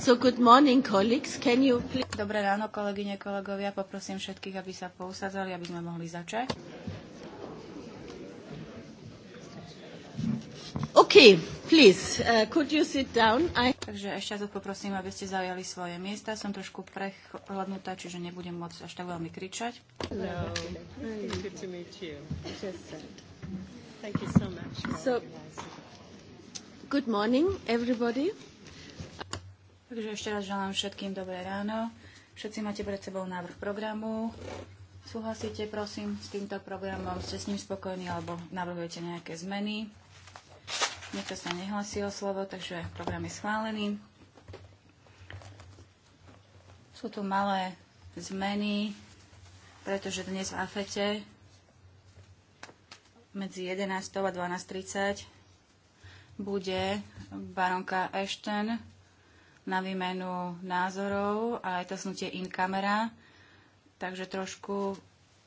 So good morning, colleagues. Can you please... Dobré ráno, kolegyne, kolegovia. Poprosím všetkých, aby sa pousadzali, aby sme mohli začať. OK, please, uh, could you sit down? I... Takže ešte raz poprosím, aby ste zaujali svoje miesta. Som trošku prehľadnutá, čiže nebudem môcť až tak veľmi kričať. Hello. Good to meet you. Just that. Thank you so much. So, good morning, everybody. Takže ešte raz želám všetkým dobré ráno. Všetci máte pred sebou návrh programu. Súhlasíte, prosím, s týmto programom? Ste s ním spokojní alebo navrhujete nejaké zmeny? Niekto sa nehlasí o slovo, takže program je schválený. Sú tu malé zmeny, pretože dnes v AFETE medzi 11. a 12.30 bude baronka Ashton na výmenu názorov, a aj to snutie in kamera, takže trošku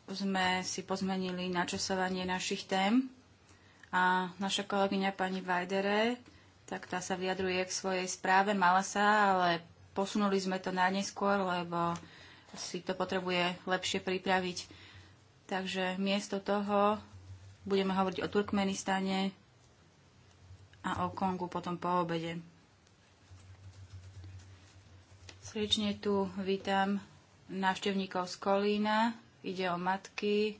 sme si pozmenili načasovanie našich tém. A naša kolegyňa pani Vajdere, tak tá sa vyjadruje k svojej správe, mala sa, ale posunuli sme to na neskôr, lebo si to potrebuje lepšie pripraviť. Takže miesto toho budeme hovoriť o Turkmenistane a o Kongu potom po obede. Srdečne tu vítam návštevníkov z Kolína. Ide o matky.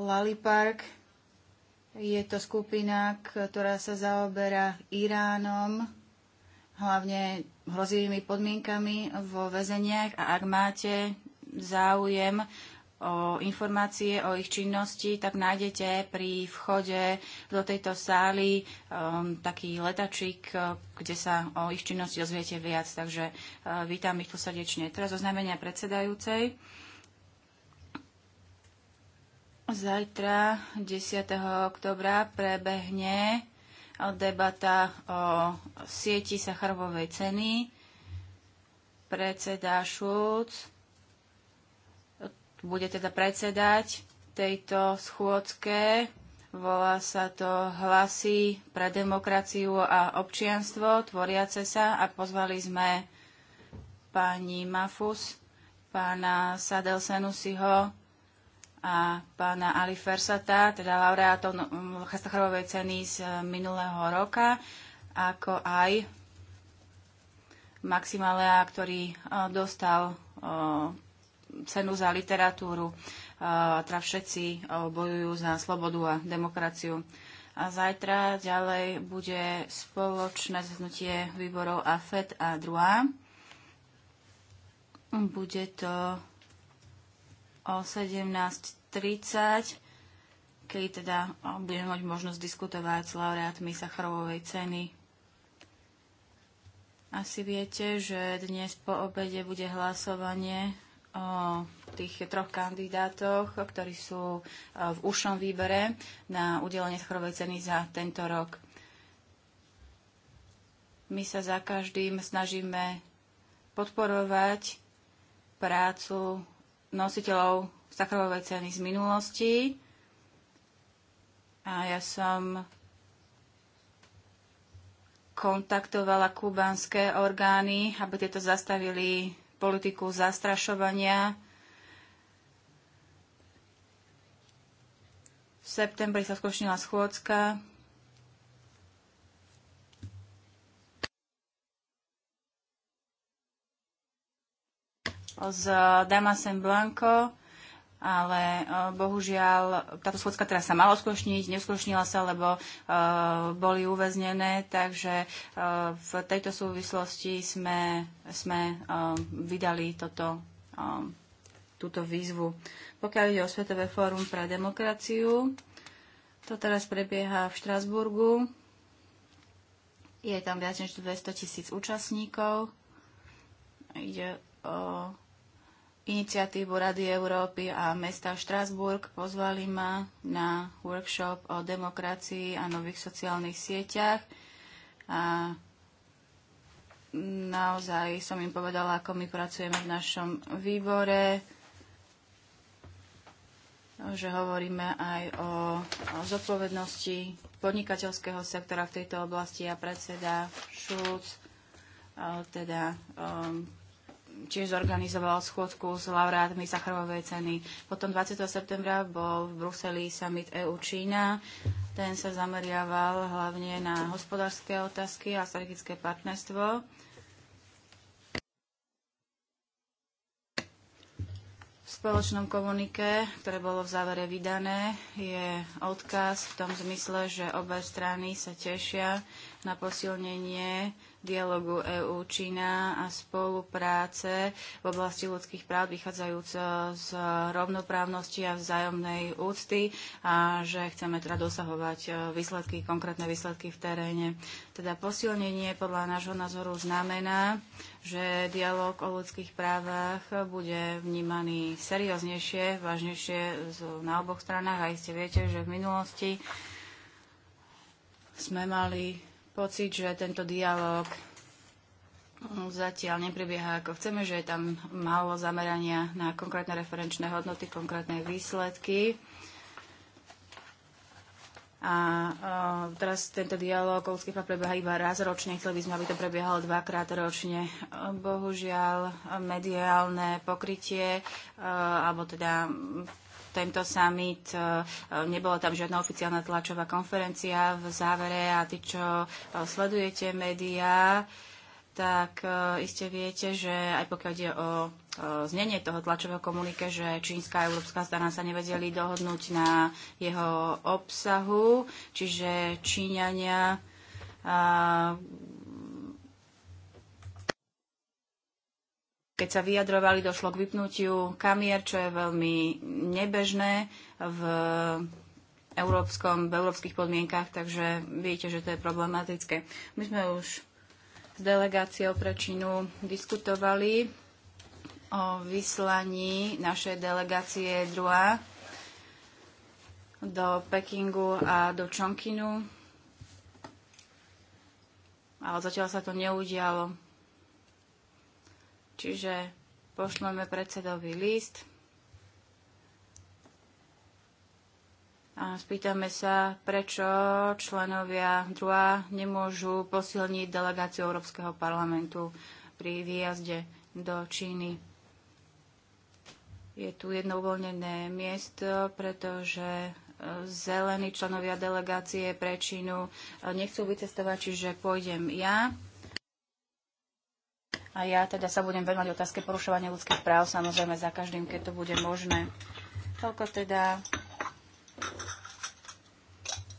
Lali Park. Je to skupina, ktorá sa zaoberá Iránom, hlavne hrozivými podmienkami vo väzeniach a ak máte záujem o informácie o ich činnosti, tak nájdete pri vchode do tejto sály um, taký letačik, uh, kde sa o ich činnosti dozviete viac. Takže uh, vítam ich tu srdečne. Teraz oznámenia predsedajúcej. Zajtra, 10. oktobra, prebehne debata o sieti sacharovej ceny. Predseda Šulc bude teda predsedať tejto schôdke. Volá sa to Hlasy pre demokraciu a občianstvo, tvoriace sa a pozvali sme pani Mafus, pána Sadelsenusiho a pána Ali Fersata, teda laureátov no, Chastachorovej ceny z e, minulého roka, ako aj Maxima Lea, ktorý e, dostal e, cenu za literatúru. Teda všetci bojujú za slobodu a demokraciu. A zajtra ďalej bude spoločné zhodnutie výborov AFED a druhá. Bude to o 17.30, keď teda budeme mať možnosť diskutovať s laureátmi Sacharovovej ceny. Asi viete, že dnes po obede bude hlasovanie o tých troch kandidátoch, ktorí sú e, v ušom výbere na udelenie schorovej ceny za tento rok. My sa za každým snažíme podporovať prácu nositeľov Sacharovej ceny z minulosti. A ja som kontaktovala kubanské orgány, aby tieto zastavili politiku zastrašovania. V septembri sa skočnila schôdzka. s Damasem Blanco ale eh, bohužiaľ táto schôdzka teraz sa mala uskutočniť, neuskutočnila sa, lebo uh, boli uväznené, takže uh, v tejto súvislosti sme, sme uh, vydali toto, um, túto výzvu. Pokiaľ ide o Svetové fórum pre demokraciu, to teraz prebieha v Štrasburgu. Je tam viac než 200 tisíc účastníkov. Ide o iniciatívu Rady Európy a mesta Štrásburg. Pozvali ma na workshop o demokracii a nových sociálnych sieťach. A naozaj som im povedala, ako my pracujeme v našom výbore, že hovoríme aj o, o zodpovednosti podnikateľského sektora v tejto oblasti a predseda Šulc teda um, tiež zorganizoval schôdku s laureátmi Sacharovej ceny. Potom 20. septembra bol v Bruseli summit EU-Čína. Ten sa zameriaval hlavne na hospodárske otázky a strategické partnerstvo. V spoločnom komunike, ktoré bolo v závere vydané, je odkaz v tom zmysle, že obe strany sa tešia na posilnenie dialogu EU-Čína a spolupráce v oblasti ľudských práv vychádzajúc e, z rovnoprávnosti a vzájomnej úcty a že chceme teda dosahovať e, výsledky, konkrétne výsledky v teréne. Teda posilnenie podľa nášho názoru znamená, že dialog o ľudských právach bude vnímaný serióznejšie, vážnejšie na oboch stranách. A iste viete, že v minulosti sme mali pocit, že tento dialog zatiaľ neprebieha ako chceme, že je tam málo zamerania na konkrétne referenčné hodnoty, konkrétne výsledky. A teraz tento dialog o ľudských prebieha iba raz ročne. Chceli by sme, aby to prebiehalo dvakrát ročne. Bohužiaľ, mediálne pokrytie, alebo teda tento summit. E, e, nebola tam žiadna oficiálna tlačová konferencia v závere a tí, čo e, sledujete médiá, tak iste viete, že aj pokiaľ ide o znenie toho tlačového komunike, že čínska a európska strana sa nevedeli dohodnúť na jeho obsahu, čiže Číňania keď sa vyjadrovali, došlo k vypnutiu kamier, čo je veľmi nebežné v, európskom, v európskych podmienkach, takže viete, že to je problematické. My sme už s delegáciou pre Čínu diskutovali o vyslaní našej delegácie druhá do Pekingu a do Čonkinu, ale zatiaľ sa to neudialo. Čiže pošleme predsedový list a spýtame sa, prečo členovia druhá nemôžu posilniť delegáciu Európskeho parlamentu pri výjazde do Číny. Je tu jedno uvoľnené miesto, pretože e, zelení členovia delegácie pre Čínu e, nechcú vycestovať, čiže pôjdem ja. A ja teda sa budem venovať otázke porušovania ľudských práv, samozrejme za každým, keď to bude možné. Toľko teda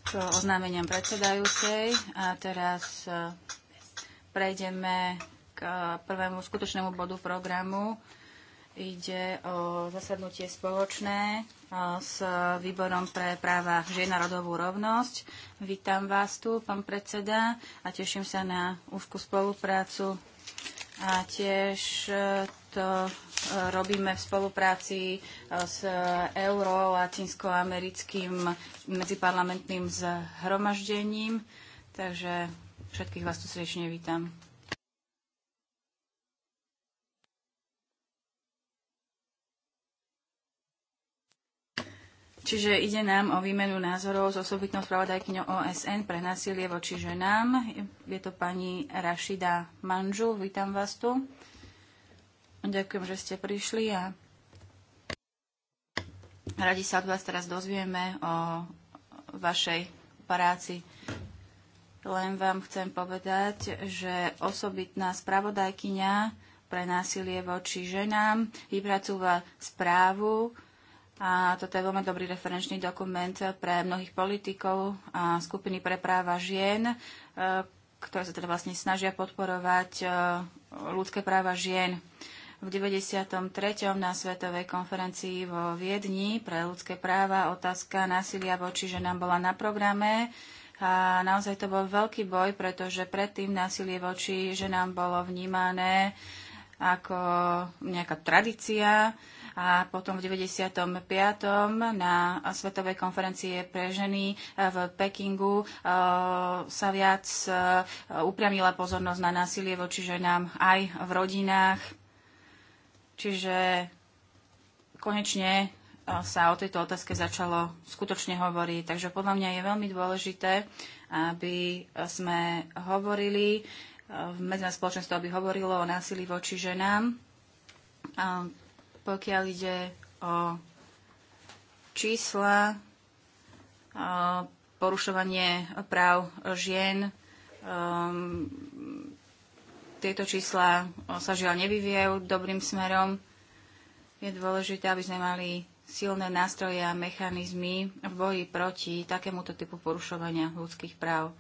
k oznámeniam predsedajúcej. A teraz e, prejdeme k prvému skutočnému bodu programu. Ide o zasadnutie spoločné e, s výborom pre práva žien a rodovú rovnosť. Vítam vás tu, pán predseda, a teším sa na úzkú spoluprácu a tiež e, to e, robíme v spolupráci e, s euro-latinsko-americkým medziparlamentným zhromaždením. Takže všetkých vás tu srdečne vítam. Čiže ide nám o výmenu názorov s osobitnou spravodajkyňou OSN pre násilie voči ženám. Je to pani Rašida Manžu. Vítam vás tu. Ďakujem, že ste prišli a radi sa od vás teraz dozvieme o vašej práci. Len vám chcem povedať, že osobitná spravodajkyňa pre násilie voči ženám vypracúva správu, a toto je veľmi dobrý referenčný dokument pre mnohých politikov a skupiny pre práva žien, e, ktoré sa teda vlastne snažia podporovať e, ľudské práva žien. V 93. na Svetovej konferencii vo Viedni pre ľudské práva otázka násilia voči ženám bola na programe. A naozaj to bol veľký boj, pretože predtým násilie voči ženám bolo vnímané ako nejaká tradícia, a potom v 95. na Svetovej konferencie pre ženy e, v Pekingu e, sa viac e, upriamila pozornosť na násilie voči ženám aj v rodinách. Čiže konečne sa o tejto otázke začalo skutočne hovoriť. Takže podľa mňa je veľmi dôležité, aby sme hovorili v medzinárodnom spoločenstve, aby hovorilo o násilí voči ženám pokiaľ ide o čísla, porušovanie práv žien. Um, tieto čísla sa žiaľ nevyvíjajú dobrým smerom. Je dôležité, aby sme mali silné nástroje a mechanizmy v boji proti takémuto typu porušovania ľudských práv.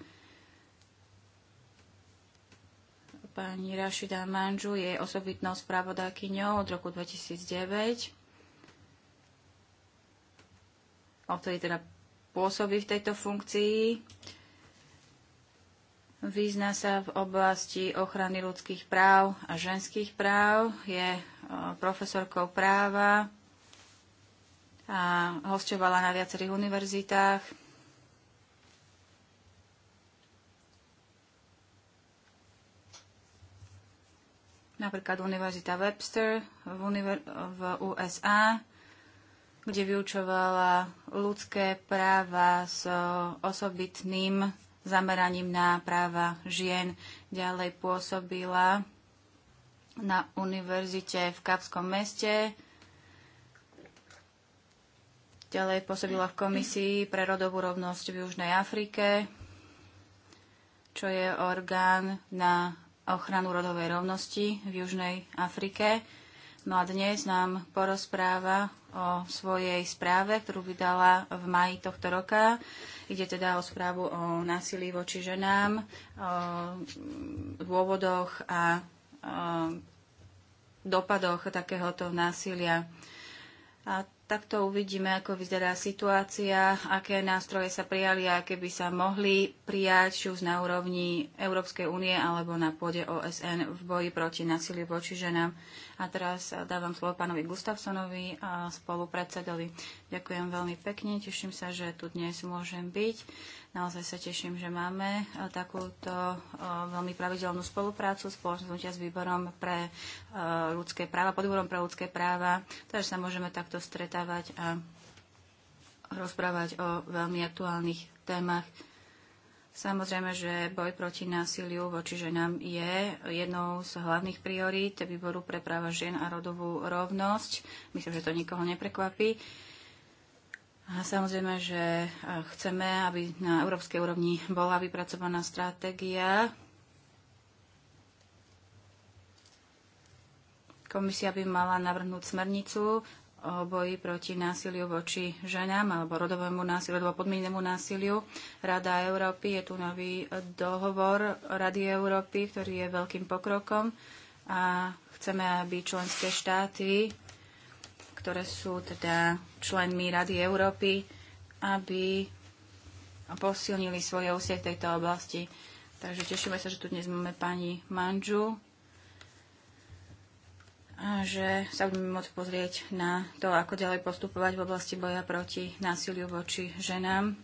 Pani Rašida Manžu je osobitnou spravodajkyňou od roku 2009. Odtedy teda pôsobí v tejto funkcii. Význa sa v oblasti ochrany ľudských práv a ženských práv, je e, profesorkou práva a hostovala na viacerých univerzitách napríklad Univerzita Webster v, univer- v USA, kde vyučovala ľudské práva s osobitným zameraním na práva žien. Ďalej pôsobila na univerzite v Kapskom meste. Ďalej pôsobila v komisii pre rodovú rovnosť v Južnej Afrike, čo je orgán na ochranu rodovej rovnosti v Južnej Afrike. No a dnes nám porozpráva o svojej správe, ktorú vydala v maji tohto roka. Ide teda o správu o násilí voči ženám, o dôvodoch a o dopadoch takéhoto násilia. A Takto uvidíme, ako vyzerá situácia, aké nástroje sa prijali a aké by sa mohli prijať, či už na úrovni Európskej únie alebo na pôde OSN v boji proti násiliu voči ženám. A teraz dávam slovo pánovi Gustavsonovi a spolupredsedovi. Ďakujem veľmi pekne, teším sa, že tu dnes môžem byť. Naozaj sa teším, že máme eh, takúto eh, veľmi pravidelnú spoluprácu spoločne s výborom pre eh, ľudské práva, podborom pre ľudské práva, takže sa môžeme takto stretávať a rozprávať o veľmi aktuálnych témach Samozrejme, že boj proti násiliu voči ženám je jednou z hlavných priorít výboru pre práva žien a rodovú rovnosť. Myslím, že to nikoho neprekvapí. A samozrejme, že e, chceme, aby na európskej úrovni bola vypracovaná stratégia. Komisia by mala navrhnúť smernicu o boji proti násiliu voči ženám alebo rodovému násiliu alebo podmienenému násiliu. Rada Európy je tu nový dohovor Rady Európy, ktorý je veľkým pokrokom a chceme, aby členské štáty, ktoré sú teda členmi Rady Európy, aby posilnili svoje úsie v tejto oblasti. Takže tešíme sa, že tu dnes máme pani Manžu, že sa budeme môcť pozrieť na to, ako ďalej postupovať v oblasti boja proti násiliu voči ženám.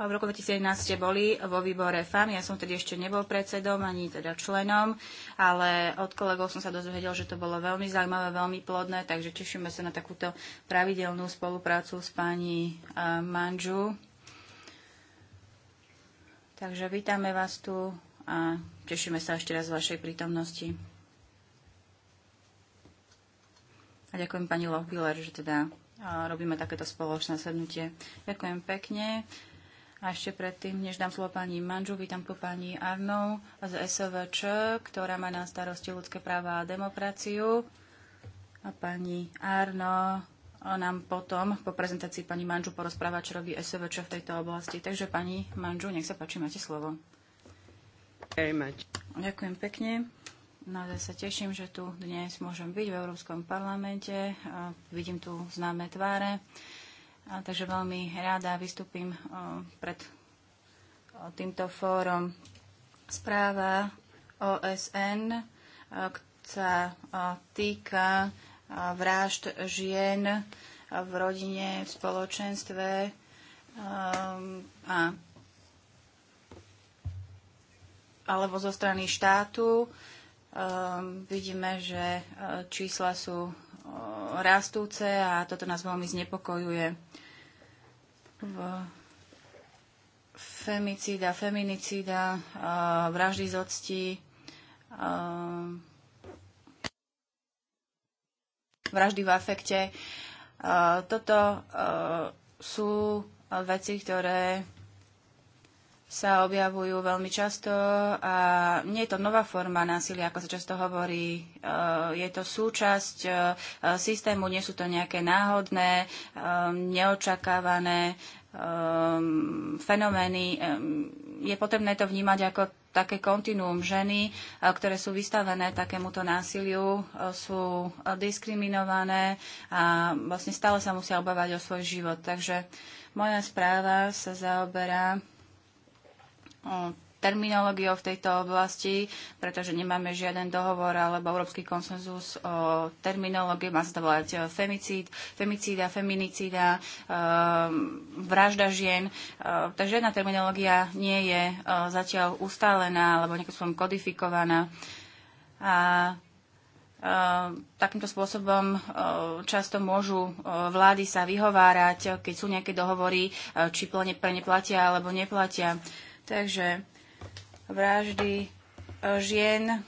V roku 2011 ste boli vo výbore FAM, ja som tedy ešte nebol predsedom ani teda členom, ale od kolegov som sa dozvedel, že to bolo veľmi zaujímavé, veľmi plodné, takže tešíme sa na takúto pravidelnú spoluprácu s pani eh, Manžu Takže vítame vás tu a tešíme sa ešte raz z vašej prítomnosti. A ďakujem pani Lochbiller, že teda robíme takéto spoločné sednutie. Ďakujem pekne. A ešte predtým, než dám slovo pani Manžu, vítam tu pani Arnou z SVČ, ktorá má na starosti ľudské práva a demokraciu. A pani Arno nám potom po prezentácii pani Manžu porozpráva, čo robí SVČ v tejto oblasti. Takže pani Manžu, nech sa páči, máte slovo. Ďakujem pekne. Naozaj sa teším, že tu dnes môžem byť v Európskom parlamente. Vidím tu známe tváre. takže veľmi rada vystúpim pred týmto fórom. Správa OSN, sa týka vražd žien v rodine, v spoločenstve um, a alebo zo strany štátu. Um, vidíme, že uh, čísla sú uh, rastúce a toto nás veľmi znepokojuje. V femicída, feminicída, uh, vraždy z octí, um, vraždy v afekte. E, toto e, sú e, veci, ktoré sa objavujú veľmi často a nie je to nová forma násilia, ako sa často hovorí. Je to súčasť systému, nie sú to nejaké náhodné, neočakávané fenomény. Je potrebné to vnímať ako také kontinuum ženy, e, ktoré sú vystavené takémuto násiliu, e, sú diskriminované a vlastne stále sa musia obávať o svoj život. Takže moja správa sa zaoberá terminológiou v tejto oblasti, pretože nemáme žiaden dohovor alebo európsky konsenzus o terminológii. Má sa to volať e, femicíd, femicída, feminicída, e, vražda žien. E, takže žiadna terminológia nie je zatiaľ ustálená alebo nejakým spôsobom kodifikovaná. A takýmto spôsobom často môžu vlády sa vyhovárať, keď sú nejaké dohovory, či plne pre ne platia alebo neplatia. Takže Vraždy e, žien e,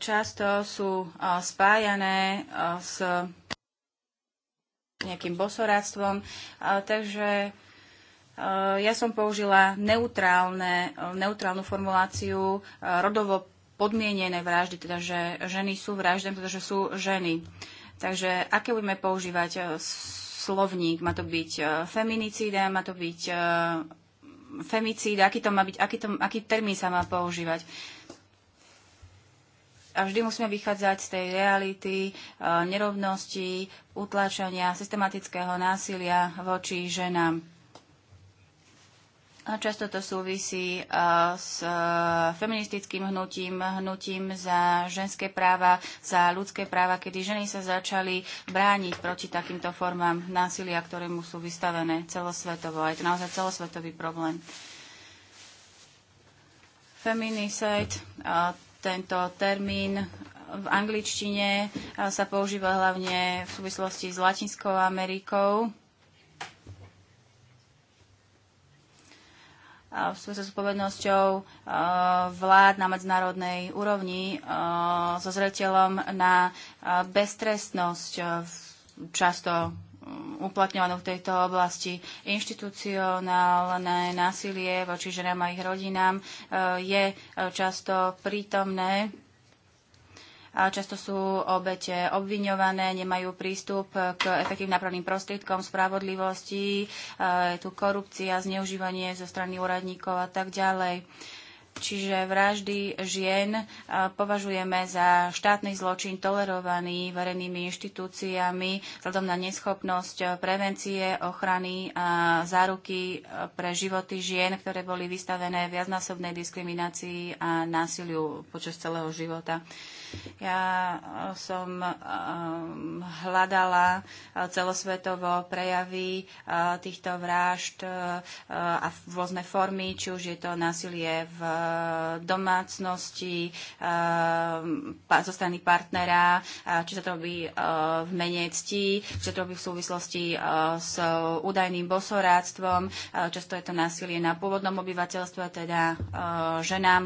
často sú e, spájané s nejakým bosoradstvom, takže ja som použila neutrálne, neutrálnu formuláciu rodovo podmienené vraždy, teda že ženy sú vraždené, pretože teda, sú ženy. Takže aké budeme používať slovník? Má to byť feminicída, má to byť femicíd, aký, to má byť, aký, to, aký termín sa má používať. A vždy musíme vychádzať z tej reality, e, nerovnosti, utláčania, systematického násilia voči ženám. Často to súvisí s e, feministickým hnutím, hnutím za ženské práva, za ľudské práva, kedy ženy sa začali brániť proti takýmto formám násilia, ktorému sú vystavené celosvetovo. A je to naozaj celosvetový problém. Feminicide, tento termín v angličtine sa používa hlavne v súvislosti s Latinskou Amerikou v súvislosti s povednosťou e, vlád na medzinárodnej úrovni e, so zreteľom na e, beztrestnosť často mm, uplatňovanú v tejto oblasti. Inštitucionálne násilie voči ženám a ich rodinám je často prítomné Často sú obete obviňované, nemajú prístup k efektívnym nápravným prostriedkom, spravodlivosti, eh, je tu korupcia, zneužívanie zo strany úradníkov a tak ďalej. Čiže vraždy žien eh, považujeme za štátny zločin tolerovaný verejnými inštitúciami vzhľadom na neschopnosť eh, prevencie, ochrany a záruky pre životy žien, ktoré boli vystavené viacnásobnej diskriminácii a násiliu počas celého života. Ja eh, som eh, hľadala eh, celosvetovo prejavy týchto vražd a rôzne formy, či už je to násilie v domácnosti, zo strany partnera, či sa to robí v mene cti, či sa to robí v súvislosti s údajným bosoráctvom, často je to násilie na pôvodnom obyvateľstve, teda ženám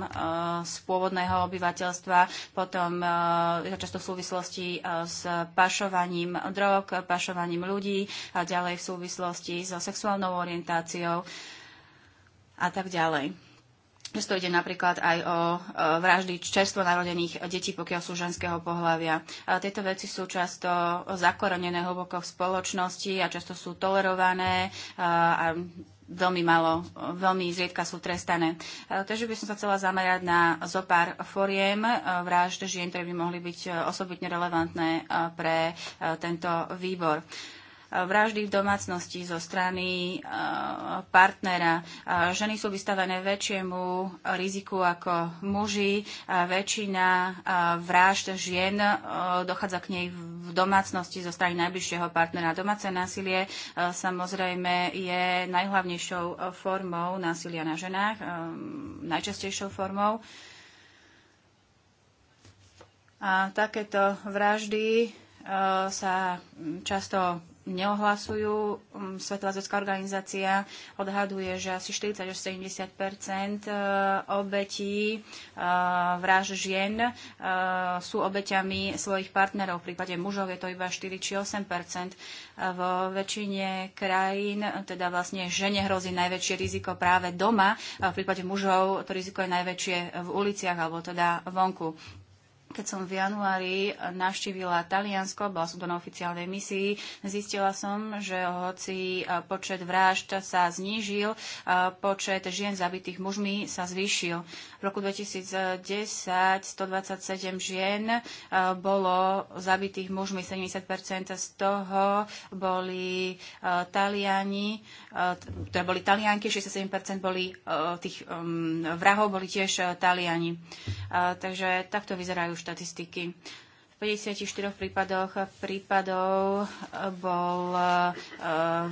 z pôvodného obyvateľstva, potom potom eh, často v súvislosti eh, s pašovaním drog, pašovaním ľudí a ďalej v súvislosti so sexuálnou orientáciou a tak ďalej. Často ide napríklad aj o eh, vraždy čerstvo narodených detí, pokiaľ sú ženského pohľavia. Tieto veci sú často zakorenené hlboko v spoločnosti a často sú tolerované a veľmi malo, veľmi zriedka sú trestané. E, takže by som sa chcela zamerať na zopár foriem e, vražd žien, ktoré by mohli byť e, osobitne relevantné pre tento výbor vraždy v domácnosti zo strany eh, partnera. Ženy sú vystavené väčšiemu riziku ako muži. Väčšina eh, vražd žien eh, dochádza k nej v domácnosti zo strany najbližšieho partnera. Domáce násilie samozrejme je najhlavnejšou formou násilia na ženách, najčastejšou formou. A takéto vraždy sa často neohlasujú. Mm, Svetová zvedská organizácia odhaduje, že asi 40 až 70 e, obetí e, vraž žien e, sú obeťami svojich partnerov. V prípade mužov je to iba 4 či 8 Vo väčšine krajín teda vlastne žene hrozí najväčšie riziko práve doma. V prípade mužov to riziko je najväčšie v uliciach alebo teda vonku keď som v januári navštívila Taliansko, bola som to na oficiálnej misii, zistila som, že hoci e, počet vražd sa znížil, e, počet žien zabitých mužmi sa zvýšil. V roku 2010 127 žien e, bolo zabitých mužmi, 70% z toho boli Taliani, teda boli Talianky, 67% boli tých vrahov, boli tiež Taliani. Takže takto vyzerajú štatistiky. V 54 prípadoch prípadov bol e,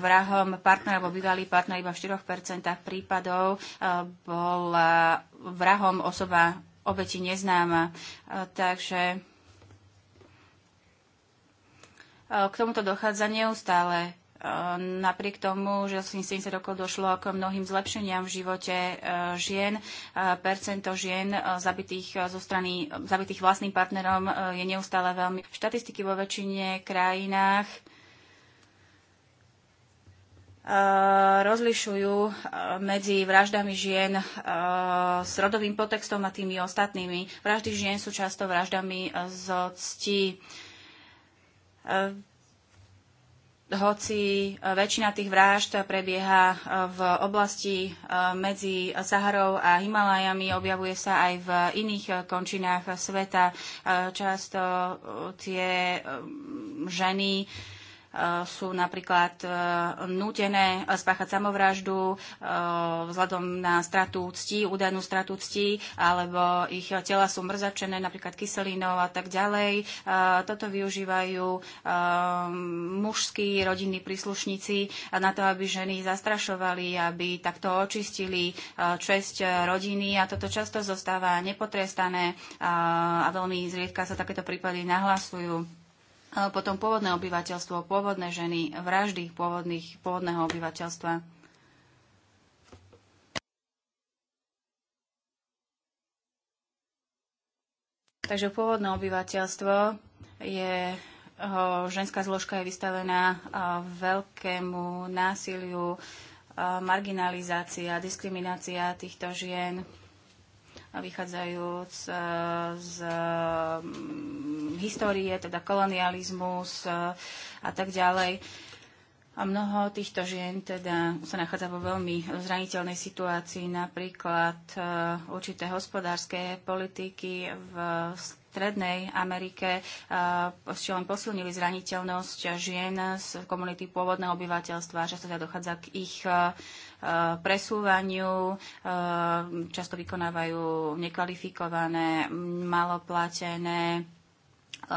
vrahom partner alebo bývalý partner iba v 4% prípadov e, bol vrahom osoba obeti neznáma. E, takže k tomuto dochádza neustále Eh, napriek tomu, že 70 rokov došlo k mnohým zlepšeniam v živote eh, žien, eh, percento žien zabitých zo strany, zabitých vlastným partnerom je neustále veľmi. Štatistiky vo väčšine krajinách rozlišujú medzi vraždami žien s rodovým potextom a tými ostatnými. Vraždy žien sú často vraždami z cti hoci e, väčšina tých vrážd prebieha e, v oblasti e, medzi Saharou a Himalajami, objavuje sa aj v iných končinách sveta. Často tie ženy Eh, sú napríklad eh, nútené spáchať samovraždu eh, vzhľadom na stratu cti, údajnú stratu cti, alebo ich tela sú mrzačené napríklad kyselinou a tak ďalej. Toto využívajú mužskí rodinní príslušníci na to, aby ženy zastrašovali, aby takto očistili česť rodiny a toto často zostáva nepotrestané a veľmi zriedka sa takéto prípady nahlasujú potom pôvodné obyvateľstvo, pôvodné ženy, vraždy pôvodných, pôvodného obyvateľstva. Takže pôvodné obyvateľstvo je ženská zložka je vystavená veľkému násiliu, marginalizácia, diskriminácia týchto žien, vychádzajúc e, z mm, histórie, teda kolonializmus e, a tak ďalej. A mnoho týchto žien teda sa nachádza vo veľmi zraniteľnej situácii, napríklad e, určité hospodárske politiky v Strednej Amerike eh, s len posilnili zraniteľnosť žien z komunity pôvodného obyvateľstva. Často teda dochádza k ich eh, eh, presúvaniu, často vykonávajú nekvalifikované, maloplatené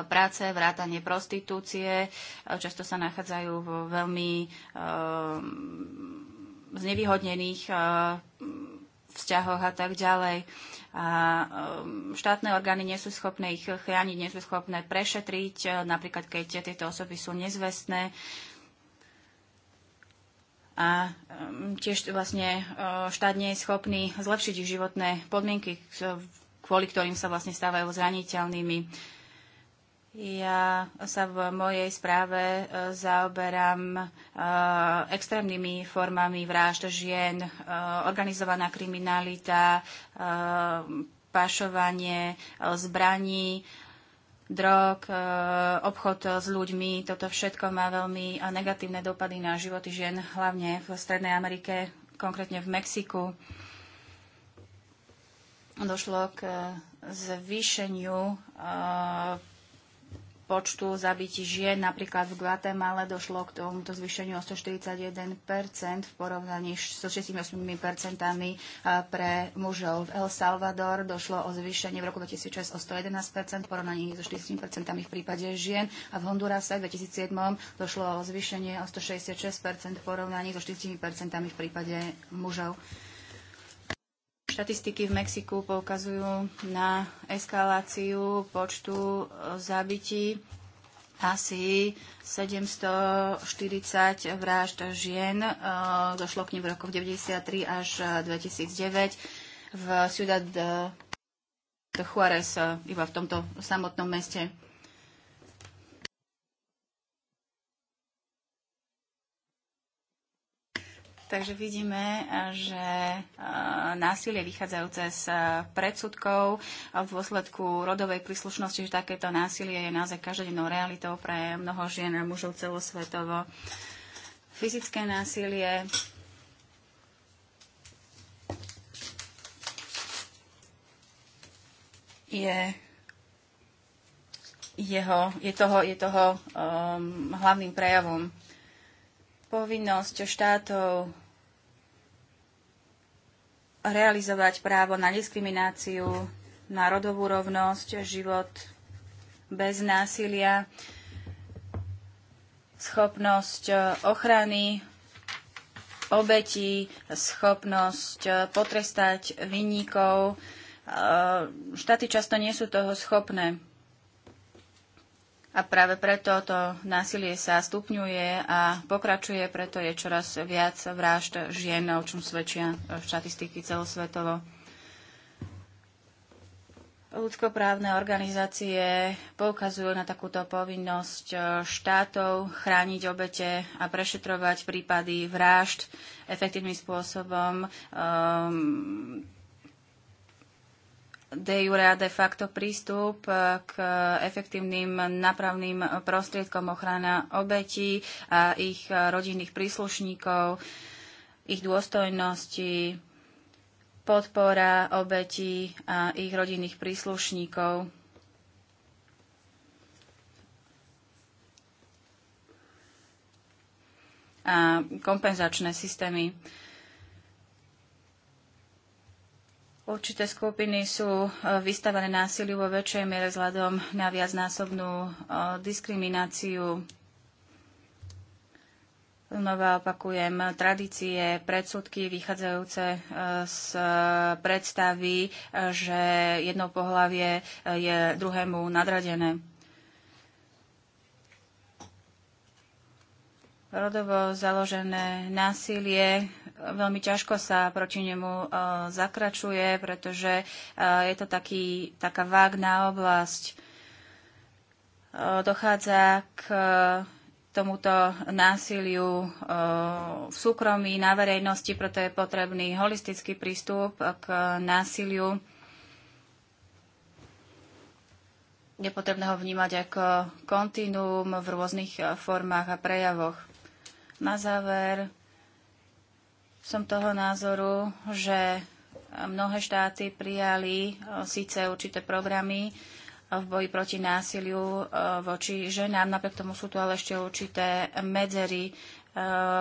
práce, vrátanie prostitúcie. Často sa nachádzajú v veľmi znevýhodnených vzťahoch a tak ďalej a um, štátne orgány nie sú schopné ich chrániť, nie sú schopné prešetriť, e, napríklad keď tieto osoby sú nezvestné. A um, tiež vlastne e, štát nie je schopný zlepšiť ich životné podmienky, e, kvôli ktorým sa vlastne stávajú zraniteľnými. Ja sa v mojej správe eh, zaoberám eh, extrémnymi formami vražd žien, eh, organizovaná kriminalita, pašovanie zbraní, drog, obchod s ľuďmi. Toto všetko má veľmi negatívne dopady na životy žien, hlavne v Strednej Amerike, konkrétne v Mexiku. Došlo k zvýšeniu počtu zabití žien. Napríklad v Guatemala došlo k tomuto zvýšeniu o 141 v porovnaní s 68 eh, pre mužov. V El Salvador došlo o zvýšenie v roku 2006 o 111 v porovnaní so 40 v prípade žien a v Hondurase v 2007 došlo o zvýšenie o 166 v porovnaní so 40 v prípade mužov. Štatistiky v Mexiku poukazujú na eskaláciu počtu e, zabití asi 740 vražd žien. E, došlo k nim v roku 93 až 2009 e, v Ciudad de Juárez, iba v tomto samotnom meste. Takže vidíme, že e, násilie vychádzajúce z e, predsudkov v dôsledku rodovej príslušnosti, že takéto násilie je naozaj každodennou realitou pre mnoho žien a mužov celosvetovo. Fyzické násilie, je jeho, je toho, je toho um, hlavným prejavom. Povinnosť štátov realizovať právo na diskrimináciu, na rodovú rovnosť, život bez násilia, schopnosť e, ochrany obetí, schopnosť e, potrestať vinníkov. E, štáty často nie sú toho schopné. A práve preto to násilie sa stupňuje a pokračuje, preto je čoraz viac vražd žien, o čom svedčia e, štatistiky celosvetovo. Ľudskoprávne organizácie poukazujú na takúto povinnosť e, štátov chrániť obete a prešetrovať prípady vražd efektívnym spôsobom. Um, de jure a de facto prístup e, k efektívnym napravným prostriedkom ochrana obetí a ich rodinných príslušníkov, ich dôstojnosti, podpora obetí a ich rodinných príslušníkov. a kompenzačné systémy. Určité skupiny sú e, vystavené násiliu vo väčšej miere vzhľadom na viacnásobnú e, diskrimináciu. Znova opakujem, tradície, predsudky vychádzajúce e, z predstavy, že jedno pohlavie je druhému nadradené. rodovo založené násilie. Veľmi ťažko sa proti nemu e, zakračuje, pretože e, je to taký, taká vágná oblasť. E, dochádza k tomuto násiliu v súkromí, na verejnosti, preto je potrebný holistický prístup k násiliu. Je potrebné ho vnímať ako kontinuum v rôznych formách a prejavoch. Na záver som toho názoru, že mnohé štáty prijali e, síce určité programy e, v boji proti násiliu e, voči ženám, napriek tomu sú tu ale ešte určité medzery,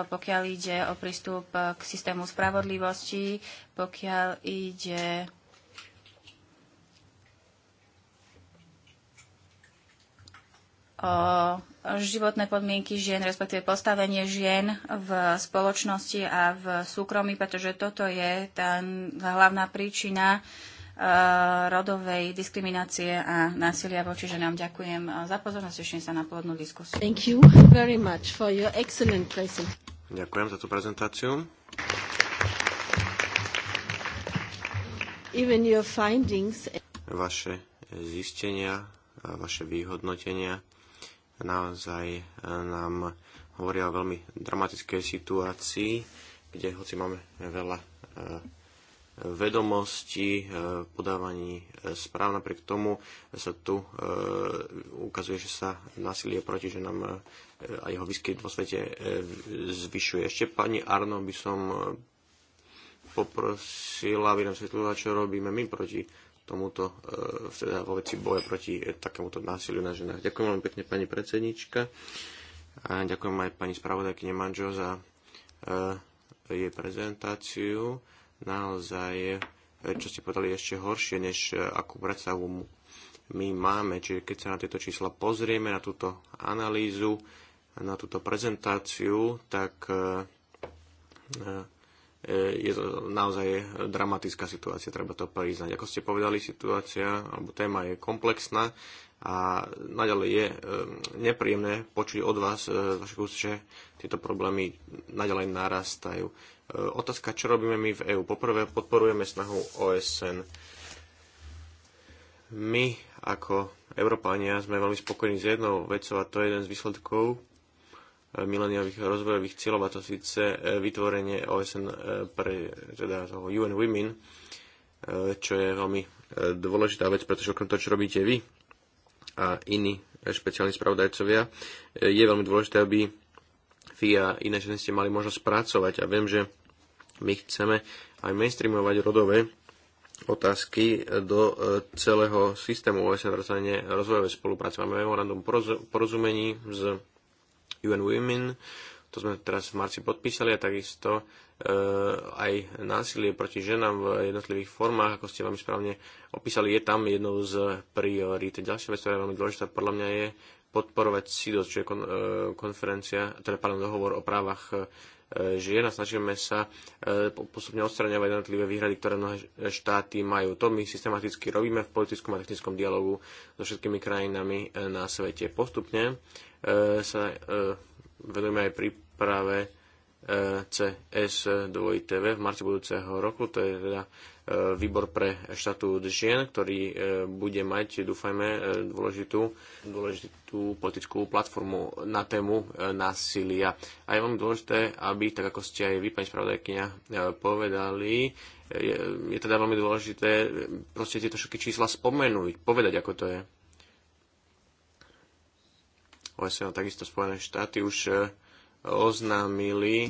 pokiaľ ide o prístup k systému spravodlivosti, pokiaľ ide o životné podmienky žien, respektíve postavenie žien v spoločnosti a v súkromí, pretože toto je tá hlavná príčina e, rodovej diskriminácie a násilia voči ženám. Ďakujem za pozornosť, ešte sa na pôvodnú diskusiu. Thank you very much for your excellent Ďakujem za tú prezentáciu. Even your findings... Vaše zistenia a vaše vyhodnotenia naozaj e, nám hovoria o veľmi dramatickej situácii, kde hoci máme veľa e, vedomostí, e, podávaní správ, napriek tomu sa tu ukazuje, že sa násilie proti ženám a jeho výskyt vo svete zvyšuje. Ešte pani Arno by som poprosila, aby nám svetlila, čo robíme my proti tomuto, teda vo veci boja proti e, takémuto násiliu na ženách. Ďakujem veľmi pekne pani predsednička a ďakujem aj pani spravodajkyne Manžo za e, jej prezentáciu. Naozaj, e, čo ste povedali, ešte horšie, než akú predstavu my máme. Čiže keď sa na tieto čísla pozrieme, na túto analýzu, na túto prezentáciu, tak E, je to naozaj dramatická situácia, treba to priznať. Ako ste povedali, situácia alebo téma je komplexná a naďalej je e, nepríjemné počuť od vás, e, z vašich úst, že tieto problémy naďalej narastajú. Otázka, čo robíme my v EÚ? Poprvé, podporujeme snahu OSN. My ako Európania sme veľmi spokojní s jednou vecou a to je jeden z výsledkov mileniových rozvojových cieľov, a to síce e, vytvorenie OSN e, pre teda toho UN Women, e, čo je veľmi dôležitá vec, pretože okrem toho, čo robíte vy a iní špeciálni spravodajcovia, je veľmi dôležité, aby vy a iné ženy ste mali možnosť pracovať a viem, že my chceme aj mainstreamovať rodové otázky do celého systému OSN vrátane rozvojovej spolupráce. Máme memorandum porozumení s UN Women, to sme teraz v marci podpísali a takisto eh, aj násilie proti ženám v jednotlivých formách, ako ste veľmi správne opísali, je tam jednou z priorít. Ďalšia vec, ktorá je veľmi dôležitá podľa mňa je podporovať SIDOS, čo je eh, konferencia, teda pardon, dohovor o právach eh, žien a snažíme sa eh, postupne odstraňovať jednotlivé výhrady, ktoré mnohé štáty majú. To my systematicky robíme v politickom a technickom dialogu so všetkými krajinami eh, na svete. Postupne eh, sa venujeme aj príprave CS2TV v marci budúceho roku, to je teda výbor pre štatút žien, ktorý e, bude mať, dúfajme, e, dôležitú, dôležitú politickú platformu na tému e, násilia. A je veľmi dôležité, aby, tak ako ste aj vy, pani spravodajkynia, povedali, je, je teda veľmi dôležité proste tieto všetky čísla spomenúť, povedať, ako to je. OSN, takisto Spojené štáty už oznámili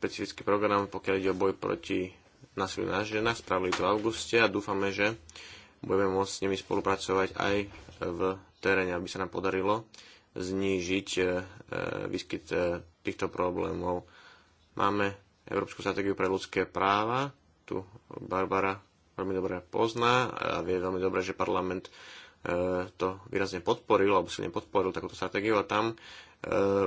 špecifický program, pokiaľ ide o boj proti násiliu na ženách. Spravili to v auguste a dúfame, že budeme môcť s nimi spolupracovať aj v teréne, aby sa nám podarilo znížiť e, e, výskyt e, týchto problémov. Máme Európsku stratégiu pre ľudské práva, tu Barbara veľmi dobre pozná a vie veľmi dobre, že parlament to výrazne podporil, alebo silne podporil takúto stratégiu a tam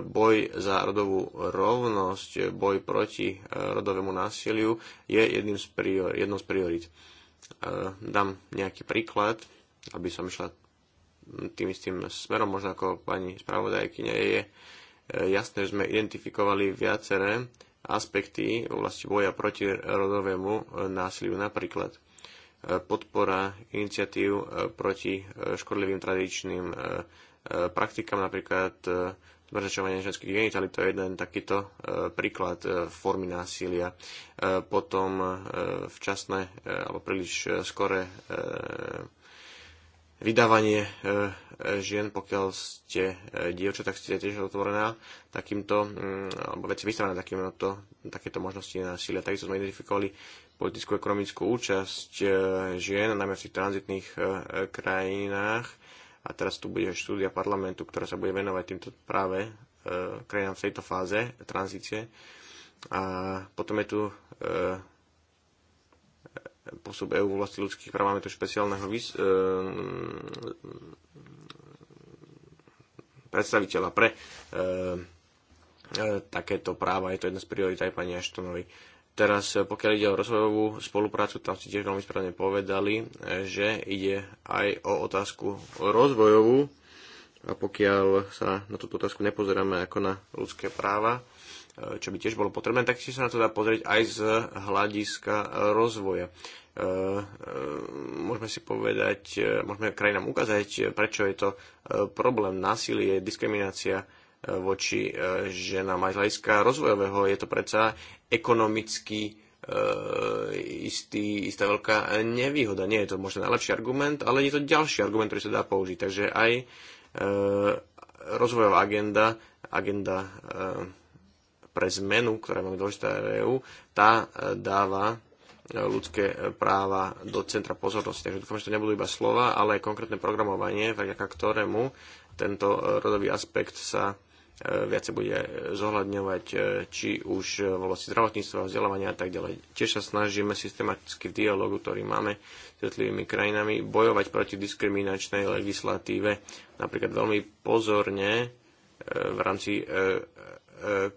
boj za rodovú rovnosť, boj proti e, rodovému násiliu je jedným z prior, jednou z priorít. E, dám nejaký príklad, aby som išla tým istým smerom, možno ako pani spravodajkyňa je e, jasné, že sme identifikovali viaceré aspekty v oblasti boja proti rodovému násiliu. Napríklad podpora iniciatív proti škodlivým tradičným praktikám, napríklad mrzačovania ženských genitálií, to je jeden takýto e, príklad e, formy násilia. E, potom včasné alebo príliš skore vydávanie žien, pokiaľ ste dievča, tak ste tiež otvorená takýmto, mm, alebo veci vystavené takýmto, takéto možnosti násilia. Takisto sme identifikovali politickú ekonomickú účasť žien, najmä v tých tranzitných krajinách, a teraz tu bude štúdia parlamentu, ktorá sa bude venovať týmto práve e, krajinám v tejto fáze tranzície. A potom je tu e, posúb EU v oblasti ľudských práv, máme tu špeciálneho vys- e, predstaviteľa pre e, e, takéto práva. Je to jedna z priorít aj pani Aštonovej Teraz, eh, pokiaľ ide o rozvojovú spoluprácu, tam si tiež veľmi správne povedali, eh, že ide aj o otázku rozvojovú a pokiaľ sa na túto otázku nepozeráme ako na ľudské práva, eh, čo by tiež bolo potrebné, tak si sa na to dá pozrieť aj z hľadiska rozvoja. Môžeme si povedať, môžeme krajinám ukázať, prečo je to problém násilie, diskriminácia voči ženám. Aj z hľadiska rozvojového je to predsa ekonomicky e, istý, istá veľká nevýhoda. Nie je to možno najlepší argument, ale je to ďalší argument, ktorý sa dá použiť. Takže aj e, rozvojová agenda, agenda e, pre zmenu, ktorá máme dôležitá EU, tá e, dáva e, ľudské práva do centra pozornosti. Takže dúfam, že to nebudú iba slova, ale aj konkrétne programovanie, vďaka ktorému tento rodový aspekt sa E, viacej bude zohľadňovať, e, či už v oblasti zdravotníctva, vzdelávania a tak ďalej. Tiež sa snažíme systematicky v dialogu, ktorý máme s jednotlivými krajinami, bojovať proti diskriminačnej legislatíve. Napríklad veľmi pozorne e, v rámci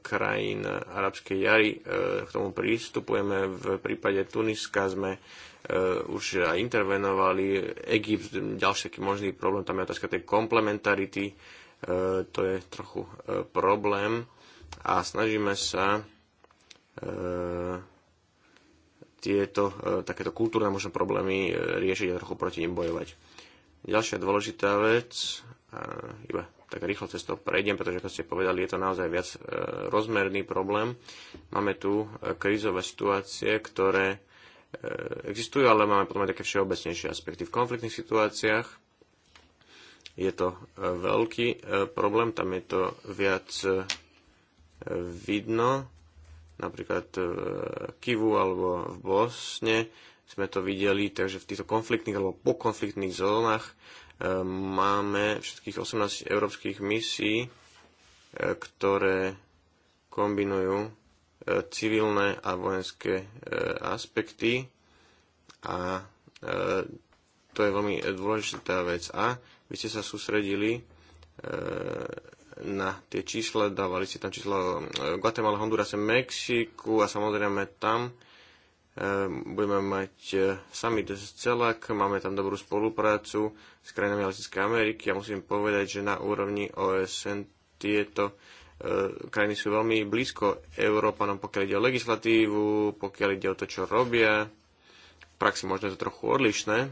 krajín arabskej jary k tomu prístupujeme. V prípade Tuniska sme už aj intervenovali. Egypt, ďalší taký možný problém, tam je otázka tej komplementarity E, to je trochu e, problém a snažíme sa e, tieto takéto kultúrne možno problémy riešiť a trochu proti im bojovať. Ďalšia dôležitá vec, iba tak rýchlo cez to prejdem, pretože ako ste povedali, je to naozaj viac rozmerný problém. Máme tu krízové situácie, ktoré existujú, ale máme potom aj také všeobecnejšie aspekty. V konfliktných situáciách je to e, veľký e, problém, tam je to viac e, vidno. Napríklad v Kivu alebo v Bosne sme to videli, takže v týchto konfliktných alebo pokonfliktných zónach máme všetkých 18 európskych misií, ktoré kombinujú civilné a vojenské aspekty a to je veľmi dôležitá vec. A vy ste sa sústredili e, na tie čísla, dávali ste tam čísla e, Guatemala, Honduras, Mexiku a samozrejme tam e, budeme mať summit z celak, máme tam dobrú spoluprácu s krajinami Latinskej Ameriky a musím povedať, že na úrovni OSN tieto krajiny sú veľmi blízko Európanom, pokiaľ ide o legislatívu, pokiaľ ide o to, čo robia. V praxi možno je to trochu odlišné,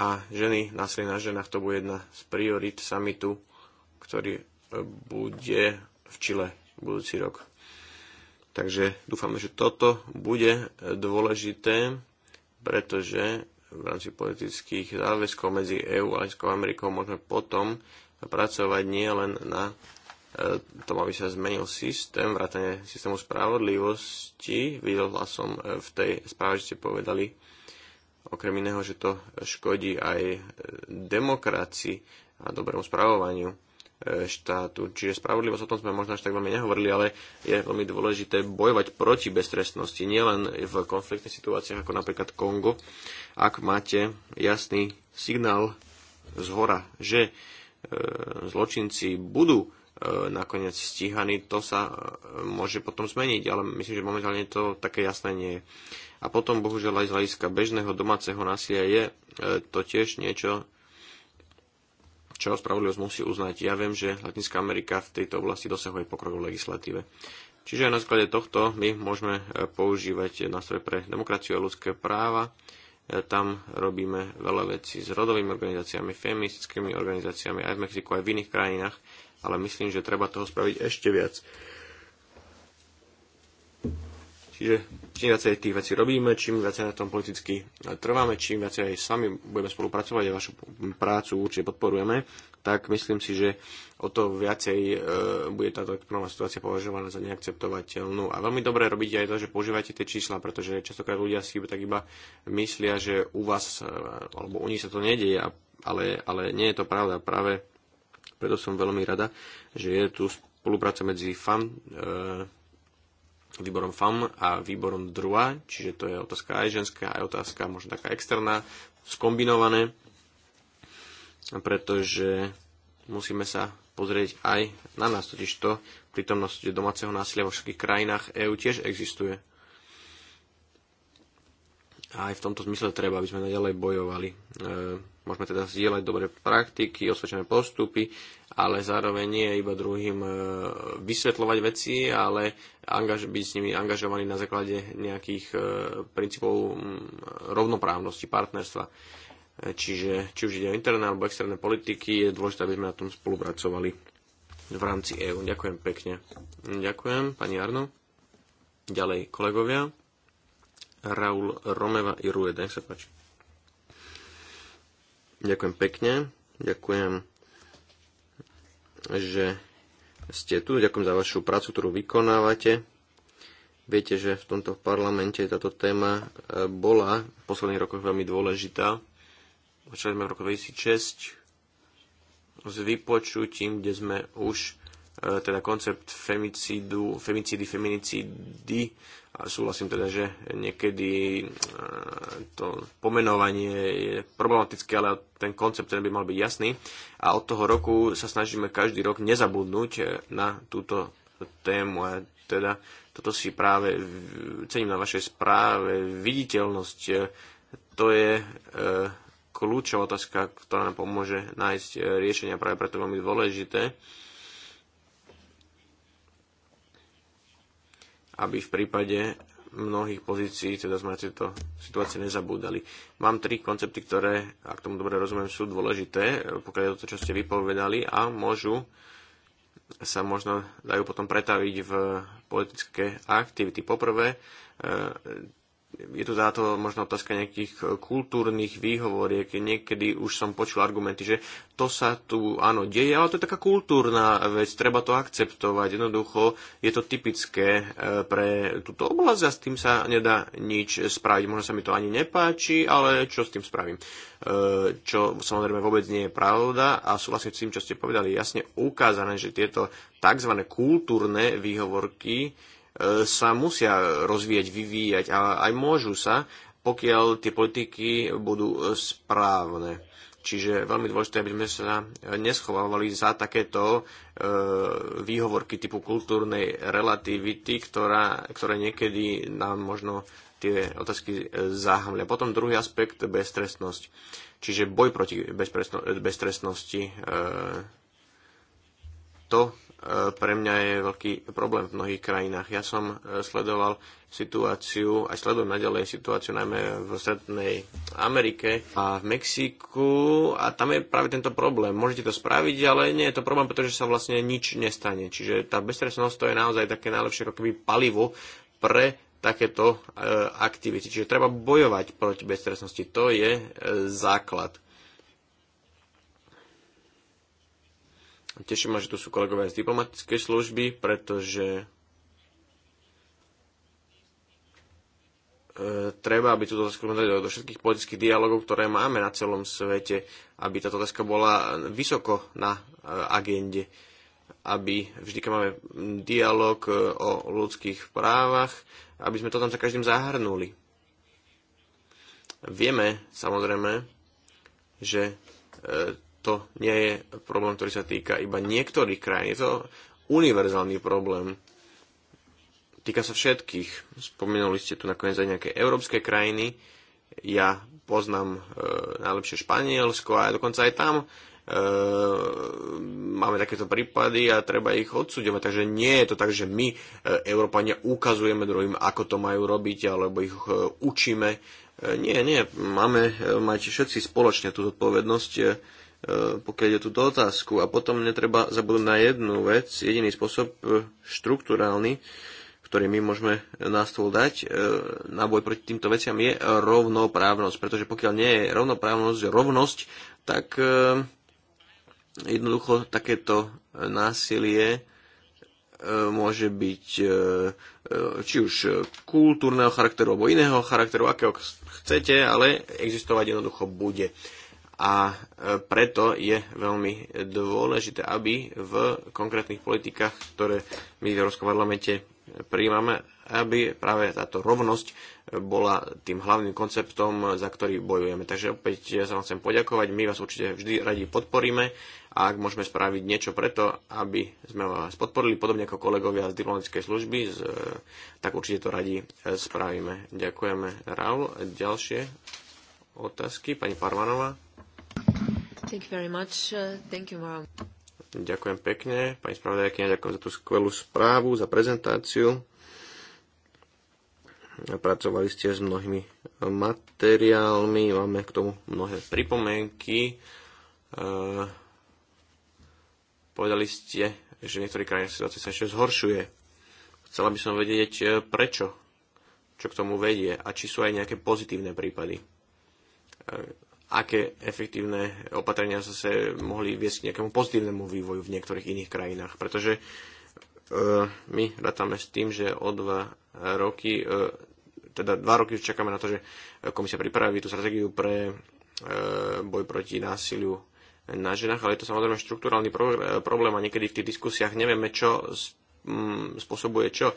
a ženy, násilie na ženách, to bude jedna z priorit samitu, ktorý e, bude v Čile budúci rok. Takže dúfame, že toto bude e, dôležité, pretože v rámci politických záväzkov medzi EÚ a Latinskou Amerikou môžeme potom pracovať nielen na e, tom, aby sa zmenil systém, vrátane systému spravodlivosti. Videla som v tej správe, že ste povedali, okrem iného, že to škodí aj e, demokracii a dobrému správovaniu e, štátu. Čiže spravodlivosť, o tom sme možno až tak veľmi nehovorili, ale je veľmi dôležité bojovať proti beztrestnosti, nielen v konfliktných situáciách ako napríklad Kongo. Ak máte jasný signál z hora, že e, zločinci budú E, nakoniec stíhaný, to sa e, môže potom zmeniť, ale myslím, že momentálne to také jasné nie je. A potom, bohužiaľ, aj z hľadiska bežného domáceho násilia je e, to tiež niečo, čo spravodlivosť musí uznať. Ja viem, že Latinská Amerika v tejto oblasti dosahuje pokrok v legislatíve. Čiže aj na základe tohto my môžeme používať nástroje pre demokraciu a ľudské práva. Tam robíme veľa vecí s rodovými organizáciami, feministickými organizáciami aj v Mexiku, aj v iných krajinách ale myslím, že treba toho spraviť ešte viac. Čiže čím viacej tých vecí robíme, čím viacej na tom politicky trváme, čím viacej aj sami budeme spolupracovať a vašu prácu určite podporujeme, tak myslím si, že o to viacej e, bude táto ekonomická situácia považovaná za neakceptovateľnú. A veľmi dobré robíte aj to, že používate tie čísla, pretože častokrát ľudia si tak iba myslia, že u vás e, alebo u nich sa to nedieje, ale, ale nie je to pravda. Práve preto som veľmi rada, že je tu spolupráca medzi FAM, e, výborom FAM a výborom DRUA, čiže to je otázka aj ženská, aj otázka možno taká externá, skombinované, pretože musíme sa pozrieť aj na nás, totiž to prítomnosť domáceho násilia vo všetkých krajinách EÚ tiež existuje. A aj v tomto zmysle treba, aby sme naďalej bojovali. E Môžeme teda zdieľať dobré praktiky, osvedčené postupy, ale zároveň nie iba druhým e, vysvetľovať veci, ale angaž, byť s nimi angažovaní na základe nejakých e, princípov rovnoprávnosti, partnerstva. E, čiže či už ide o interné alebo externé politiky, je dôležité, aby sme na tom spolupracovali v rámci EÚ. Ďakujem pekne. Ďakujem, pani Arno. Ďalej kolegovia. Raul Romeva i Rueda, nech sa páči. Ďakujem pekne. Ďakujem, že ste tu. Ďakujem za vašu prácu, ktorú vykonávate. Viete, že v tomto parlamente táto téma e, bola v posledných rokoch veľmi dôležitá. Začali sme v roku 2006 s vypočutím, kde sme už e, teda koncept femicídu, femicídy, feminicídy a súhlasím teda, že niekedy eh, to pomenovanie je problematické, ale ten koncept ten by mal byť jasný. A od toho roku sa snažíme každý rok nezabudnúť eh, na túto tému. A teda toto si práve cením na vašej správe. Viditeľnosť eh, to je kľúčová otázka, ktorá nám pomôže nájsť riešenia práve preto veľmi dôležité. aby v prípade mnohých pozícií, teda sme na tieto situácie nezabúdali. Mám tri koncepty, ktoré, ak tomu dobre rozumiem, sú dôležité, eh, pokiaľ je to, čo ste vypovedali a môžu sa možno dajú potom pretaviť v politické aktivity. Poprvé, eh, je tu táto možno otázka nejakých e, kultúrnych výhovoriek. Niekedy už som počul argumenty, že to sa tu áno deje, ale to je taká kultúrna vec, treba to akceptovať. Jednoducho je to typické e, pre túto oblasť a s tým sa nedá nič spraviť. Možno sa mi to ani nepáči, ale čo s tým spravím? E, čo samozrejme vôbec nie je pravda a sú s tým, čo ste povedali, jasne ukázané, že tieto tzv. kultúrne výhovorky E, sa musia rozvíjať, vyvíjať a aj môžu sa, pokiaľ tie politiky budú správne. Čiže veľmi dôležité, aby sme sa neschovávali za takéto e, výhovorky typu kultúrnej relativity, ktorá, ktoré niekedy nám možno tie otázky e, zahamlia. Potom druhý aspekt, beztrestnosť. Čiže boj proti beztrestnosti. E, to E, pre mňa je veľký problém v mnohých krajinách. Ja som e, sledoval situáciu, aj sledujem naďalej situáciu najmä v Srednej Amerike a v Mexiku a tam je práve tento problém. Môžete to spraviť, ale nie je to problém, pretože sa vlastne nič nestane. Čiže tá bezstresnosť to je naozaj také najlepšie ako keby palivo pre takéto e, aktivity. Čiže treba bojovať proti bezstresnosti. To je e, základ. Teším ma, že tu sú kolegovia z diplomatickej služby, pretože e, treba, aby túto otázku sme do, do všetkých politických dialogov, ktoré máme na celom svete, aby táto otázka bola vysoko na e, agende, aby vždy, keď máme dialog e, o ľudských právach, aby sme to tam za každým zahrnuli. Vieme, samozrejme, že to nie je problém, ktorý sa týka iba niektorých krajín. Je to univerzálny problém. Týka sa všetkých. Spomenuli ste tu nakoniec aj nejaké európske krajiny. Ja poznám e, najlepšie Španielsko a dokonca aj tam e, máme takéto prípady a treba ich odsúdiť. Takže nie je to tak, že my, e, Európania, ukazujeme druhým, ako to majú robiť, alebo ich e, učíme. E, nie, nie, máme e, mať všetci spoločne tú zodpovednosť. E, E, pokiaľ ide túto otázku. A potom netreba zabudnúť na jednu vec, jediný spôsob e, štruktúrálny, ktorý my môžeme na stôl dať e, na boj proti týmto veciam je rovnoprávnosť. Pretože pokiaľ nie je rovnoprávnosť, rovnosť, tak jednoducho takéto násilie môže byť či už kultúrneho charakteru alebo iného charakteru, akého chcete, ale existovať jednoducho bude a e, preto je veľmi dôležité, aby v konkrétnych politikách, ktoré my v Európskom parlamente príjmame, aby práve táto rovnosť bola tým hlavným konceptom, za ktorý bojujeme. Takže opäť sa vám chcem poďakovať, my vás určite vždy radi podporíme a ak môžeme spraviť niečo preto, aby sme vás podporili, podobne ako kolegovia z diplomatickej služby, z, e, tak určite to radi e, spravíme. Ďakujeme, Raul. Ďalšie otázky, pani Parmanová. Thank you very much. Thank you, Mara. Ďakujem pekne, pani spravodajkyňa, ďakujem za tú skvelú správu, za prezentáciu. Pracovali ste s mnohými materiálmi, máme k tomu mnohé pripomienky. E, povedali ste, že v niektorých krajinách situácia sa ešte zhoršuje. Chcela by som vedieť, e, prečo, čo k tomu vedie a či sú aj nejaké pozitívne prípady e, aké efektívne opatrenia zase mohli viesť k nejakému pozitívnemu vývoju v niektorých iných krajinách. Pretože e, my rátame s tým, že o dva roky, e, teda dva roky čakáme na to, že komisia pripraví tú stratégiu pre e, boj proti násiliu na ženách, ale je to samozrejme štruktúrálny e, problém a niekedy v tých diskusiách nevieme, čo s Mm, spôsobuje čo? E,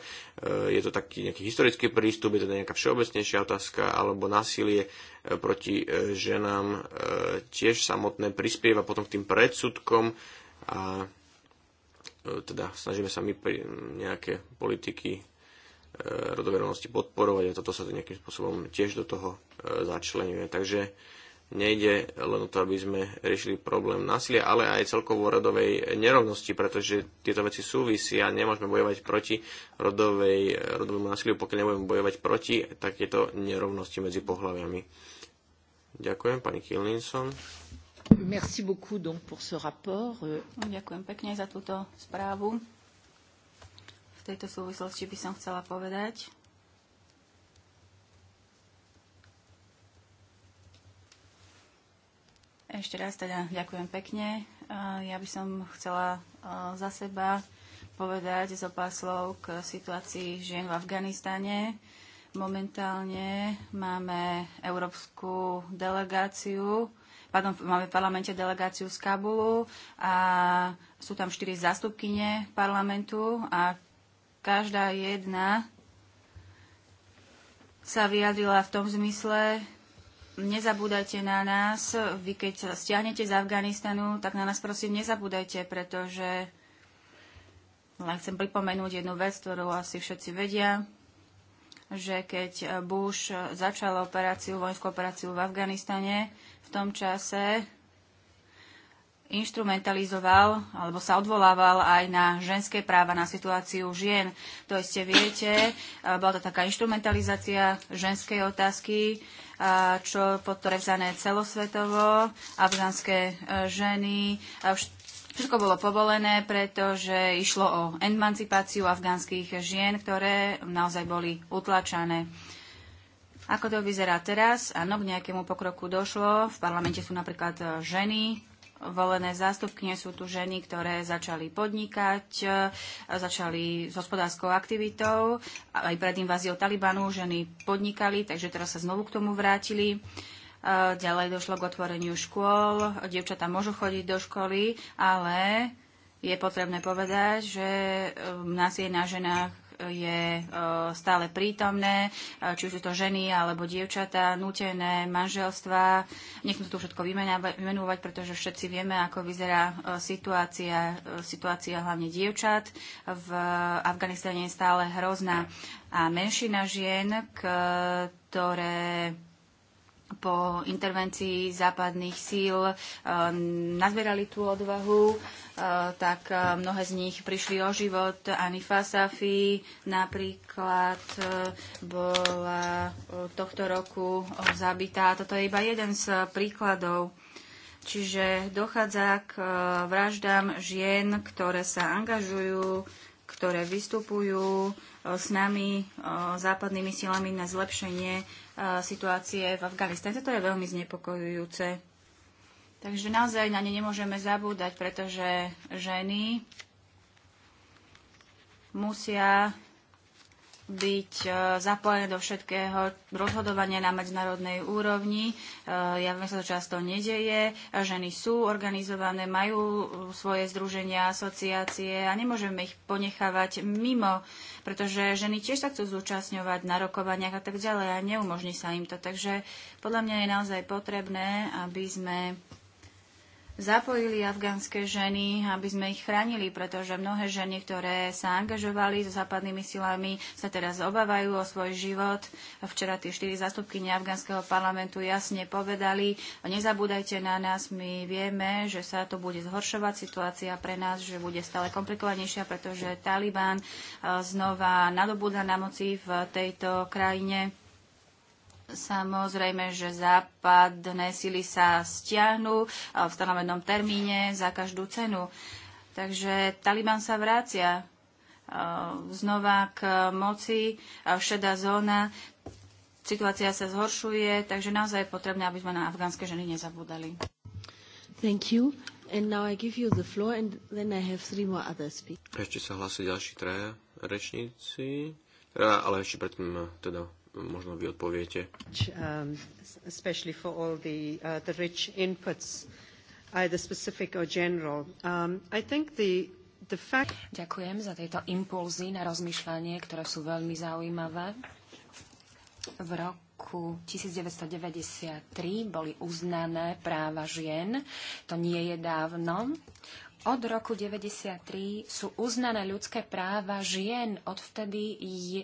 je to taký nejaký historický prístup, je to nejaká všeobecnejšia otázka, alebo násilie e, proti e, ženám tiež samotné prispieva potom k tým predsudkom a teda snažíme sa my nejaké politiky rodoverovnosti podporovať a toto sa to nejakým spôsobom tiež do toho začlenuje. Takže nejde len o to, aby sme riešili problém násilia, ale aj celkovo rodovej nerovnosti, pretože tieto veci súvisia. Nemôžeme bojovať proti rodovej, rodovému násiliu, pokiaľ nebudeme bojovať proti takéto nerovnosti medzi pohľaviami. Ďakujem, pani Kilninson. Merci beaucoup donc pour ce rapport. Euh. No, ďakujem pekne za túto správu. V tejto súvislosti by som chcela povedať, Ešte raz teda ďakujem pekne. Ja by som chcela za seba povedať zo pár slov k situácii žien v Afganistane. Momentálne máme európsku delegáciu, pardon, máme v parlamente delegáciu z Kabulu a sú tam štyri zastupkyne parlamentu a každá jedna sa vyjadrila v tom zmysle, nezabúdajte na nás. Vy keď sa stiahnete z Afganistanu, tak na nás prosím nezabúdajte, pretože len chcem pripomenúť jednu vec, ktorú asi všetci vedia, že keď Bush začal operáciu, vojenskú operáciu v Afganistane, v tom čase instrumentalizoval alebo sa odvolával aj na ženské práva, na situáciu žien. To ste viete, bola to taká instrumentalizácia ženskej otázky, čo pod celosvetovo, afgánske e, ženy, Všetko bolo povolené, pretože išlo o emancipáciu afgánskych žien, ktoré naozaj boli utlačané. Ako to vyzerá teraz? Áno, k nejakému pokroku došlo. V parlamente sú napríklad e, ženy, volené zástupkne sú tu ženy, ktoré začali podnikať, e, začali s hospodárskou aktivitou. Aj pred inváziou Talibanu ženy podnikali, takže teraz sa znovu k tomu vrátili. E, ďalej došlo k otvoreniu škôl. Dievčatá môžu chodiť do školy, ale je potrebné povedať, že e, nás je na ženách je e, stále prítomné, e, či už sú to ženy alebo dievčatá, nutené manželstva. Nechcem to tu všetko vymenovať, pretože všetci vieme, ako vyzerá e, situácia, situácia hlavne dievčat. V Afganistane je stále hrozná a menšina žien, ktoré po intervencii západných síl eh, nazberali tú odvahu, eh, tak eh, mnohé z nich prišli o život. Anifa Safi napríklad bola tohto roku zabitá. Toto je iba jeden z príkladov. Čiže dochádza k vraždám žien, ktoré sa angažujú, ktoré vystupujú s nami, západnými silami na zlepšenie situácie v Afganistane. To je veľmi znepokojujúce. Takže naozaj na ne nemôžeme zabúdať, pretože ženy musia byť e, zapojené do všetkého rozhodovania na medzinárodnej úrovni. E, ja viem, sa to často nedeje. Ženy sú organizované, majú svoje združenia, asociácie a nemôžeme ich ponechávať mimo, pretože ženy tiež sa chcú zúčastňovať na rokovaniach a tak ďalej a neumožní sa im to. Takže podľa mňa je naozaj potrebné, aby sme zapojili afgánske ženy, aby sme ich chránili, pretože mnohé ženy, ktoré sa angažovali so západnými silami, sa teraz obávajú o svoj život. Včera tie štyri zastupky afgánskeho parlamentu jasne povedali, nezabúdajte na nás, my vieme, že sa to bude zhoršovať situácia pre nás, že bude stále komplikovanejšia, pretože Taliban eh, znova nadobúda na moci v tejto krajine Samozrejme, že západné sily sa stiahnu e, v stanovenom termíne za každú cenu. Takže Taliban sa vrácia e, znova k moci, e, šedá zóna, situácia sa zhoršuje, takže naozaj je potrebné, aby sme na afgánske ženy nezabúdali. Thank you. And now I give you the floor and then I have three more other speakers. Ešte sa hlási ďalší traja rečníci, teda, ale ešte predtým teda možno vy odpoviete. Um, uh, um, Ďakujem za tieto impulzy na rozmýšľanie, ktoré sú veľmi zaujímavé. V roku 1993 boli uznané práva žien. To nie je dávno. Od roku 1993 sú uznané ľudské práva žien. Odvtedy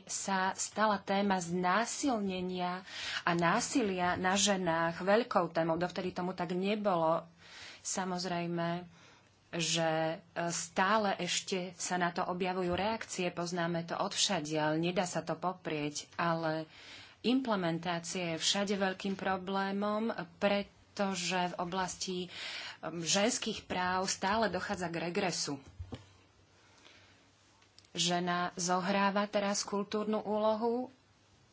sa stala téma znásilnenia a násilia na ženách veľkou témou. Dovtedy tomu tak nebolo. Samozrejme, že e, stále ešte sa na to objavujú reakcie, poznáme to odvšadiaľ, nedá sa to poprieť, ale implementácia je všade veľkým problémom, pretože v oblasti ženských práv stále dochádza k regresu. Žena zohráva teraz kultúrnu úlohu,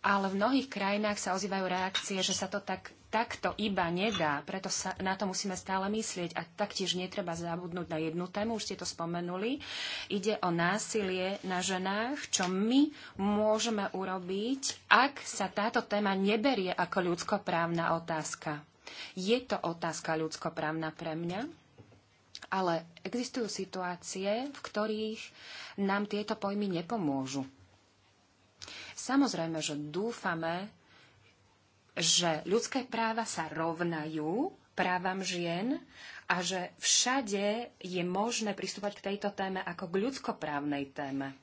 ale v mnohých krajinách sa ozývajú reakcie, že sa to tak, takto iba nedá, preto sa na to musíme stále myslieť. A taktiež netreba zabudnúť na jednu tému, už ste to spomenuli. Ide o násilie na ženách, čo my môžeme urobiť, ak sa táto téma neberie ako ľudskoprávna otázka. Je to otázka ľudskoprávna pre mňa, ale existujú situácie, v ktorých nám tieto pojmy nepomôžu. Samozrejme, že dúfame, že ľudské práva sa rovnajú právam žien a že všade je možné pristúpať k tejto téme ako k ľudskoprávnej téme.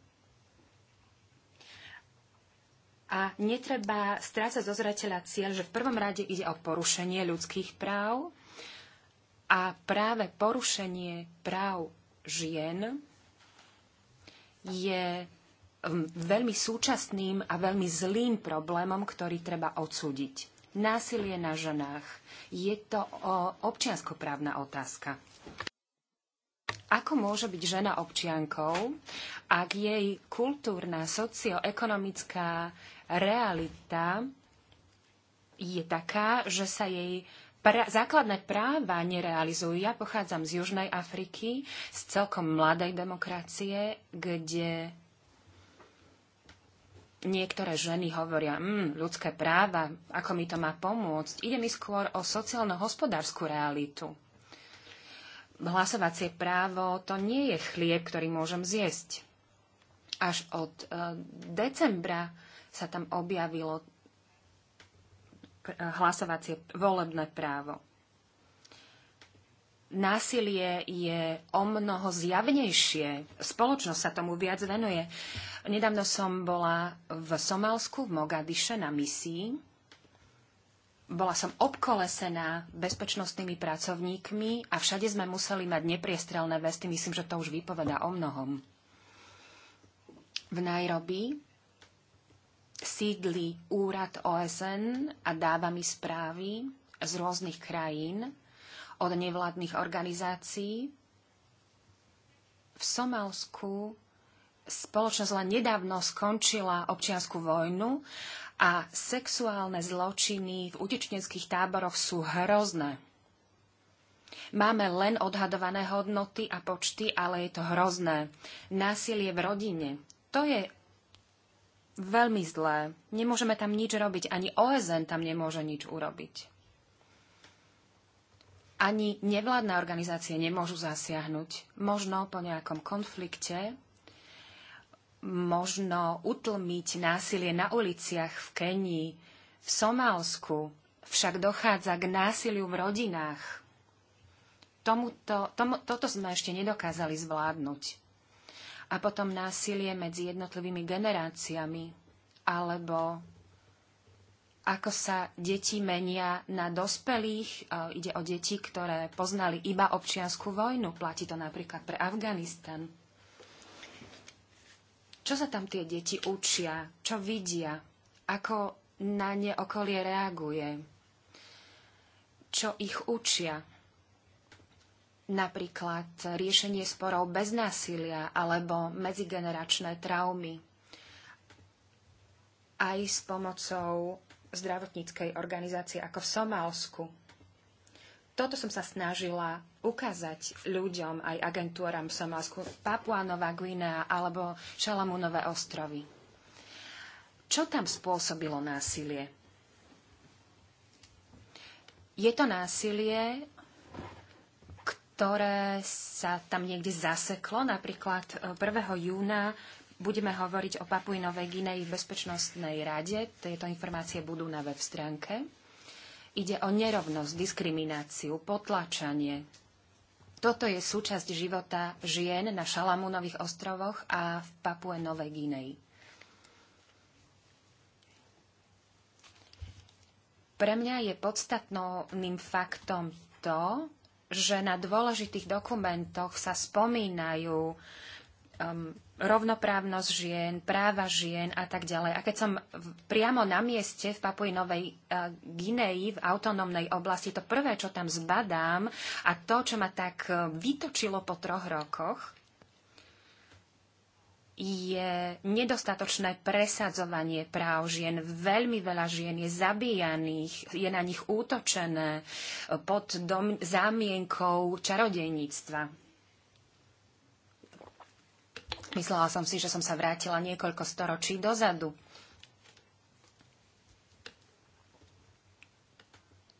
A netreba strácať zo zreteľa cieľ, že v prvom rade ide o porušenie ľudských práv a práve porušenie práv žien je um, veľmi súčasným a veľmi zlým problémom, ktorý treba odsúdiť. Násilie na ženách. Je to občianskoprávna otázka. Ako môže byť žena občiankou, ak jej kultúrna, socioekonomická realita je taká, že sa jej pra- základné práva nerealizujú. Ja pochádzam z Južnej Afriky, z celkom mladej demokracie, kde niektoré ženy hovoria, mm, ľudské práva, ako mi to má pomôcť. Ide mi skôr o sociálno-hospodárskú realitu hlasovacie právo to nie je chlieb, ktorý môžem zjesť. Až od e, decembra sa tam objavilo e, hlasovacie volebné právo. Násilie je o mnoho zjavnejšie. Spoločnosť sa tomu viac venuje. Nedávno som bola v Somálsku, v Mogadiše na misii bola som obkolesená bezpečnostnými pracovníkmi a všade sme museli mať nepriestrelné vesty. Myslím, že to už vypoveda o mnohom. V Nairobi sídli úrad OSN a dáva mi správy z rôznych krajín, od nevládnych organizácií. V Somálsku spoločnosť len nedávno skončila občianskú vojnu a sexuálne zločiny v utečeneckých táboroch sú hrozné. Máme len odhadované hodnoty a počty, ale je to hrozné. Násilie v rodine. To je veľmi zlé. Nemôžeme tam nič robiť. Ani OSN tam nemôže nič urobiť. Ani nevládne organizácie nemôžu zasiahnuť. Možno po nejakom konflikte možno utlmiť násilie na uliciach v Kenii, v Somálsku, však dochádza k násiliu v rodinách. Tomuto, tom, toto sme ešte nedokázali zvládnuť. A potom násilie medzi jednotlivými generáciami, alebo ako sa deti menia na dospelých. E, ide o deti, ktoré poznali iba občianskú vojnu. Platí to napríklad pre Afganistan. Čo sa tam tie deti učia? Čo vidia? Ako na ne okolie reaguje? Čo ich učia? Napríklad riešenie sporov bez násilia alebo medzigeneračné traumy. Aj s pomocou zdravotníckej organizácie ako v Somálsku toto som sa snažila ukázať ľuďom, aj agentúram Somálsku, Papua Papuánová Guinea alebo Šalamúnové ostrovy. Čo tam spôsobilo násilie? Je to násilie, ktoré sa tam niekde zaseklo. Napríklad 1. E, júna budeme hovoriť o Papuinovej Ginei v Bezpečnostnej rade. Tieto informácie budú na web stránke. Ide o nerovnosť, diskrimináciu, potlačanie. Toto je súčasť života žien na Šalamúnových ostrovoch a v Papue Novej Gineji. Pre mňa je podstatným faktom to, že na dôležitých dokumentoch sa spomínajú um, rovnoprávnosť žien, práva žien a tak ďalej. A keď som v, priamo na mieste v Papuji Novej e, Gineji v autonómnej oblasti, to prvé, čo tam zbadám a to, čo ma tak eh, vytočilo po troch rokoch, je nedostatočné presadzovanie práv žien. Veľmi veľa žien je zabíjaných, je na nich útočené eh, pod dom- zámienkou čarodejníctva. Myslela som si, že som sa vrátila niekoľko storočí dozadu.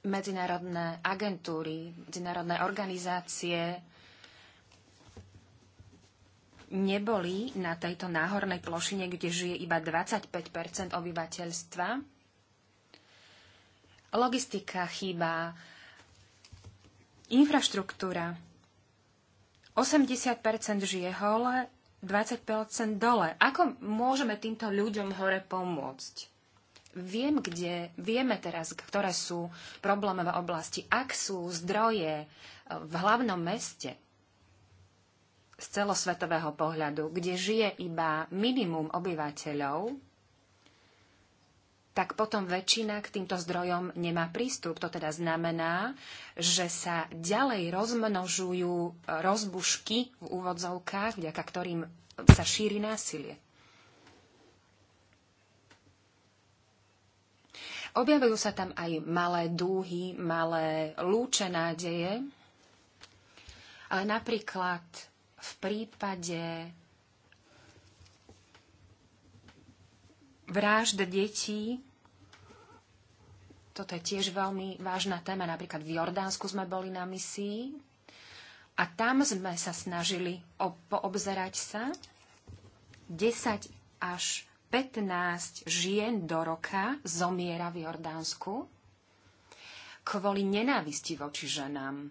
Medzinárodné agentúry, medzinárodné organizácie neboli na tejto náhornej plošine, kde žije iba 25 obyvateľstva. Logistika chýba, infraštruktúra. 80 žije hole, 20% dole. Ako môžeme týmto ľuďom hore pomôcť? Viem, kde, vieme teraz, ktoré sú problémové oblasti. Ak sú zdroje eh, v hlavnom meste z celosvetového pohľadu, kde žije iba minimum obyvateľov, tak potom väčšina k týmto zdrojom nemá prístup. To teda znamená, že sa ďalej rozmnožujú e, rozbušky v úvodzovkách, vďaka ktorým sa šíri násilie. Objavujú sa tam aj malé dúhy, malé lúče nádeje, ale napríklad v prípade Vražd detí, toto je tiež veľmi vážna téma. Napríklad v Jordánsku sme boli na misii a tam sme sa snažili poobzerať sa. 10 až 15 žien do roka zomiera v Jordánsku kvôli nenávisti voči ženám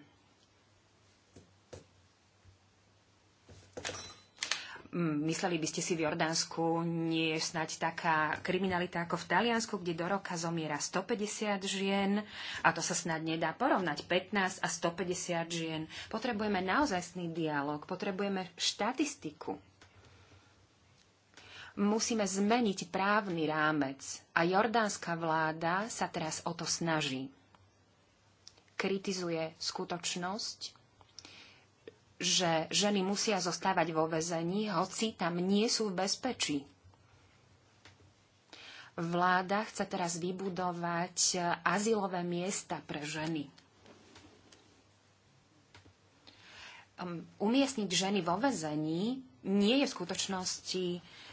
Mm, mysleli by ste si v Jordánsku, nie je snáď taká kriminalita ako v Taliansku, kde do roka zomiera 150 žien a to sa snad nedá porovnať 15 a 150 žien. Potrebujeme naozajstný dialog, potrebujeme štatistiku. Musíme zmeniť právny rámec a jordánska vláda sa teraz o to snaží. Kritizuje skutočnosť, že ženy musia zostávať vo väzení, hoci tam nie sú v bezpečí. Vláda chce teraz vybudovať e, azylové miesta pre ženy. Um, umiestniť ženy vo väzení nie je v skutočnosti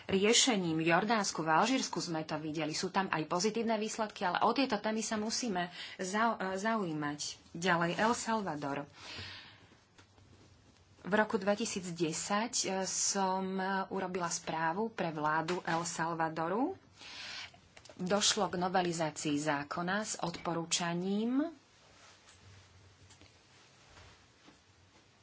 riešením. V Jordánsku, v Alžírsku sme to videli. Sú tam aj pozitívne výsledky, ale o tieto témy sa musíme e, zaujímať. Ďalej El Salvador. Uh, v roku 2010 e, som e, urobila správu pre vládu El Salvadoru. Došlo k novelizácii zákona s odporúčaním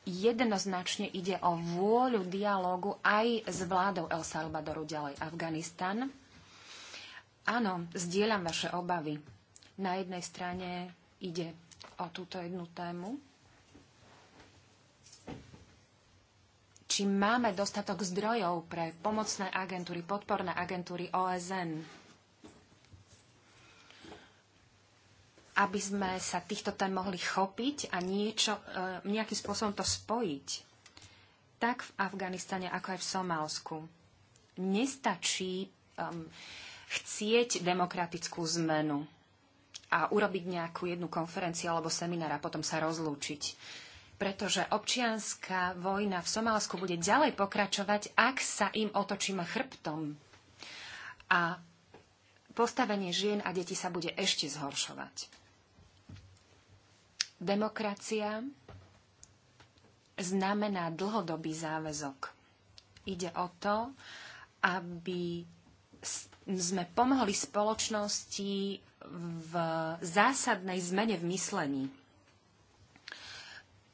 jednoznačne ide o vôľu dialógu aj s vládou El Salvadoru ďalej Afganistan. Áno, zdieľam vaše obavy. Na jednej strane ide o túto jednu tému, či máme dostatok zdrojov pre pomocné agentúry, podporné agentúry OSN, aby sme sa týchto tém mohli chopiť a niečo, e, nejakým spôsobom to spojiť. Tak v Afganistane, ako aj v Somálsku. Nestačí um, chcieť demokratickú zmenu a urobiť nejakú jednu konferenciu alebo seminár a potom sa rozlúčiť pretože občianská vojna v Somálsku bude ďalej pokračovať, ak sa im otočíme chrbtom. A postavenie žien a detí sa bude ešte zhoršovať. Demokracia znamená dlhodobý záväzok. Ide o to, aby sme pomohli spoločnosti v zásadnej zmene v myslení.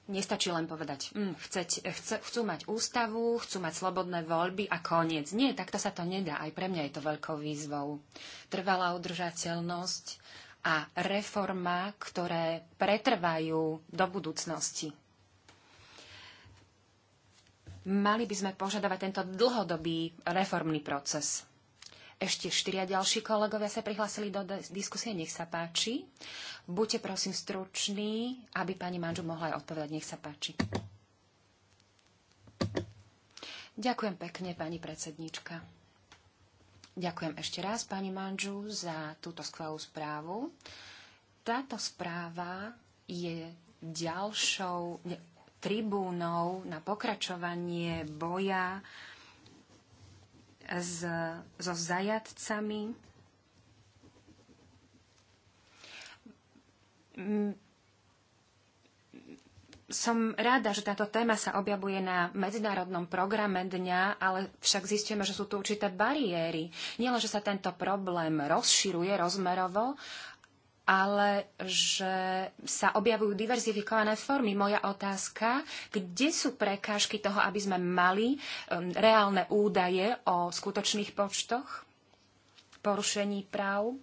Nestačí len povedať, mm, chceť, chce, chcú mať ústavu, chcú mať slobodné voľby a koniec. Nie, takto sa to nedá. Aj pre mňa je to veľkou výzvou. Trvalá udržateľnosť a reforma, ktoré pretrvajú do budúcnosti. Mali by sme požadovať tento dlhodobý reformný proces. Ešte štyria ďalší kolegovia sa prihlásili do diskusie. Nech sa páči. Buďte prosím struční, aby pani Manžu mohla aj odpovedať. Nech sa páči. Ďakujem pekne, pani predsedníčka. Ďakujem ešte raz, pani Manžu, za túto skvelú správu. Táto správa je ďalšou tribúnou na pokračovanie boja s, so zajadcami. Som rada, že táto téma sa objavuje na medzinárodnom programe dňa, ale však zistíme, že sú tu určité bariéry. Nielenže že sa tento problém rozširuje rozmerovo, ale že sa objavujú diverzifikované formy. Moja otázka, kde sú prekážky toho, aby sme mali um, reálne údaje o skutočných počtoch porušení práv?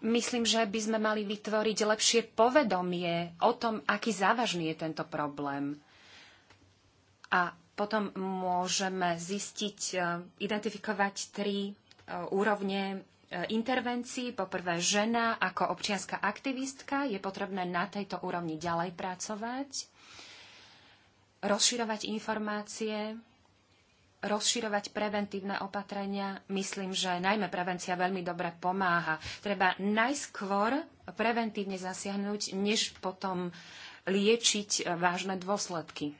Myslím, že by sme mali vytvoriť lepšie povedomie o tom, aký závažný je tento problém. A potom môžeme zistiť, uh, identifikovať tri uh, úrovne intervencií. Poprvé, žena ako občianská aktivistka je potrebné na tejto úrovni ďalej pracovať, rozširovať informácie, rozširovať preventívne opatrenia. Myslím, že najmä prevencia veľmi dobre pomáha. Treba najskôr preventívne zasiahnuť, než potom liečiť vážne dôsledky.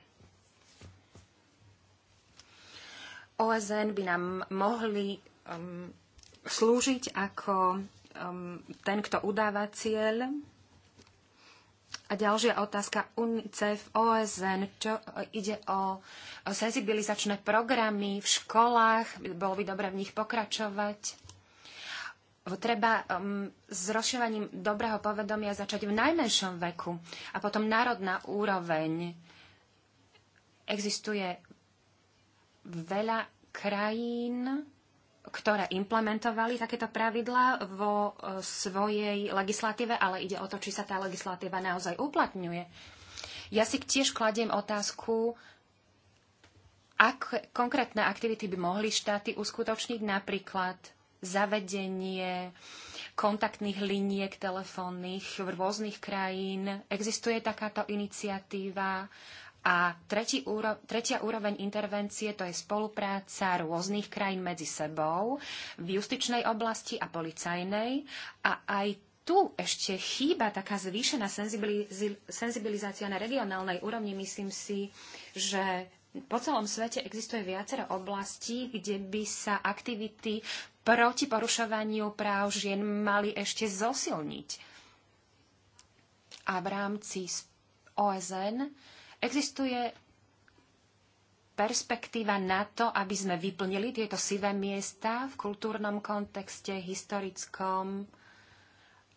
OSN by nám mohli um, slúžiť ako um, ten, kto udáva cieľ. A ďalšia otázka UNICEF, OSN, čo ide o, senzibilizačné sensibilizačné programy v školách, bolo by dobre v nich pokračovať. Treba um, s rozširovaním dobrého povedomia začať v najmenšom veku a potom národná úroveň. Existuje veľa krajín, ktoré implementovali takéto pravidlá vo e, svojej legislatíve, ale ide o to, či sa tá legislatíva naozaj uplatňuje. Ja si tiež kladiem otázku, ak konkrétne aktivity by mohli štáty uskutočniť, napríklad zavedenie kontaktných liniek telefónnych v rôznych krajín. Existuje takáto iniciatíva a tretí úro, tretia úroveň intervencie to je spolupráca rôznych krajín medzi sebou v justičnej oblasti a policajnej. A aj tu ešte chýba taká zvýšená senzibilizácia na regionálnej úrovni. Myslím si, že po celom svete existuje viacero oblastí, kde by sa aktivity proti porušovaniu práv žien mali ešte zosilniť. A v rámci OSN Existuje perspektíva na to, aby sme vyplnili tieto sivé miesta v kultúrnom kontexte, historickom.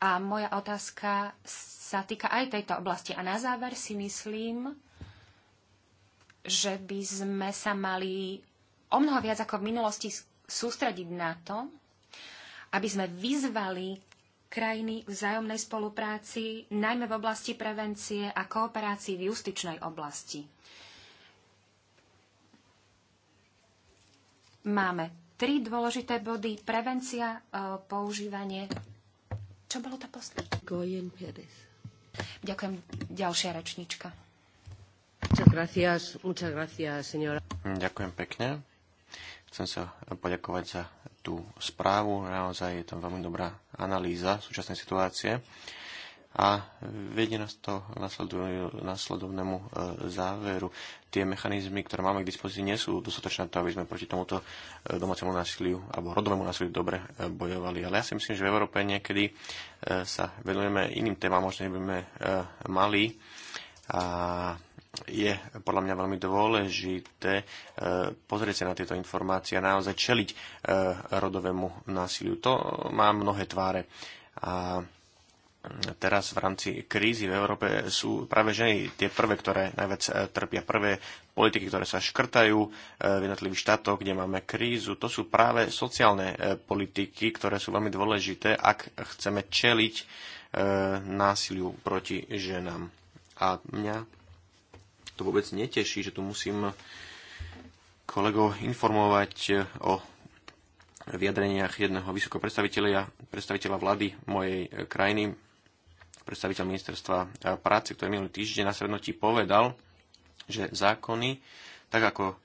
A moja otázka sa týka aj tejto oblasti. A na záver si myslím, že by sme sa mali o mnoho viac ako v minulosti sústrediť na to, aby sme vyzvali krajiny k vzájomnej spolupráci, najmä v oblasti prevencie a kooperácii v justičnej oblasti. Máme tri dôležité body. Prevencia, e, používanie. Čo bolo to posledné? Ďakujem. Ďalšia rečnička. Muchas gracias, muchas gracias, señora. Ďakujem pekne. Chcem sa poďakovať za tú správu. Naozaj je tam veľmi dobrá analýza súčasnej situácie a vedie nás to následovnému e, záveru. Tie mechanizmy, ktoré máme k dispozícii, nie sú dostatočné na to, aby sme proti tomuto e, domácemu násiliu alebo rodovému násiliu dobre e, bojovali. Ale ja si myslím, že v Európe niekedy sa venujeme iným témam, možno by sme mali. A je podľa mňa veľmi dôležité e, pozrieť sa na tieto informácie a naozaj čeliť e, rodovému násiliu. To má mnohé tváre. A teraz v rámci krízy v Európe sú práve ženy tie prvé, ktoré najviac e, trpia. Prvé politiky, ktoré sa škrtajú v jednotlivých štátoch, kde máme krízu, to sú práve sociálne politiky, ktoré sú veľmi dôležité, ak chceme čeliť násiliu proti ženám. A mňa to vôbec neteší, že tu musím kolegov informovať eh, o vyjadreniach jedného vysokého predstaviteľa, predstaviteľa vlády mojej eh, krajiny, predstaviteľ ministerstva eh, práce, ktorý minulý týždeň na strednotí povedal, že zákony, tak ako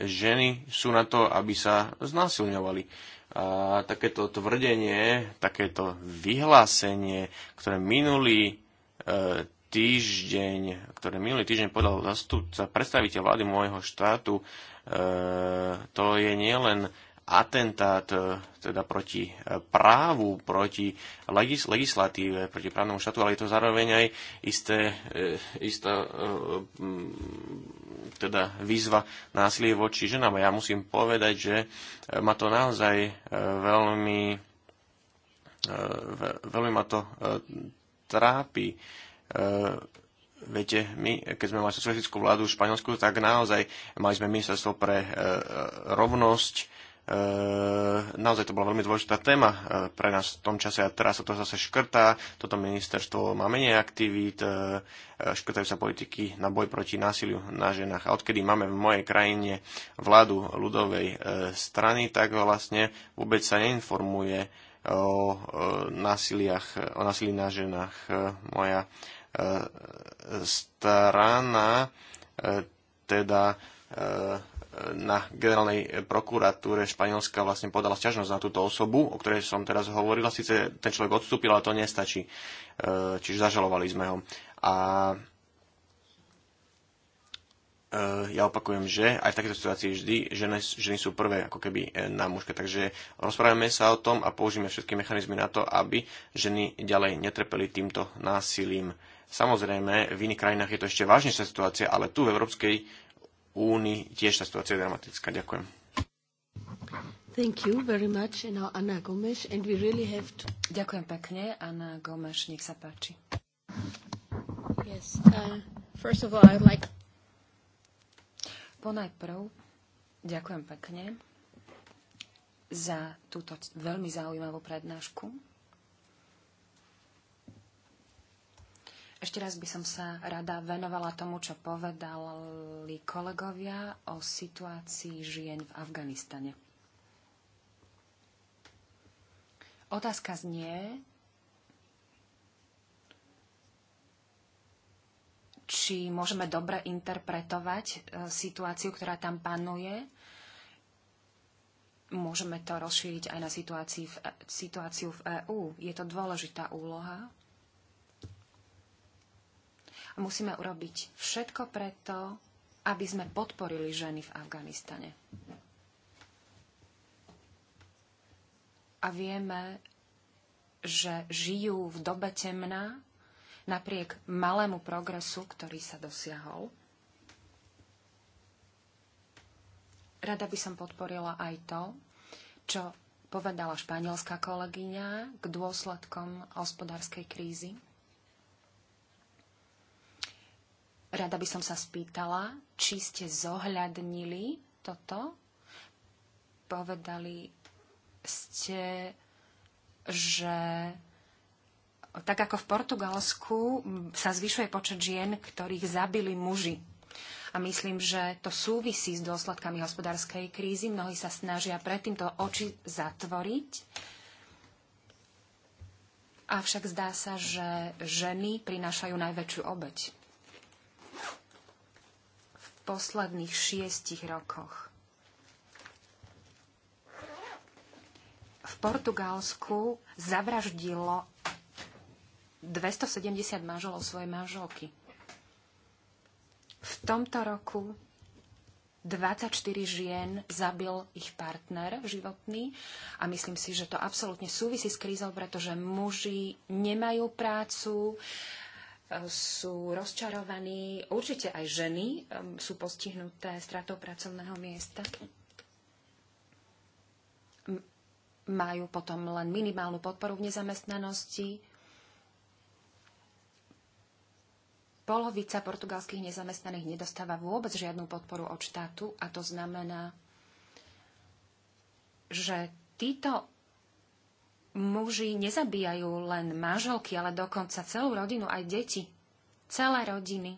ženy sú na to, aby sa znásilňovali. A takéto tvrdenie, takéto vyhlásenie, ktoré minulý e, týždeň, ktoré minulý týždeň podal zastupca predstaviteľ vlády môjho štátu, e, to je nielen atentát e, teda proti e, právu, proti legis- legislatíve, proti právnemu štátu, ale je to zároveň aj isté, e, istá e, teda výzva násilie voči ženám. A ja musím povedať, že e, ma to naozaj veľmi, e, veľmi ma to trápi E, viete, my, keď sme mali socialistickú vládu v Španielsku, tak naozaj mali sme ministerstvo pre uh, rovnosť. Uh, naozaj to bola veľmi dôležitá téma pre nás v tom čase a teraz sa to zase škrtá. Toto ministerstvo má menej aktivít, uh, škrtajú sa politiky na boj proti násiliu na ženách. A odkedy máme v mojej krajine vládu ľudovej uh, strany, tak vlastne vôbec sa neinformuje o, o, násiliach, o násilí na ženách. moja E, strana e, teda e, na generálnej prokuratúre Španielska vlastne podala sťažnosť na túto osobu, o ktorej som teraz hovoril, Sice ten človek odstúpil, ale to nestačí. Čiže zažalovali sme ho. A ja opakujem, že aj v takejto situácii vždy ženy, ženy sú prvé ako keby na mužke. Takže rozprávame sa o tom a použijeme všetky mechanizmy na to, aby ženy ďalej netrpeli týmto násilím. Samozrejme, v iných krajinách je to ešte vážnejšia situácia, ale tu v Európskej únii tiež tá situácia je dramatická. Ďakujem. Thank you very much. Anna Gomes, and we really have to... Ďakujem pekne. Anna Gomes, nech sa páči. Yes. Uh, first of all, I'd like... Ponajprv, ďakujem pekne za túto veľmi zaujímavú prednášku. Ešte raz by som sa rada venovala tomu, čo povedali kolegovia o situácii žien v Afganistane. Otázka znie, či môžeme dobre interpretovať e, situáciu, ktorá tam panuje. Môžeme to rozšíriť aj na e, situáciu v EÚ. Je to dôležitá úloha, musíme urobiť všetko preto, aby sme podporili ženy v Afganistane. A vieme, že žijú v dobe temná napriek malému progresu, ktorý sa dosiahol. Rada by som podporila aj to, čo povedala španielská kolegyňa k dôsledkom hospodárskej krízy. Rada by som sa spýtala, či ste zohľadnili toto. Povedali ste, že tak ako v Portugalsku sa zvyšuje počet žien, ktorých zabili muži. A myslím, že to súvisí s dôsledkami hospodárskej krízy. Mnohí sa snažia predtým to oči zatvoriť. Avšak zdá sa, že ženy prinášajú najväčšiu obeď posledných šiestich rokoch. V Portugalsku zavraždilo 270 manželov svoje manželky. V tomto roku 24 žien zabil ich partner životný a myslím si, že to absolútne súvisí s krízou, pretože muži nemajú prácu, sú rozčarovaní. Určite aj ženy um, sú postihnuté stratou pracovného miesta. Majú potom len minimálnu podporu v nezamestnanosti. Polovica portugalských nezamestnaných nedostáva vôbec žiadnu podporu od štátu a to znamená, že títo muži nezabíjajú len manželky, ale dokonca celú rodinu, aj deti. Celé rodiny.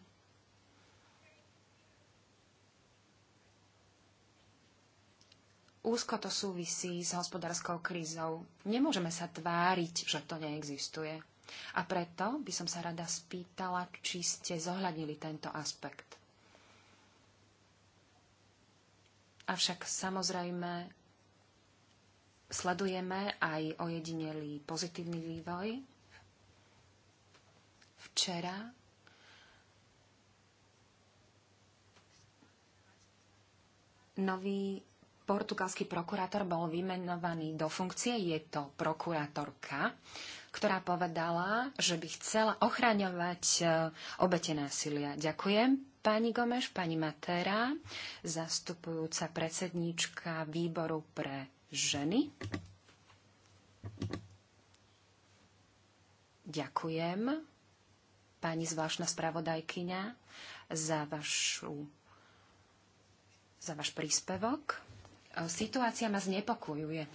Úzko to súvisí s hospodárskou krízou. Nemôžeme sa tváriť, že to neexistuje. A preto by som sa rada spýtala, či ste zohľadnili tento aspekt. Avšak samozrejme sledujeme aj ojedinelý pozitívny vývoj. Včera nový portugalský prokurátor bol vymenovaný do funkcie. Je to prokurátorka, ktorá povedala, že by chcela ochraňovať e, obete násilia. Ďakujem pani Gomeš, pani Matera, zastupujúca predsedníčka výboru pre ženy. Ďakujem, pani zvláštna spravodajkyňa, za, vašu, za váš príspevok. Situácia ma znepokojuje.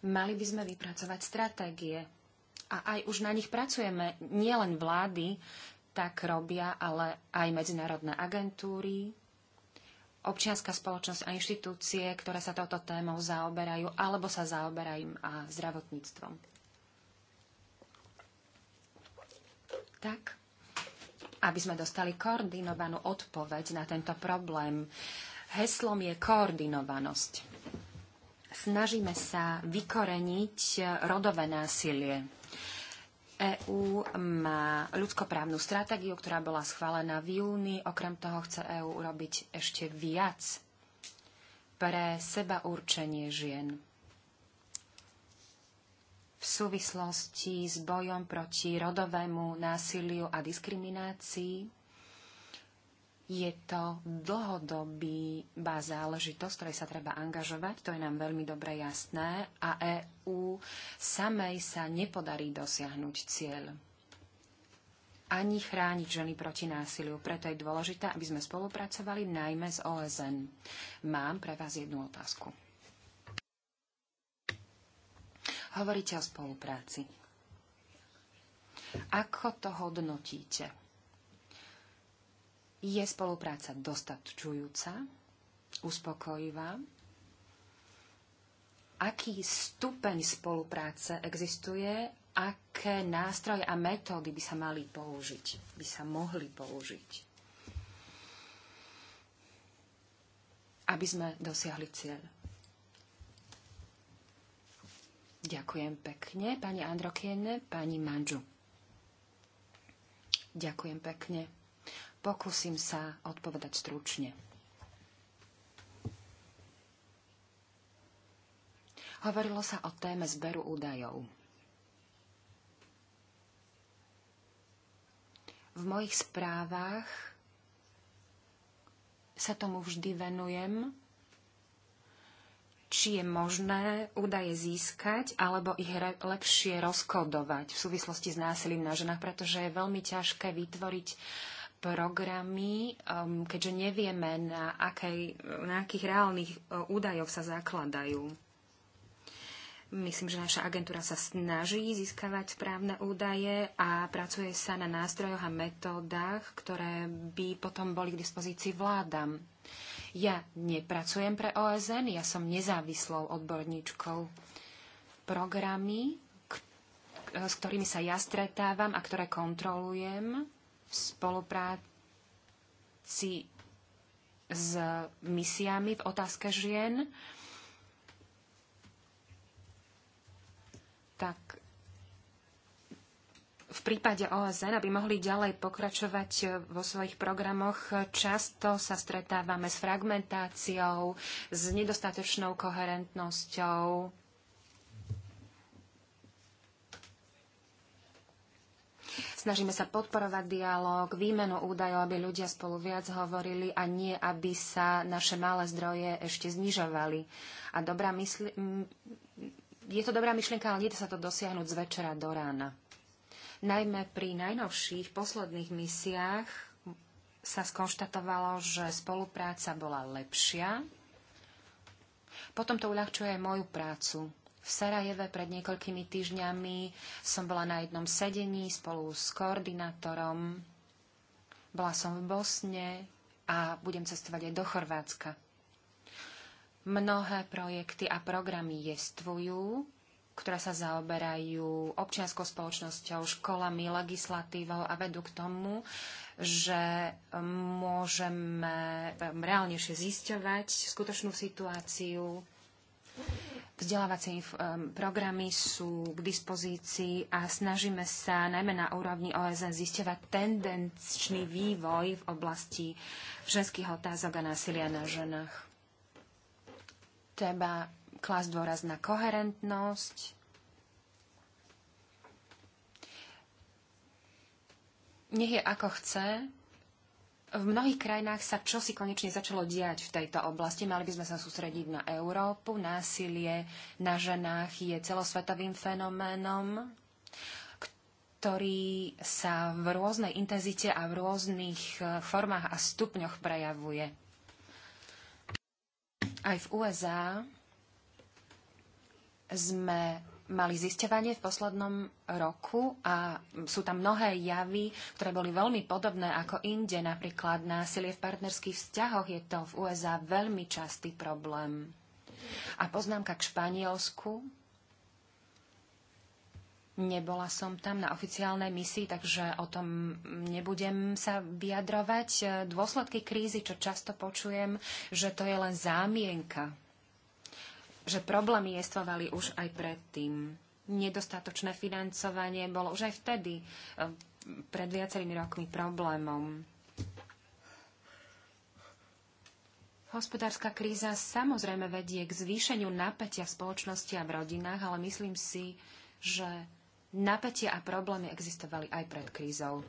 Mali by sme vypracovať stratégie. A aj už na nich pracujeme. Nielen vlády tak robia, ale aj medzinárodné agentúry, občianská spoločnosť a inštitúcie, ktoré sa touto témou zaoberajú, alebo sa zaoberajú a zdravotníctvom. Tak, aby sme dostali koordinovanú odpoveď na tento problém. Heslom je koordinovanosť. Snažíme sa vykoreniť rodové násilie EÚ má ľudskoprávnu stratégiu, ktorá bola schválená v júni. Okrem toho chce EÚ urobiť ešte viac pre seba určenie žien v súvislosti s bojom proti rodovému násiliu a diskriminácii je to dlhodobý záležitosť, ktorej sa treba angažovať, to je nám veľmi dobre jasné a EÚ samej sa nepodarí dosiahnuť cieľ ani chrániť ženy proti násiliu. Preto je dôležité, aby sme spolupracovali najmä s OSN. Mám pre vás jednu otázku. Hovoríte o spolupráci. Ako to hodnotíte? Je spolupráca dostatčujúca, uspokojivá? Aký stupeň spolupráce existuje? Aké nástroje a metódy by sa mali použiť? By sa mohli použiť? aby sme dosiahli cieľ. Ďakujem pekne, pani Androkiene, pani Manžu. Ďakujem pekne. Pokúsim sa odpovedať stručne. Hovorilo sa o téme zberu údajov. V mojich správach sa tomu vždy venujem, či je možné údaje získať alebo ich re- lepšie rozkodovať v súvislosti s násilím na ženách, pretože je veľmi ťažké vytvoriť uh, programy, um, keďže nevieme, na, akej, na akých reálnych uh, údajoch sa zakladajú. Myslím, že naša agentúra sa snaží získavať správne údaje a pracuje sa na nástrojoch a metódach, ktoré by potom boli k dispozícii vládam. Ja nepracujem pre OSN, ja som nezávislou odborníčkou. Programy, s ktorými sa ja stretávam a ktoré kontrolujem, v spolupráci s misiami v otázke žien, tak v prípade OSN, aby mohli ďalej pokračovať vo svojich programoch, často sa stretávame s fragmentáciou, s nedostatočnou koherentnosťou Snažíme sa podporovať dialog, výmenu údajov, aby ľudia spolu viac hovorili a nie, aby sa naše malé zdroje ešte znižovali. A dobrá mysl... Mm, je to dobrá myšlienka, ale nedá sa to dosiahnuť z večera do rána. Najmä pri najnovších posledných misiách sa skonštatovalo, že spolupráca bola lepšia. Potom to uľahčuje aj moju prácu v Sarajeve pred niekoľkými týždňami. Som bola na jednom sedení spolu s koordinátorom. Bola som v Bosne a budem cestovať aj do Chorvátska. Mnohé projekty a programy jestvujú, ktoré sa zaoberajú občianskou spoločnosťou, školami, legislatívou a vedú k tomu, že môžeme reálnejšie zisťovať skutočnú situáciu Vzdelávacie programy sú k dispozícii a snažíme sa najmä na úrovni OSN zistiavať tendenčný vývoj v oblasti ženských otázok a násilia na ženách. Treba klásť dôraz na koherentnosť, nech je ako chce, v mnohých krajinách sa čosi konečne začalo diať v tejto oblasti. Mali by sme sa sústrediť na Európu. Násilie na ženách je celosvetovým fenoménom, ktorý sa v rôznej intenzite a v rôznych e, formách a stupňoch prejavuje. Aj v USA sme mali zisťovanie v poslednom roku a sú tam mnohé javy, ktoré boli veľmi podobné ako inde, napríklad násilie v partnerských vzťahoch je to v USA veľmi častý problém. A poznámka k Španielsku. Nebola som tam na oficiálnej misii, takže o tom nebudem sa vyjadrovať. Dôsledky krízy, čo často počujem, že to je len zámienka že problémy jestvovali už aj predtým. Nedostatočné financovanie bolo už aj vtedy e, pred viacerými rokmi problémom. Hospodárska kríza samozrejme vedie k zvýšeniu napätia v spoločnosti a v rodinách, ale myslím si, že napätie a problémy existovali aj pred krízou.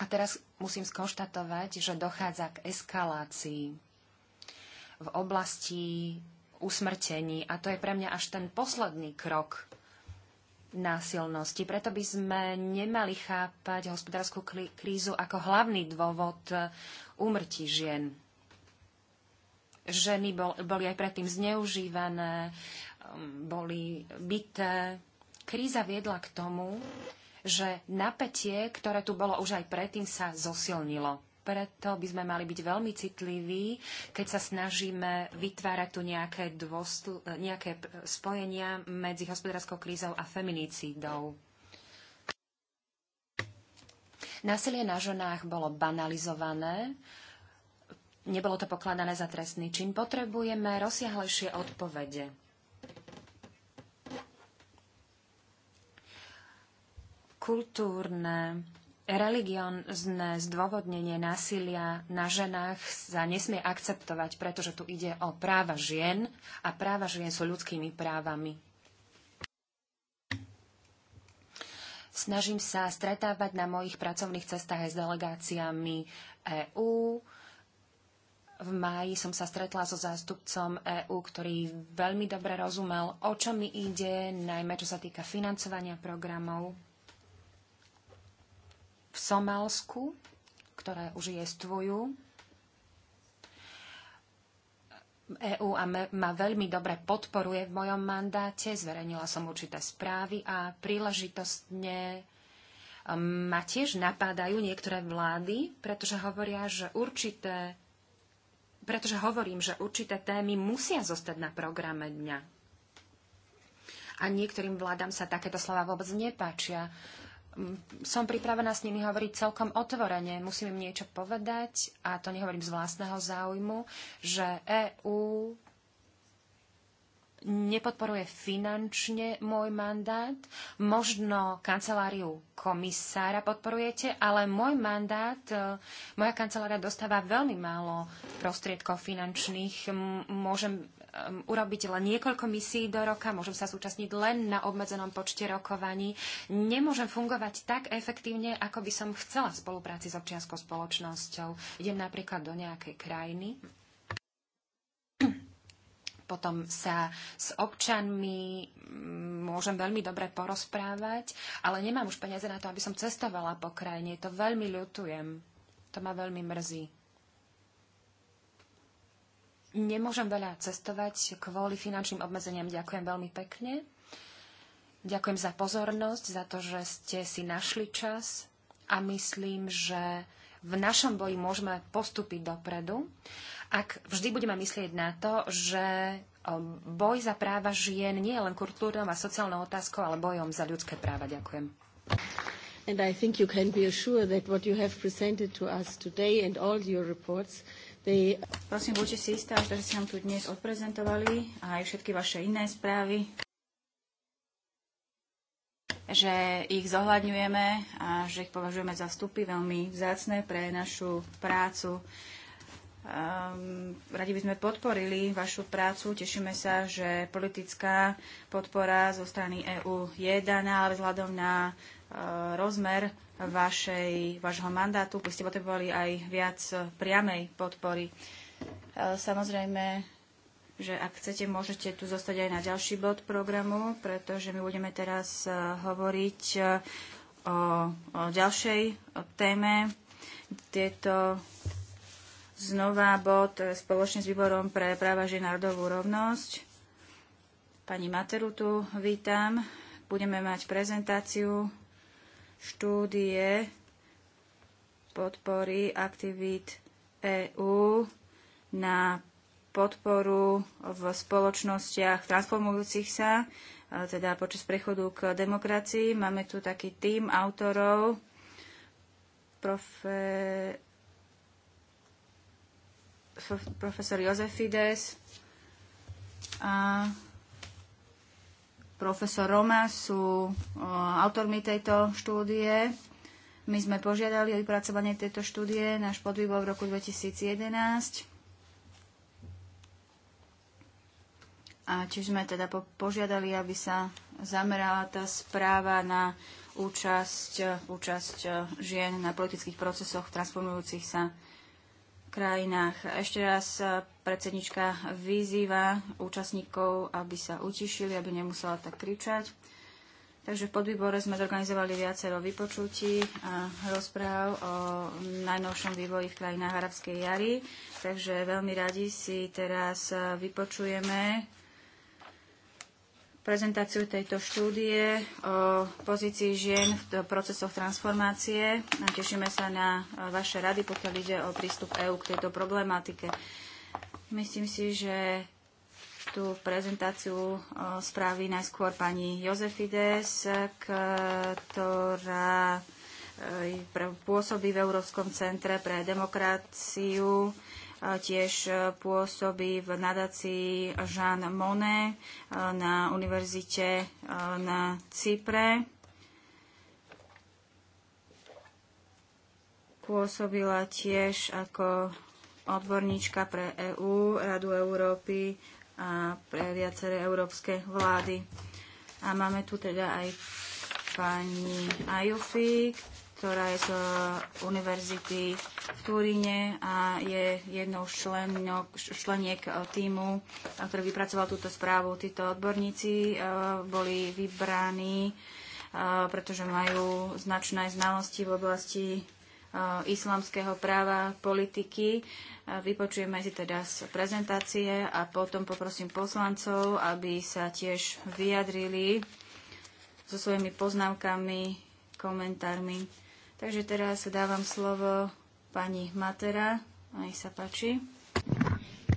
A teraz musím skonštatovať, že dochádza k eskalácii v oblasti usmrtení. A to je pre mňa až ten posledný krok násilnosti. Preto by sme nemali chápať hospodárskú krízu ako hlavný dôvod eh, úmrtí žien. Ženy bol, boli aj predtým zneužívané, mm, boli byté. Kríza viedla k tomu, že napätie, ktoré tu bolo už aj predtým, sa zosilnilo preto by sme mali byť veľmi citliví, keď sa snažíme vytvárať tu nejaké, dôstu, nejaké spojenia medzi hospodárskou krízou a feminicídou. Násilie na ženách bolo banalizované, nebolo to pokladané za trestný čin. Potrebujeme rozsiahlejšie odpovede. Kultúrne religiózne zdôvodnenie násilia na ženách sa nesmie akceptovať, pretože tu ide o práva žien a práva žien sú ľudskými právami. Snažím sa stretávať na mojich pracovných cestách aj s delegáciami EÚ. V máji som sa stretla so zástupcom EÚ, ktorý veľmi dobre rozumel, o čo mi ide, najmä čo sa týka financovania programov v Somálsku, ktoré už jestvujú. EÚ ma veľmi dobre podporuje v mojom mandáte. Zverejnila som určité správy a príležitostne um, ma tiež napádajú niektoré vlády, pretože hovoria, že určité pretože hovorím, že určité témy musia zostať na programe dňa. A niektorým vládam sa takéto slova vôbec nepáčia. Mm, som pripravená s nimi hovoriť celkom otvorene. Musím im niečo povedať, a to nehovorím z vlastného záujmu, že EÚ nepodporuje finančne môj mandát. Možno kanceláriu komisára podporujete, ale môj mandát, e, moja kancelária dostáva veľmi málo prostriedkov finančných. Môžem Um, urobiť len niekoľko misií do roka, môžem sa zúčastniť len na obmedzenom počte rokovaní. Nemôžem fungovať tak efektívne, ako by som chcela v spolupráci s občianskou spoločnosťou. Idem napríklad do nejakej krajiny, potom sa s občanmi mm, môžem veľmi dobre porozprávať, ale nemám už peniaze na to, aby som cestovala po krajine. To veľmi ľutujem. To ma veľmi mrzí nemôžem veľa cestovať kvôli finančným obmedzeniam. Ďakujem veľmi pekne. Ďakujem za pozornosť, za to, že ste si našli čas a myslím, že v našom boji môžeme postúpiť dopredu, ak vždy budeme myslieť na to, že boj za práva žien nie je len kultúrnou a sociálnou otázkou, ale bojom za ľudské práva. Ďakujem. And I think you can be assured that what you have presented to us today and all your reports The... Prosím, buďte si istá, že ste nám tu dnes odprezentovali a aj všetky vaše iné správy, že ich zohľadňujeme a že ich považujeme za vstupy veľmi vzácne pre našu prácu. Um, radi by sme podporili vašu prácu. Tešíme sa, že politická podpora zo strany EÚ je daná, ale vzhľadom na uh, rozmer vašej, vašho mandátu, by ste potrebovali aj viac e, priamej podpory. E, samozrejme, že ak chcete, môžete tu zostať aj na ďalší bod programu, pretože my budeme teraz e, hovoriť o, o ďalšej téme. Tieto znova bod spoločne s výborom pre práva žien národovú rovnosť. Pani Materu tu vítam. Budeme mať prezentáciu štúdie podpory aktivít EÚ na podporu v spoločnostiach transformujúcich sa, e, teda počas prechodu k demokracii. Máme tu taký tým autorov, profe, profesor Jozef Fides a profesor Roma sú autormi tejto štúdie. My sme požiadali o vypracovanie tejto štúdie, náš podvýbor v roku 2011. A tiež sme teda požiadali, aby sa zamerala tá správa na účasť, účasť e, žien na politických procesoch transformujúcich sa krajinách. Ešte raz e, predsednička vyzýva účastníkov, aby sa utišili, aby nemusela tak kričať. Takže v podvýbore sme zorganizovali viacero vypočutí a rozpráv o najnovšom vývoji v krajinách arabskej jary. Takže veľmi radi si teraz e, vypočujeme prezentáciu tejto štúdie o pozícii žien v procesoch transformácie. Tešíme sa na vaše rady, pokiaľ ide o prístup EÚ k tejto problematike. Myslím si, že tú prezentáciu spraví najskôr pani Jozefides, ktorá e, pôsobí v Európskom centre pre demokraciu tiež e, pôsobí v nadácii Jean Monnet e, na univerzite e, na Cypre. Pôsobila tiež ako odborníčka pre EÚ, EU, Radu Európy a pre viaceré európske vlády. A máme tu teda aj pani Ajufi, ktorá je z eh, univerzity v Turíne a je jednou z členok, členiek eh, týmu, eh, ktorý vypracoval túto správu. Títo odborníci boli vybraní, pretože majú značné znalosti v oblasti islamského práva, politiky. Vypočujeme si teda z prezentácie a potom poprosím poslancov, aby sa tiež vyjadrili so svojimi poznámkami, komentármi. Takže teraz dávam slovo pani Matera. Aj sa páči.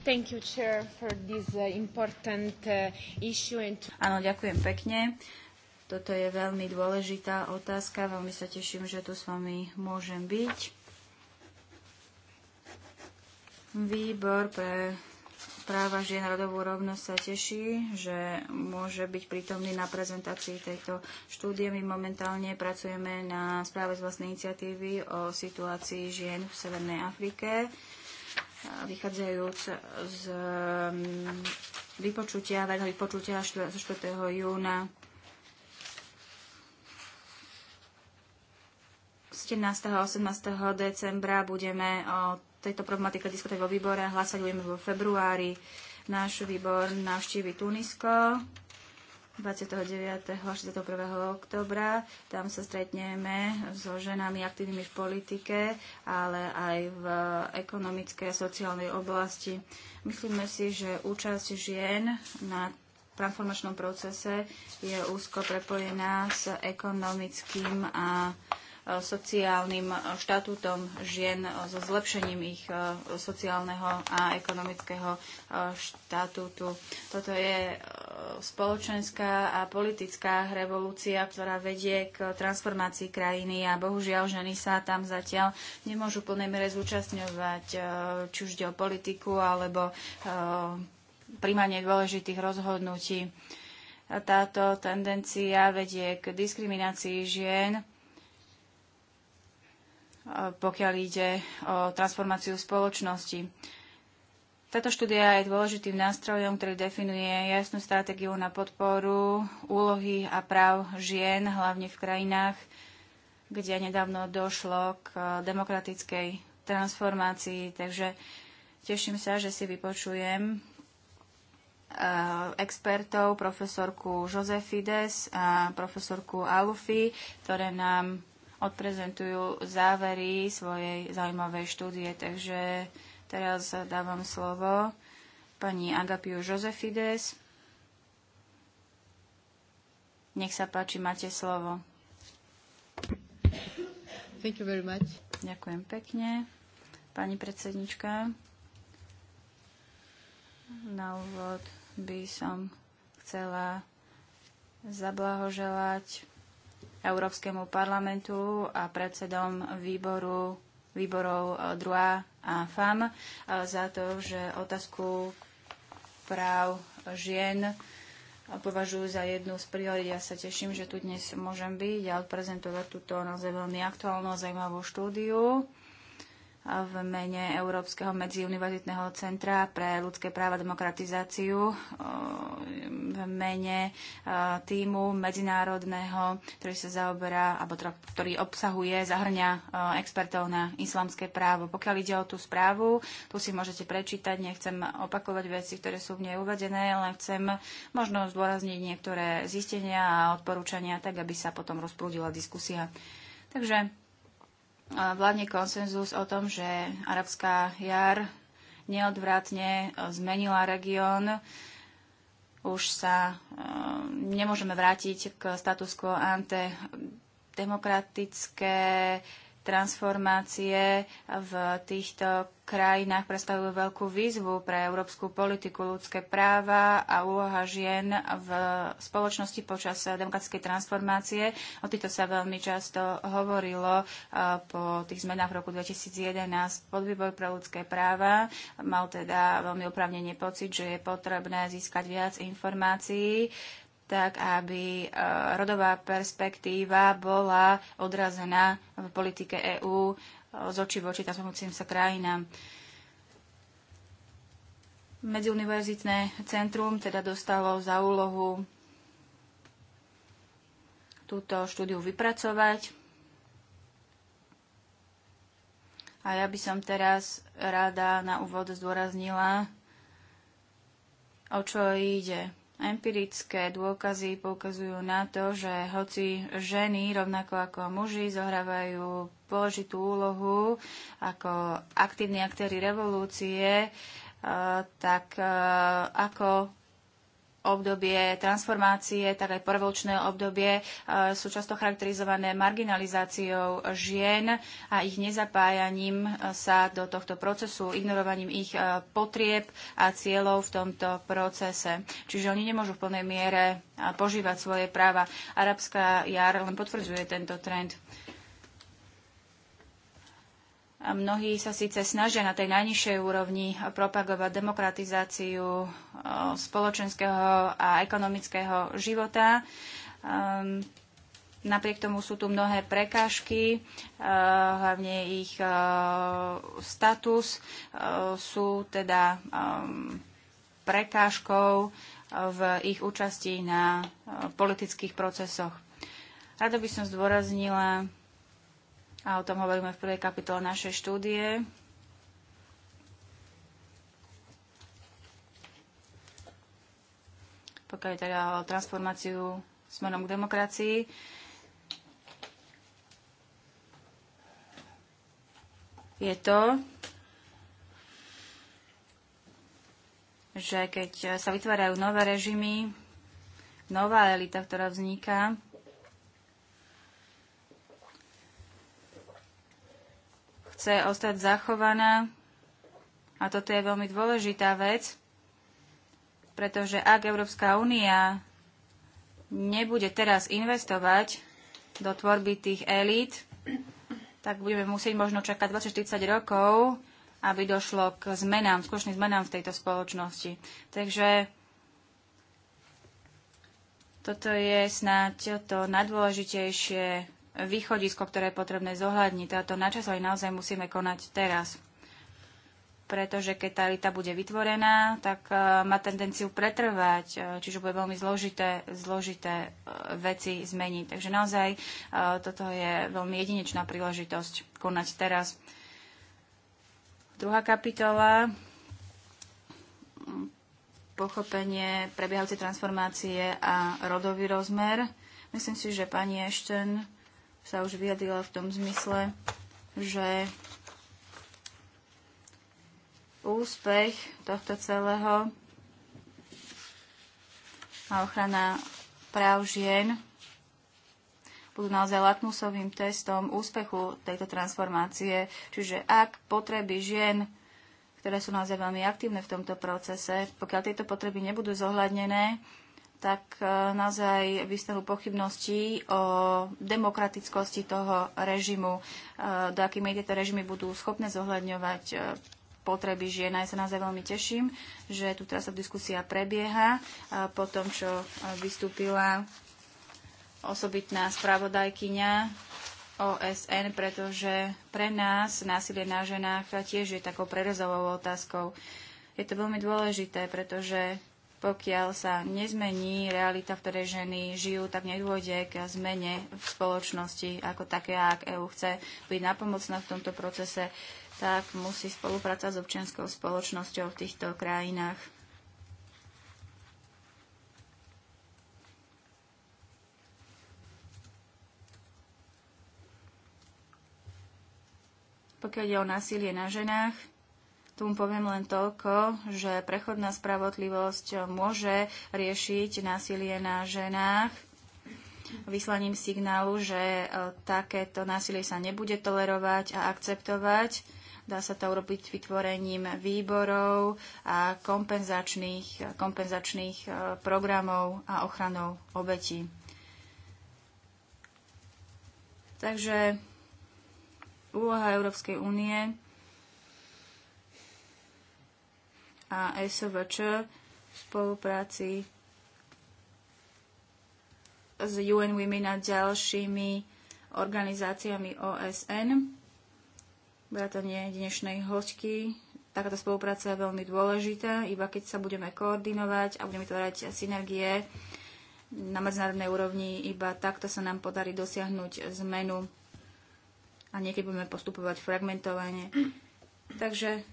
Thank you, Chair, for this uh, important uh, issue. And... Áno, ďakujem pekne. Toto je veľmi dôležitá otázka. Veľmi sa teším, že tu s vami môžem byť. Výbor pre práva žien a rodovú rovnosť sa teší, že môže byť prítomný na prezentácii tejto štúdie. My momentálne pracujeme na správe z vlastnej iniciatívy o situácii žien v Severnej Afrike, vychádzajúc z mm, vypočutia, verného vypočutia zo 4. júna 17. a 18. decembra budeme o tejto problematike diskutovať vo výbore. Hlasať budeme vo februári. Náš výbor navštívi Tunisko 29. a 61. oktobra. Tam sa stretneme so ženami aktívnymi v politike, ale aj v ekonomickej a sociálnej oblasti. Myslíme si, že účasť žien na transformačnom procese je úzko prepojená s ekonomickým a sociálnym štatútom žien, so zlepšením ich e, sociálneho a ekonomického e, štatútu. Toto je e, spoločenská a politická revolúcia, ktorá vedie k transformácii krajiny a bohužiaľ ženy sa tam zatiaľ nemôžu plnej mere zúčastňovať, či už ide o politiku alebo príjmanie dôležitých rozhodnutí. Táto tendencia vedie k diskriminácii žien pokiaľ ide o transformáciu spoločnosti. Táto štúdia je dôležitým nástrojom, ktorý definuje jasnú stratégiu na podporu úlohy a práv žien, hlavne v krajinách, kde nedávno došlo k demokratickej transformácii. Takže teším sa, že si vypočujem eh, expertov, profesorku Josefides a profesorku Alufi, ktoré nám odprezentujú závery svojej zaujímavej štúdie. Takže teraz dávam slovo pani Agapiu Josefides. Nech sa páči, máte slovo. Thank you very much. Ďakujem pekne. Pani predsednička, na úvod by som chcela zablahoželať Európskemu parlamentu a predsedom výboru, výborov eh, DRUA a FAM eh, za to, že otázku práv žien eh, považujú za jednu z priorít. Ja sa teším, že tu dnes môžem byť a ja odprezentovať túto naozaj veľmi aktuálnu a zaujímavú štúdiu v mene Európskeho medziuniverzitného centra pre ľudské práva a demokratizáciu, v mene e, týmu medzinárodného, ktorý sa zaoberá, alebo teda, ktorý obsahuje, zahrňa e, expertov na islamské právo. Pokiaľ ide o tú správu, tu si môžete prečítať, nechcem opakovať veci, ktoré sú v nej uvedené, len chcem možno zdôrazniť niektoré zistenia a odporúčania, tak aby sa potom rozprúdila diskusia. Takže vládne konsenzus o tom, že arabská jar neodvratne e, zmenila región. Už sa e, nemôžeme vrátiť k status quo ante demokratické transformácie v týchto krajinách predstavujú veľkú výzvu pre európsku politiku, ľudské práva a úloha žien v spoločnosti počas demokratickej transformácie. O týchto sa veľmi často hovorilo eh, po tých zmenách v roku 2011. Podvýbor pre ľudské práva mal teda veľmi opravnenie pocit, že je potrebné získať viac informácií tak aby e, rodová perspektíva bola odrazená v politike EÚ e, z očí voči transformujúcim sa krajinám. Medziuniverzitné centrum teda dostalo za úlohu túto štúdiu vypracovať. A ja by som teraz rada na úvod zdôraznila, o čo ide Empirické dôkazy poukazujú na to, že hoci ženy, rovnako ako muži, zohrávajú dôležitú úlohu ako aktívni aktéry revolúcie, eh, tak eh, ako obdobie transformácie, tak aj porevolučné obdobie e, sú často charakterizované marginalizáciou žien a ich nezapájaním e, sa do tohto procesu, ignorovaním ich e, potrieb a cieľov v tomto procese. Čiže oni nemôžu v plnej miere požívať svoje práva. Arabská jar len potvrdzuje tento trend. Mnohí sa síce snažia na tej najnižšej úrovni propagovať demokratizáciu eh, spoločenského a ekonomického života. Ehm, napriek tomu sú tu mnohé prekážky, eh, hlavne ich eh, status sú teda ehm, prekážkou v ich účasti na politických procesoch. Rada by som zdôraznila a o tom hovoríme v prvej kapitole našej štúdie. Pokiaľ je teda o transformáciu smerom k demokracii. Je to, že keď sa vytvárajú nové režimy, nová elita, ktorá vzniká, chce ostať zachovaná. A toto je veľmi dôležitá vec, pretože ak Európska únia nebude teraz investovať do tvorby tých elít, tak budeme musieť možno čakať 20-40 rokov, aby došlo k zmenám, skutočným zmenám v tejto spoločnosti. Takže toto je snáď to najdôležitejšie východisko, ktoré je potrebné zohľadniť. Táto načasovanie naozaj musíme konať teraz. Pretože keď tá elita bude vytvorená, tak e, má tendenciu pretrvať, e, čiže bude veľmi zložité, zložité e, veci zmeniť. Takže naozaj toto je veľmi jedinečná príležitosť konať teraz. Druhá kapitola pochopenie prebiehajúcej transformácie a rodový rozmer. Myslím si, že pani Ešten sa už vyjadrila v tom zmysle, že úspech tohto celého a ochrana práv žien budú naozaj latmusovým testom úspechu tejto transformácie. Čiže ak potreby žien, ktoré sú naozaj veľmi aktívne v tomto procese, pokiaľ tieto potreby nebudú zohľadnené, tak e, naozaj výstavu pochybností o demokratickosti toho režimu, e, do akým miery tieto režimy budú schopné zohľadňovať e, potreby žien. Ja sa naozaj veľmi teším, že tu teraz sa diskusia prebieha po tom, čo vystúpila osobitná spravodajkyňa OSN, pretože pre nás násilie na ženách tiež je takou prerezovou otázkou. Je to veľmi dôležité, pretože pokiaľ sa nezmení realita, v ktorej ženy žijú, tak nedôjde k zmene v spoločnosti ako také. A ak EU chce byť napomocná v tomto procese, tak musí spolupracovať s občianskou spoločnosťou v týchto krajinách. pokiaľ je o násilie na ženách, Tomu poviem len toľko, že prechodná spravodlivosť môže riešiť násilie na ženách vyslaním signálu, že e, takéto násilie sa nebude tolerovať a akceptovať. Dá sa to urobiť vytvorením výborov a kompenzačných, kompenzačných e, programov a ochranou obetí. Takže úloha Európskej únie a SVČ v spolupráci s UN Women a ďalšími organizáciami OSN. Vrátanie dnešnej hoďky. Takáto spolupráca je veľmi dôležitá, iba keď sa budeme koordinovať a budeme tvárať synergie na medzinárodnej úrovni, iba takto sa nám podarí dosiahnuť zmenu a niekedy budeme postupovať fragmentovane. Takže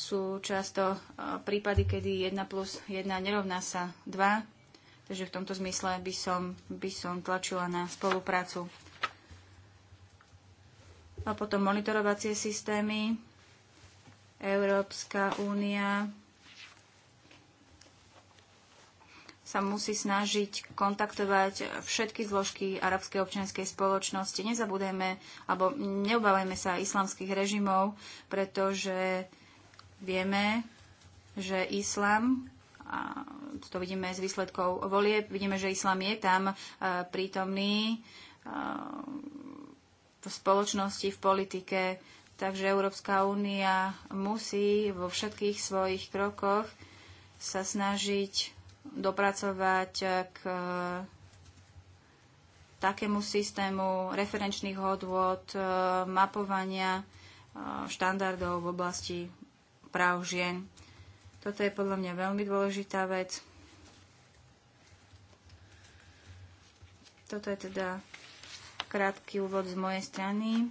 sú často e, prípady, kedy 1 plus 1 nerovná sa 2, takže v tomto zmysle by som, by som tlačila na spoluprácu. A potom monitorovacie systémy, Európska únia sa musí snažiť kontaktovať všetky zložky arabskej občianskej spoločnosti. Nezabudeme, alebo neobávajme sa islamských režimov, pretože Vieme, že islám a to vidíme z výsledkov volie, vidíme, že islám je tam e, prítomný e, v spoločnosti, v politike, takže Európska únia musí vo všetkých svojich krokoch sa snažiť dopracovať e, k takému systému referenčných hodôd, mapovania štandardov v oblasti práv žien. Toto je podľa mňa veľmi dôležitá vec. Toto je teda krátky úvod z mojej strany.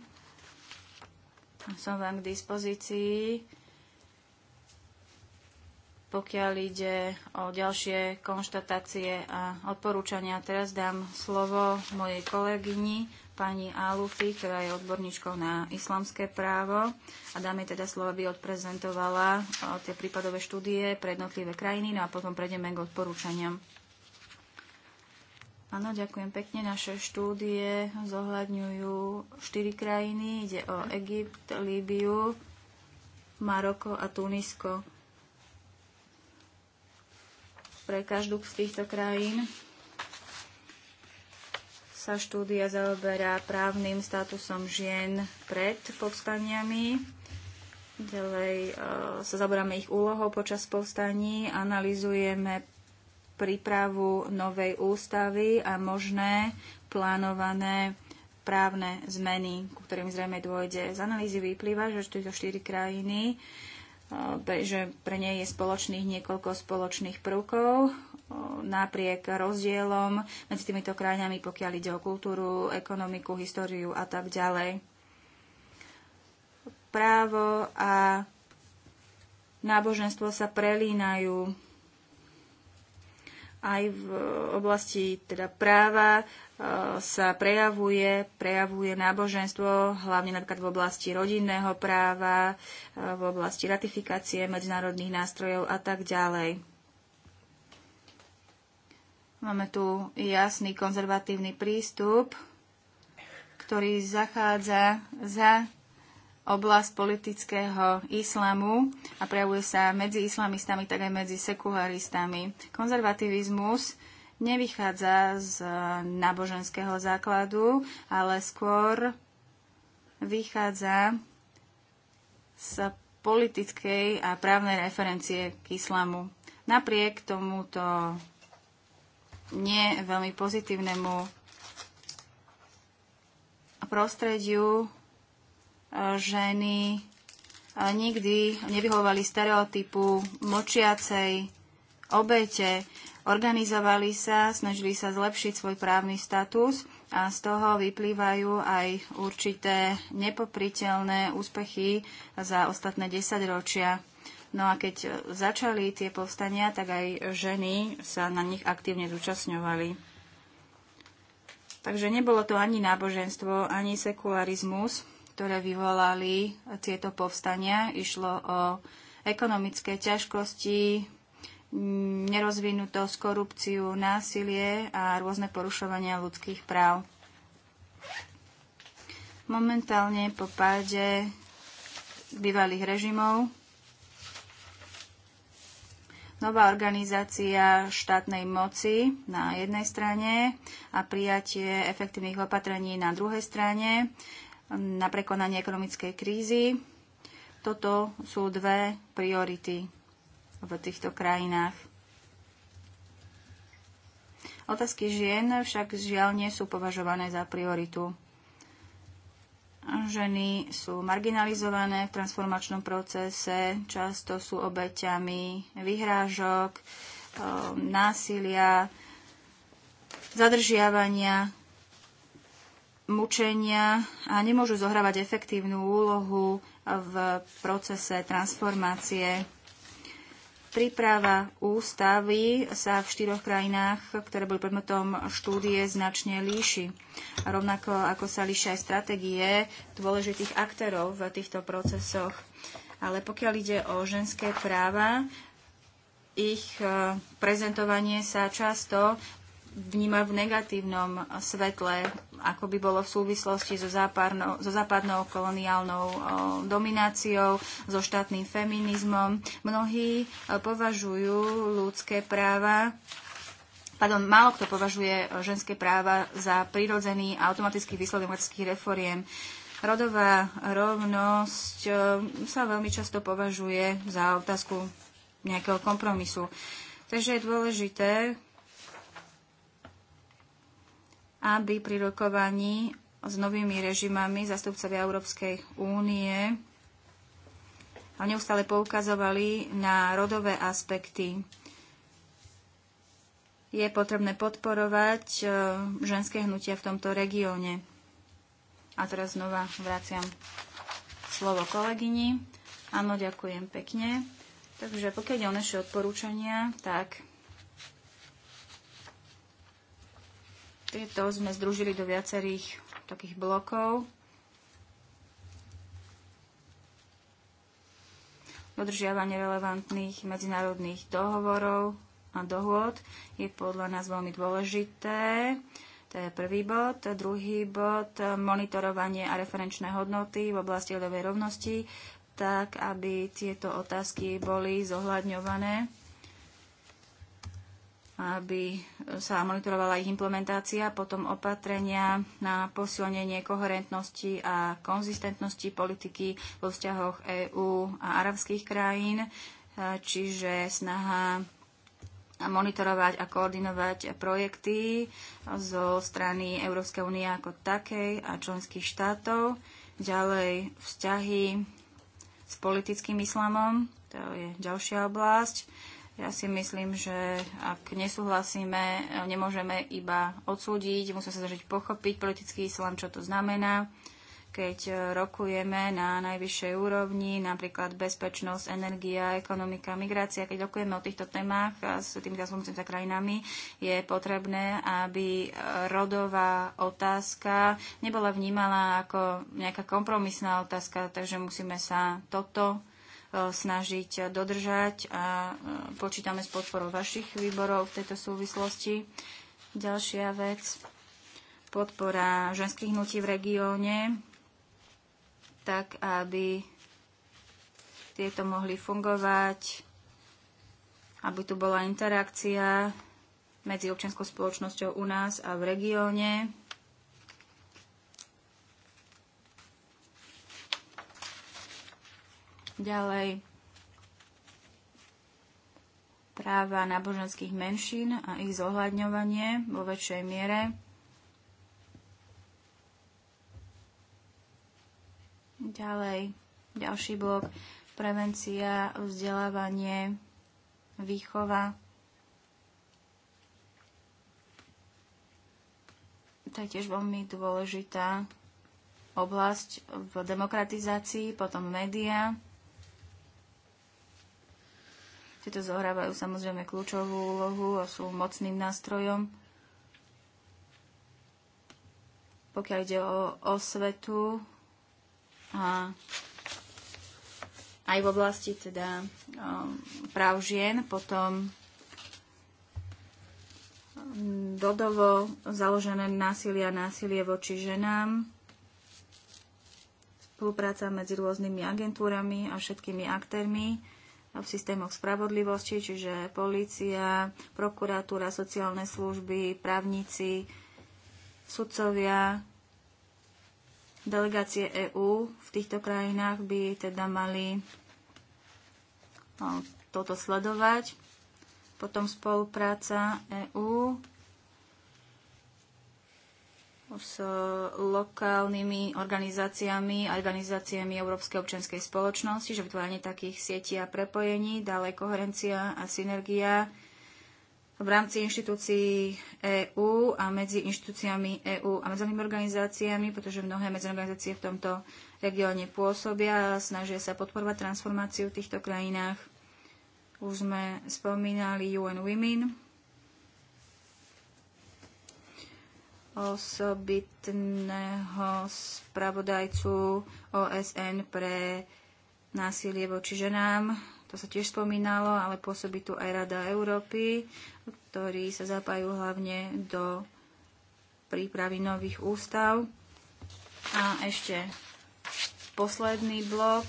Som vám k dispozícii, pokiaľ ide o ďalšie konštatácie a odporúčania. Teraz dám slovo mojej kolegyni, pani Alufi, ktorá je odborníčkou na islamské právo a dáme teda slovo, aby odprezentovala e, tie prípadové štúdie pre jednotlivé krajiny, no a potom prejdeme k odporúčaniam. Áno, ďakujem pekne. Naše štúdie zohľadňujú štyri krajiny. Ide o Egypt, Líbiu, Maroko a Tunisko. Pre každú z týchto krajín sa štúdia zaoberá právnym statusom žien pred povstaniami. Ďalej e, sa zaoberáme ich úlohou počas povstaní, analizujeme prípravu novej ústavy a možné plánované právne zmeny, ku ktorým zrejme dôjde. Z analýzy vyplýva, že tieto štyri krajiny e, že pre nej je spoločných niekoľko spoločných prvkov, napriek rozdielom medzi týmito krajinami, pokiaľ ide o kultúru, ekonomiku, históriu a tak ďalej. Právo a náboženstvo sa prelínajú aj v oblasti teda práva e, sa prejavuje, prejavuje náboženstvo, hlavne napríklad v oblasti rodinného práva, e, v oblasti ratifikácie medzinárodných nástrojov a tak ďalej. Máme tu jasný konzervatívny prístup, ktorý zachádza za oblasť politického islamu a prejavuje sa medzi islamistami, tak aj medzi sekularistami. Konzervativizmus nevychádza z náboženského základu, ale skôr vychádza z politickej a právnej referencie k islamu. Napriek tomuto nie veľmi pozitívnemu prostrediu e, ženy e, nikdy nevyhovovali stereotypu močiacej obete, organizovali sa, snažili sa zlepšiť svoj právny status a z toho vyplývajú aj určité nepopriteľné úspechy za ostatné desaťročia. No a keď začali tie povstania, tak aj ženy sa na nich aktívne zúčastňovali. Takže nebolo to ani náboženstvo, ani sekularizmus, ktoré vyvolali tieto povstania. Išlo o ekonomické ťažkosti, nerozvinutosť, korupciu, násilie a rôzne porušovania ľudských práv. Momentálne po páde bývalých režimov Nová organizácia štátnej moci na jednej strane a prijatie efektívnych opatrení na druhej strane na prekonanie ekonomickej krízy. Toto sú dve priority v týchto krajinách. Otázky žien však žiaľ nie sú považované za prioritu. Ženy sú marginalizované v transformačnom procese, často sú obeťami vyhrážok, um, násilia, zadržiavania, mučenia a nemôžu zohrávať efektívnu úlohu v procese transformácie Príprava ústavy sa v štyroch krajinách, ktoré boli predmetom štúdie, značne líši. A rovnako ako sa líšia aj stratégie dôležitých aktérov v týchto procesoch. Ale pokiaľ ide o ženské práva, ich eh, prezentovanie sa často vníma v negatívnom svetle, ako by bolo v súvislosti so západnou, so západnou koloniálnou domináciou, so štátnym feminizmom. Mnohí považujú ľudské práva pardon, málo kto považuje ženské práva za prirodzený a automatický výsledok demokratických reforiem. Rodová rovnosť sa veľmi často považuje za otázku nejakého kompromisu. Takže je dôležité aby pri rokovaní s novými režimami zastupcovia Európskej únie neustále poukazovali na rodové aspekty. Je potrebné podporovať e, ženské hnutia v tomto regióne. A teraz znova vraciam slovo kolegyni. Áno, ďakujem pekne. Takže pokiaľ ide o naše odporúčania, tak Tieto sme združili do viacerých takých blokov. Dodržiavanie relevantných medzinárodných dohovorov a dohôd je podľa nás veľmi dôležité. To je prvý bod. Druhý bod, monitorovanie a referenčné hodnoty v oblasti ľudovej rovnosti, tak aby tieto otázky boli zohľadňované aby sa monitorovala ich implementácia, potom opatrenia na posilnenie koherentnosti a konzistentnosti politiky vo vzťahoch EÚ a arabských krajín, e, čiže snaha monitorovať a koordinovať projekty zo strany Európskej únie ako takej a členských štátov. Ďalej vzťahy s politickým islamom, to je ďalšia oblasť ja si myslím, že ak nesúhlasíme, nemôžeme iba odsúdiť, musíme sa zažiť pochopiť politický islám, čo to znamená. Keď e, rokujeme na najvyššej úrovni, napríklad bezpečnosť, energia, ekonomika, migrácia, keď rokujeme o týchto témach e, s tými za krajinami, je potrebné, aby e, rodová otázka nebola vnímaná ako nejaká kompromisná otázka, takže musíme sa toto Eh, snažiť dodržať a eh, počítame s podporou vašich výborov v tejto súvislosti. Ďalšia vec, podpora ženských hnutí v regióne, tak aby tieto mohli fungovať, aby tu bola interakcia medzi občianskou spoločnosťou u nás a v regióne Ďalej práva náboženských menšín a ich zohľadňovanie vo väčšej miere. Ďalej, ďalší blok, prevencia, vzdelávanie, výchova. To je tiež veľmi dôležitá oblasť v demokratizácii, potom médiá. Tieto zohrávajú samozrejme kľúčovú úlohu a sú mocným nástrojom. Pokiaľ ide o osvetu a aj v oblasti teda um, práv žien, potom um, dodovo založené násilie a násilie voči ženám, spolupráca medzi rôznymi agentúrami a všetkými aktérmi, v systémoch spravodlivosti, čiže policia, prokuratúra, sociálne služby, právnici, sudcovia, delegácie EÚ v týchto krajinách by teda mali no, toto sledovať. Potom spolupráca EÚ s lokálnymi organizáciami a organizáciami Európskej občianskej spoločnosti, že vytváranie takých sietí a prepojení, ďalej koherencia a synergia v rámci inštitúcií EÚ a medzi inštitúciami EÚ a medzinárodnými organizáciami, pretože mnohé medzinárodné organizácie v tomto regióne pôsobia a snažia sa podporovať transformáciu v týchto krajinách. Už sme spomínali UN Women, osobitného spravodajcu OSN pre násilie voči ženám. To sa tiež spomínalo, ale pôsobí tu aj Rada Európy, ktorí sa zapájú hlavne do prípravy nových ústav. A ešte posledný blok,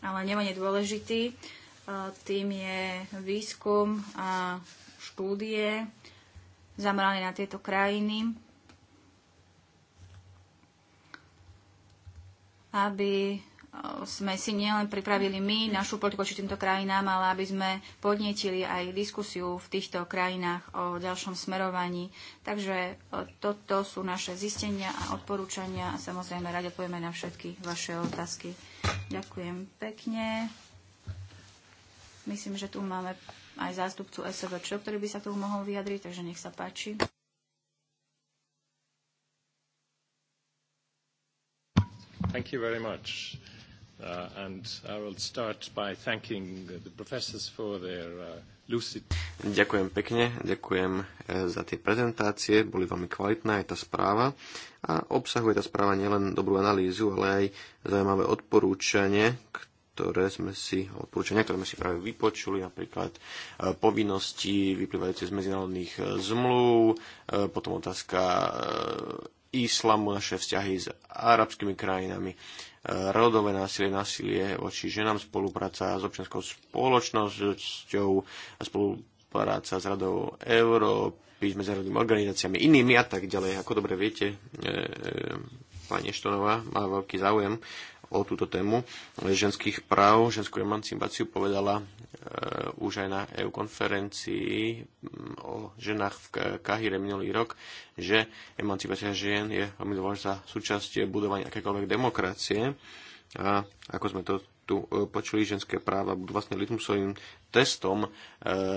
ale nemenej dôležitý, e, tým je výskum a štúdie zamerané na tieto krajiny aby eh, sme si nielen pripravili my našu politiku či týmto krajinám, ale aby sme podnietili aj diskusiu v týchto krajinách o ďalšom smerovaní. Takže eh, toto sú naše zistenia a odporúčania a samozrejme radi odpovieme na všetky vaše otázky. Ďakujem pekne. Myslím, že tu máme aj zástupcu SVČ, ktorý by sa tu tomu mohol vyjadriť, takže nech sa páči. Thank you very much. Uh, and I will start by thanking the professors for their uh, lucid... Ďakujem pekne, ďakujem uh, za tie prezentácie, boli veľmi kvalitná aj tá správa. A obsahuje tá správa nielen dobrú analýzu, ale aj zaujímavé odporúčanie, ktoré sme si, odporúčania, ktoré sme si práve vypočuli, napríklad uh, povinnosti vyplývajúce z medzinárodných uh, zmluv, potom otázka islamu, naše vzťahy s arabskými krajinami, e, rodové násilie, násilie voči ženám, spolupráca s občianskou spoločnosťou a spolupráca s Radou Európy, s medzinárodnými organizáciami, inými a tak ďalej. Ako dobre viete, e, e, pani Štonová má veľký záujem o túto tému ženských práv, ženskú emancipáciu povedala e, už aj na EU konferencii o ženách v Kahire minulý rok, že emancipácia žien je veľmi dôležitá súčasť budovania akékoľvek demokracie. A ako sme to tu e, počuli, ženské práva budú vlastne litmusovým testom e,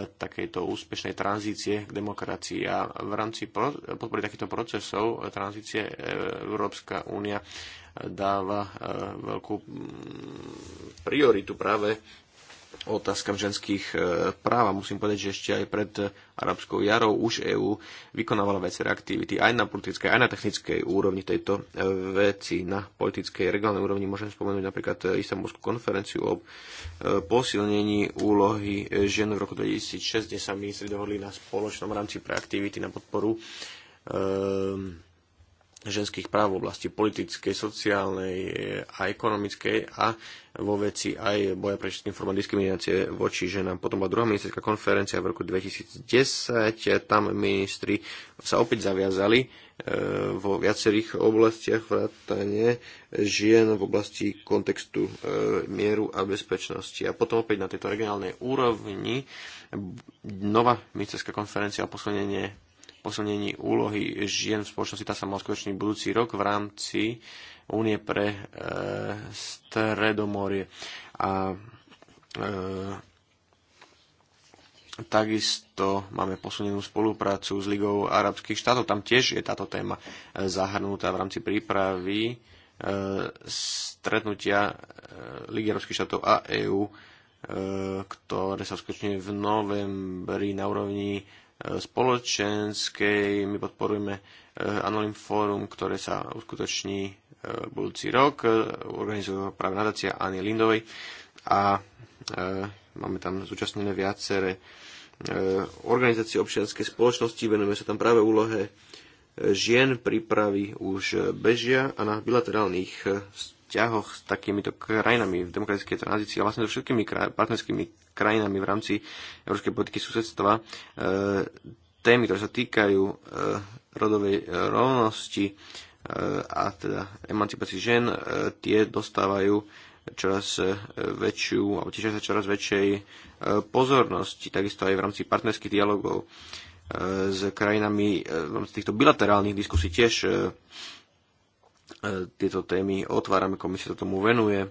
takejto úspešnej tranzície k demokracii. A v rámci pro, podpory takýchto procesov e, tranzície e, Európska únia dáva e, veľkú mm, prioritu práve otázkam ženských e, práv. A musím povedať, že ešte aj pred arabskou jarou už EÚ vykonávala viaceré aktivity aj na politickej, aj na technickej úrovni tejto e, veci. Na politickej, regionálnej úrovni môžem spomenúť napríklad Istanbulskú konferenciu o posilnení úlohy žien v roku 2006, kde sa ministri dohodli na spoločnom rámci pre aktivity na podporu um, ženských práv v oblasti politickej, sociálnej a ekonomickej a vo veci aj boja pre všetkým formám diskriminácie voči ženám. Potom bola druhá ministerská konferencia v roku 2010. Tam ministri sa opäť zaviazali e, vo viacerých oblastiach vrátane žien v oblasti kontextu e, mieru a bezpečnosti. A potom opäť na tejto regionálnej úrovni nová ministerská konferencia a posunenie posilnení úlohy žien v spoločnosti. Tá sa má skutočný budúci rok v rámci Únie pre e, Stredomorie. A e, Takisto máme posunenú spoluprácu s Ligou arabských štátov. Tam tiež je táto téma e, zahrnutá v rámci prípravy e, stretnutia e, Ligy arabských štátov a EÚ, ktoré sa skutočne v novembri na úrovni spoločenskej. My podporujeme e, Anonym Fórum, ktoré sa uskutoční e, budúci rok. E, organizuje ho práve nadácia Ani Lindovej a máme tam zúčastnené viaceré organizácie občianskej spoločnosti. Venujeme sa tam práve úlohe žien, prípravy už bežia a na bilaterálnych vzťahoch s takýmito krajinami v demokratickej tranzícii a vlastne so všetkými kraj- partnerskými krajinami v rámci európskej politiky susedstva e, témy, ktoré sa týkajú e, rodovej e, rovnosti e, a teda emancipácii žien, e, tie dostávajú čoraz e, väčšiu, alebo tiež sa čoraz väčšej e, pozornosti, takisto aj v rámci partnerských dialogov e, s krajinami, e, v rámci týchto bilaterálnych diskusí tiež e, E, tieto témy otvárame, komisia sa tomu venuje. E,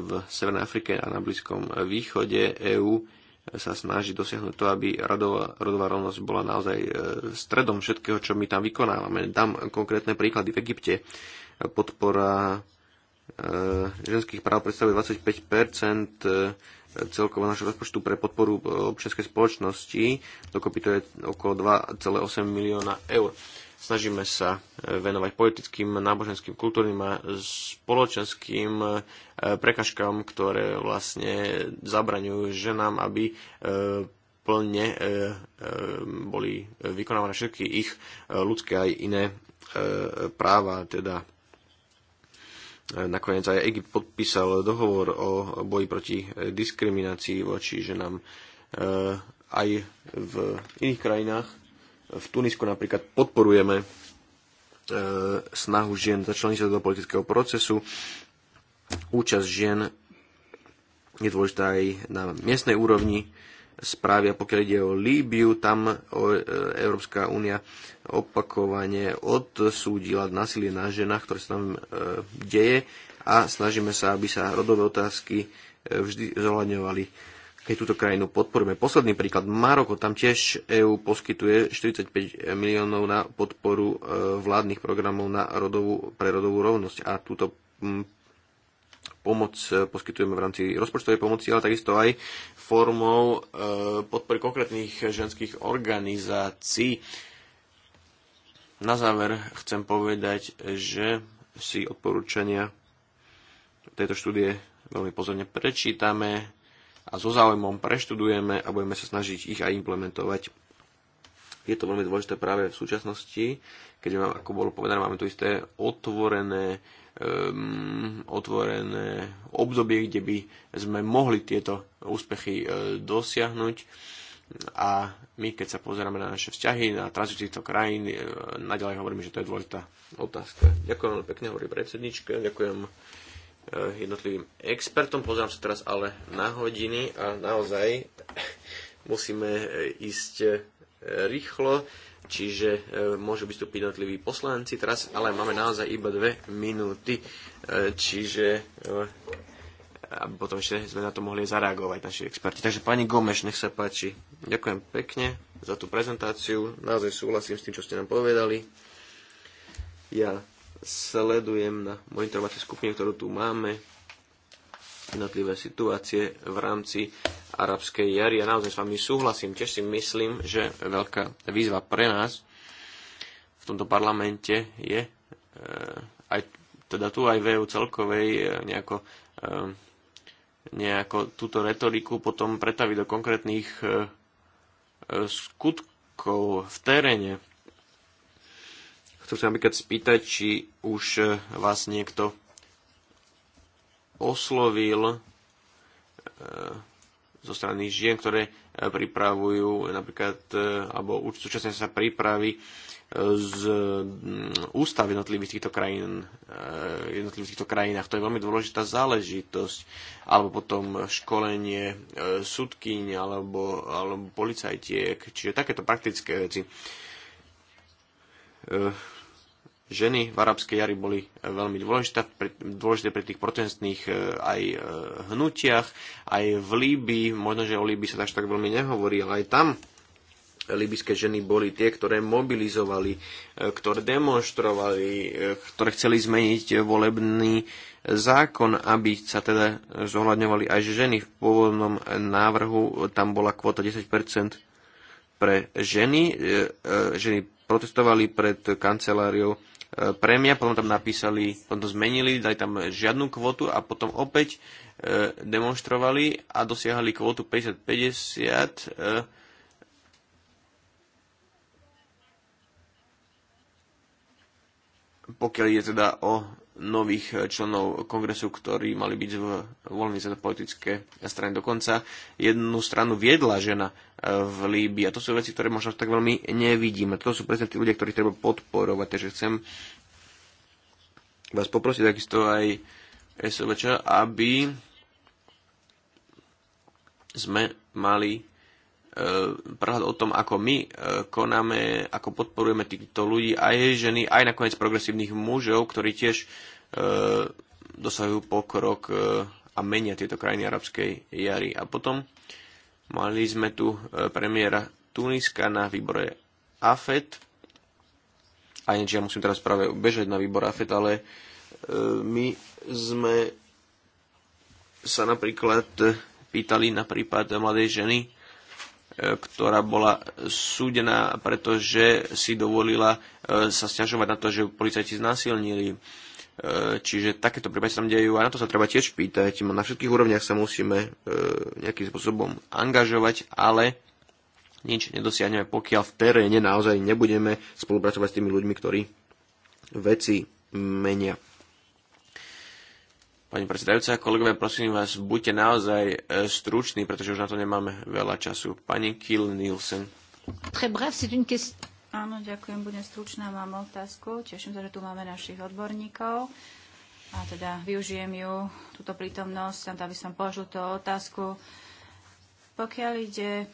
v Severnej Afrike a na Blízkom východe EÚ e, sa snaží dosiahnuť to, aby radová, rodová rovnosť bola naozaj stredom všetkého, čo my tam vykonávame. Dám konkrétne príklady. V Egypte podpora ženských práv predstavuje 25 celkového našho rozpočtu pre podporu občianskej spoločnosti. Dokopy to je okolo 2,8 milióna eur Snažíme sa e, venovať politickým, náboženským, kultúrnym a spoločenským e, prekažkám, ktoré vlastne zabraňujú ženám, aby e, plne boli vykonávané všetky ich ľudské aj iné práva, teda nakoniec aj Egypt podpísal dohovor o boji proti diskriminácii voči ženám aj v iných krajinách v Tunisku napríklad podporujeme e, snahu žien začleniť sa do politického procesu. Účasť žien je dôležitá aj na miestnej úrovni správy. A pokiaľ ide o Líbiu, tam e, Európska únia opakovane odsúdila násilie na ženách, ktoré sa tam e, deje a snažíme sa, aby sa rodové otázky vždy zohľadňovali keď túto krajinu podporujeme. Posledný príklad, Maroko, tam tiež EÚ poskytuje 45 miliónov na podporu e, vládnych programov na rodovú, pre rodovú rovnosť a túto mm, pomoc e, poskytujeme v rámci rozpočtovej pomoci, ale takisto aj formou e, podpory konkrétnych ženských organizácií. Na záver chcem povedať, že si odporúčania tejto štúdie veľmi pozorne prečítame a so záujmom preštudujeme a budeme sa snažiť ich aj implementovať. Je to veľmi dôležité práve v súčasnosti, keďže, mám, ako bolo povedané, máme tu isté otvorené, um, otvorené obdobie, kde by sme mohli tieto úspechy uh, dosiahnuť. A my, keď sa pozeráme na naše vzťahy, na tranzit týchto krajín, e, naďalej hovoríme, že to je dôležitá otázka. Ďakujem veľmi pekne, hovorí predsednička, ďakujem Eh, jednotlivým expertom. Pozerám sa teraz ale na hodiny a naozaj musíme eh, ísť eh, rýchlo, čiže môžu vystúpiť jednotliví poslanci. Teraz ale máme naozaj iba dve minúty, čiže a potom ešte sme na to mohli zareagovať naši experti. Takže pani Gomeš, nech sa páči. Ďakujem pekne za tú prezentáciu. Naozaj súhlasím s tým, čo ste nám povedali. Ja sledujem na monitorovacej skupine, ktorú tu máme, jednotlivé situácie v rámci arabskej jary. Ja naozaj s vami súhlasím, tiež si myslím, že veľká výzva pre nás v tomto parlamente je e, aj teda tu aj v EU celkovej eh, nejako, eh, nejako túto retoriku potom pretaviť do konkrétnych skutkov v teréne Chcem sa napríklad spýtať, či už e, vás niekto oslovil e, zo strany žien, ktoré e, pripravujú napríklad, alebo súčasne sa prípravy z mm, ústav jednotlivých týchto krajín, jednotlivých týchto krajinách. To je veľmi dôležitá záležitosť. Alebo potom školenie sudkyň alebo, alebo policajtiek, čiže takéto praktické veci ženy v arabskej jari boli eh, veľmi dôležité dôležité pri tých protestných eh, aj eh, hnutiach, aj v Líbii, možno, že o Líbii sa až tak veľmi nehovorí, ale aj tam libyské ženy boli tie, ktoré mobilizovali, ktoré demonstrovali, ktoré chceli zmeniť volebný zákon, aby sa teda zohľadňovali aj ženy. V pôvodnom návrhu tam bola kvota 10% pre ženy. Ženy protestovali pred kanceláriou prémia, potom tam napísali, potom to zmenili, dali tam žiadnu kvotu a potom opäť e, demonstrovali a dosiahali kvotu 50-50 e, pokiaľ je teda o nových eh, členov kongresu, ktorí mali byť voľní za politické strany. Dokonca jednu stranu viedla žena eh, v Líbii. A to sú veci, ktoré možno tak veľmi nevidíme. To sú presne tí ľudia, ktorých treba podporovať. Takže chcem vás poprosiť takisto aj SOVČ, aby sme mali E, prehľad o tom, ako my e, konáme, ako podporujeme týchto ľudí, aj ženy, aj nakoniec progresívnych mužov, ktorí tiež e, dosahujú pokrok a menia tieto krajiny arabskej jary. A potom mali sme tu premiéra Tuniska na výbore AFET. Aj niečo, ja musím teraz práve bežať na výbor AFET, ale my sme sa napríklad pýtali na prípad mladej ženy, E, ktorá bola súdená, pretože si dovolila e, sa sťažovať na to, že policajti znásilnili. E, čiže takéto prípady sa tam dejú a na to sa treba tiež pýtať. Na všetkých úrovniach sa musíme nejakým spôsobom angažovať, ale nič nedosiahneme, pokiaľ v teréne naozaj nebudeme spolupracovať s tými ľuďmi, ktorí veci menia. Pani predsedajúca, kolegovia, prosím vás, buďte naozaj e, struční, pretože už na to nemáme veľa času. Pani Kiel Nielsen. Áno, ďakujem, budem stručná, mám otázku. Teším sa, že tu máme našich odborníkov. A teda využijem ju, túto prítomnosť, aby som položil tú otázku. Pokiaľ ide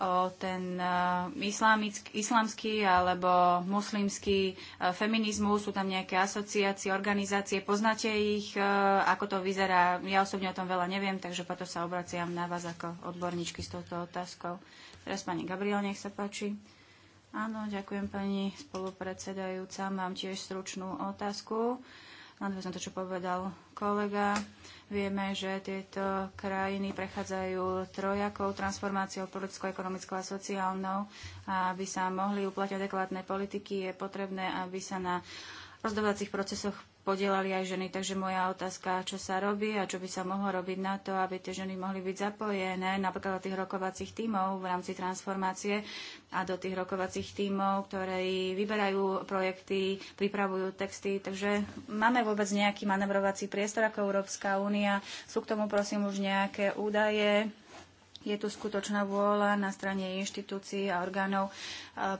o ten e, islamský alebo muslimský e, feminizmus, sú tam nejaké asociácie, organizácie, poznáte ich, e, ako to vyzerá, ja osobne o tom veľa neviem, takže preto sa obraciam na vás ako odborníčky s touto otázkou. Teraz pani Gabriel, nech sa páči. Áno, ďakujem pani spolupredsedajúca. Mám tiež stručnú otázku. Uh, Nadväzom to, čo povedal kolega, vieme, že tieto krajiny prechádzajú trojakou transformáciou politickou, ekonomickou a sociálnou. A aby sa mohli uplatiť adekvátne politiky, je potrebné, aby sa na rozdovacích procesoch podielali aj ženy. Takže moja otázka, čo sa robí a čo by sa mohlo robiť na to, aby tie ženy mohli byť zapojené napríklad do tých rokovacích tímov v rámci transformácie a do tých rokovacích tímov, ktoré vyberajú projekty, pripravujú texty. Takže máme vôbec nejaký manevrovací priestor ako Európska únia. Sú k tomu prosím už nejaké údaje, je tu skutočná vôľa na strane inštitúcií a orgánov e,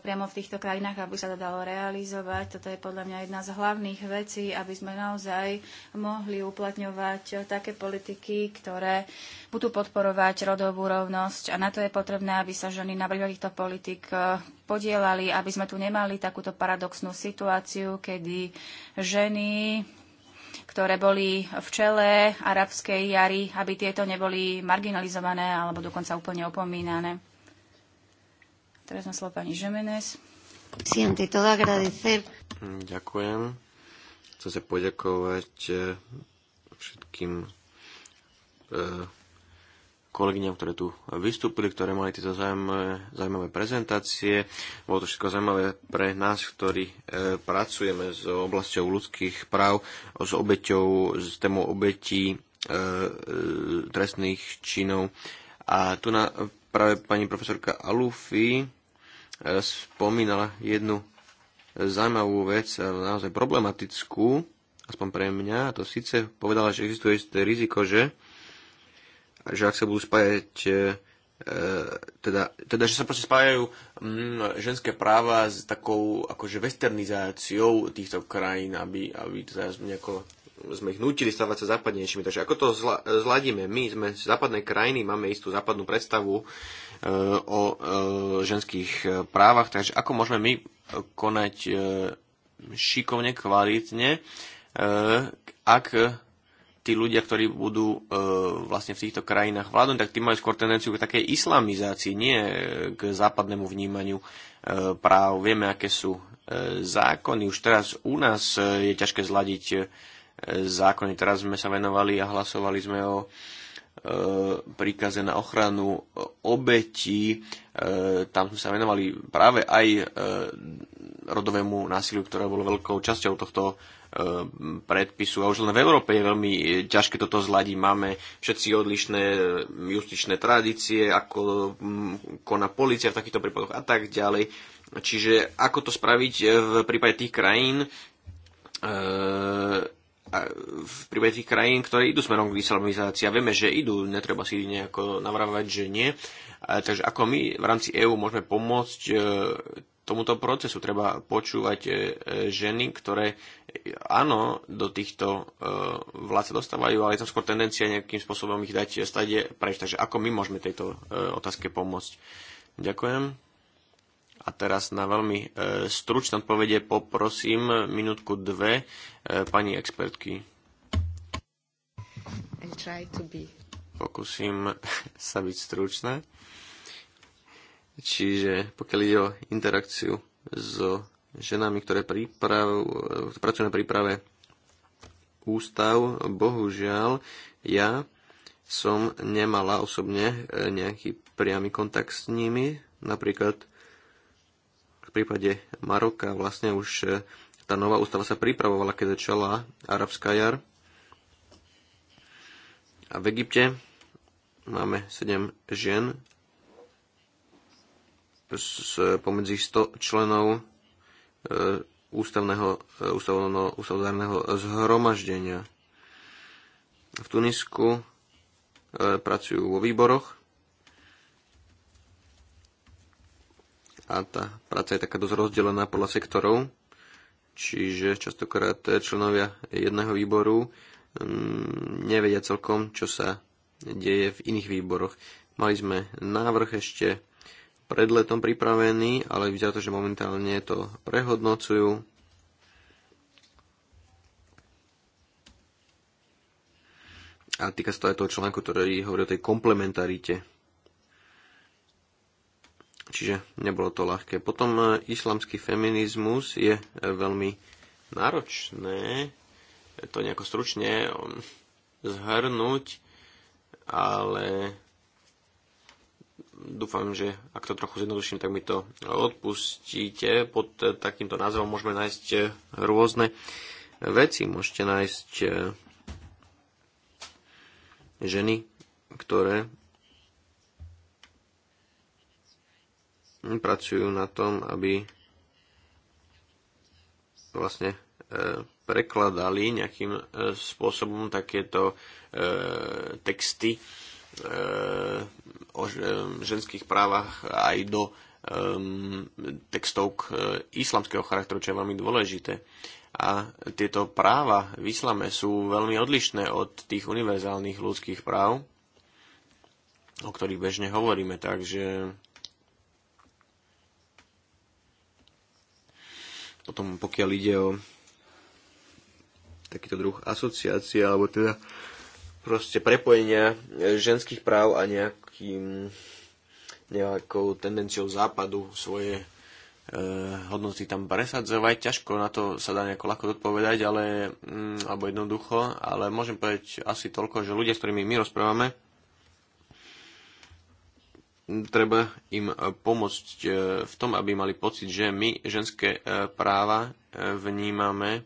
priamo v týchto krajinách, aby sa to dalo realizovať. Toto je podľa mňa jedna z hlavných vecí, aby sme naozaj mohli uplatňovať také politiky, ktoré budú podporovať rodovú rovnosť. A na to je potrebné, aby sa ženy na týchto politik e, podielali, aby sme tu nemali takúto paradoxnú situáciu, kedy ženy ktoré boli v čele arabskej jary, aby tieto neboli marginalizované alebo dokonca úplne opomínané. Teraz na slovo pani Žemenes. Ďakujem. Chcem sa poďakovať eh, všetkým eh, kolegyňam, ktoré tu vystúpili, ktoré mali tieto zaujímavé, zaujímavé prezentácie. Bolo to všetko zaujímavé pre nás, ktorí e, pracujeme s oblasťou ľudských práv, s obeťou, s témou obetí e, e, trestných činov. A tu na, práve pani profesorka Alufi e, spomínala jednu zaujímavú vec, e, naozaj problematickú, aspoň pre mňa, a to síce povedala, že existuje isté riziko, že že ak sa budú spájať e, teda, teda, že sa proste spájajú mm, ženské práva s takou akože westernizáciou týchto krajín, aby, aby teda nejako sme ich nutili stávať sa západnejšími. Takže ako to zla, zladíme? My sme západné krajiny, máme istú západnú predstavu e, o e, ženských e, právach, takže ako môžeme my konať e, šikovne, kvalitne, e, ak tí ľudia, ktorí budú e, vlastne v týchto krajinách vládnuť, tak tí majú skôr tendenciu k takej islamizácii, nie k západnému vnímaniu e, práv. Vieme, aké sú e, zákony. Už teraz u nás e, je ťažké zladiť e, zákony. Teraz sme sa venovali a hlasovali sme o e, príkaze na ochranu e, obetí. E, tam sme sa venovali práve aj e, rodovému násiliu, ktoré bolo veľkou časťou tohto Eh, predpisu. A už len v Európe je veľmi eh, ťažké toto zladiť. Máme všetci odlišné eh, justičné tradície, ako mm, koná policia v takýchto prípadoch a tak ďalej. Čiže ako to spraviť v prípade tých krajín, v prípade tých krajín, ktoré idú smerom k islamizácii a vieme, že idú, netreba si nejako navrávať, že nie. Takže ako my v rámci EÚ môžeme pomôcť tomuto procesu. Treba počúvať e, e, ženy, ktoré e, áno, do týchto vlád sa dostávajú, ale je tam skôr tendencia nejakým spôsobom ich dať stade preč. Takže ako my môžeme tejto otázke pomôcť? Ďakujem. A teraz na veľmi stručné odpovede poprosím minútku dve pani expertky. Pokúsim sa byť stručná. Čiže pokiaľ ide o interakciu so ženami, ktoré priprav, pracujú na príprave ústav, bohužiaľ ja som nemala osobne eh, nejaký priamy kontakt s nimi. Napríklad v prípade Maroka vlastne už eh, tá nová ústava sa pripravovala, keď začala arabská jar. A v Egypte máme 7 žien, z pomedzi 100 členov e, ústavného, e, ústavno, ústavodárneho zhromaždenia. V Tunisku e, pracujú vo výboroch a tá práca je taká dosť rozdelená podľa sektorov, čiže častokrát členovia jedného výboru nevedia celkom, čo sa deje v iných výboroch. Mali sme návrh ešte pred letom pripravený, ale vyzerá to, že momentálne to prehodnocujú. A týka sa to aj toho článku, ktorý hovorí o tej komplementarite. Čiže nebolo to ľahké. Potom e, islamský feminizmus je e, veľmi náročné e, to nejako stručne um, zhrnúť, ale dúfam, že ak to trochu zjednoduším, tak mi to odpustíte. Pod takýmto názvom môžeme nájsť eh, rôzne veci. Môžete nájsť eh, ženy, ktoré pracujú na tom, aby vlastne eh, prekladali nejakým spôsobom takéto texty Eh, o eh, ženských právach aj do eh, textov k islamského charakteru, čo je veľmi dôležité. A tieto práva v islame sú veľmi odlišné od tých univerzálnych ľudských práv, o ktorých bežne hovoríme. Takže potom pokiaľ ide o takýto druh asociácie, alebo teda proste prepojenia e, ženských práv a nejakým, nejakou tendenciou západu svoje e, hodnoty tam presadzovať. Ťažko na to sa dá nejako ľahko odpovedať, ale, mm, alebo jednoducho, ale môžem povedať asi toľko, že ľudia, s ktorými my rozprávame, treba im pomôcť e, v tom, aby mali pocit, že my ženské e, práva vnímame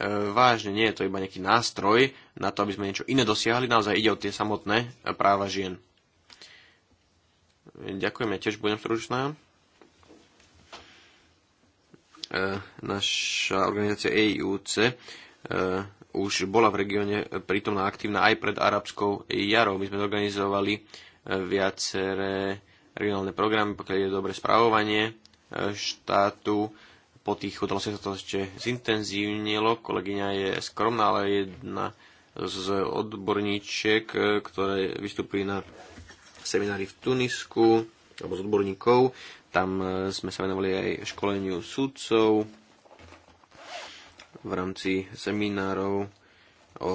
E, vážne. Nie je to iba nejaký nástroj na to, aby sme niečo iné dosiahli. Naozaj ide o tie samotné práva žien. Ďakujem, ja tiež budem stručná. E, naša organizácia EIUC e, už bola v regióne prítomná aktívna aj pred arabskou jarou. My sme zorganizovali viaceré regionálne programy, pokiaľ je dobré správovanie štátu, po tých udalostiach sa to ešte zintenzívnilo. Kolegyňa je skromná, ale jedna z odborníčiek, e, ktoré vystúpili na seminári v Tunisku, alebo z odborníkov. Tam e, sme sa venovali aj školeniu sudcov v rámci seminárov o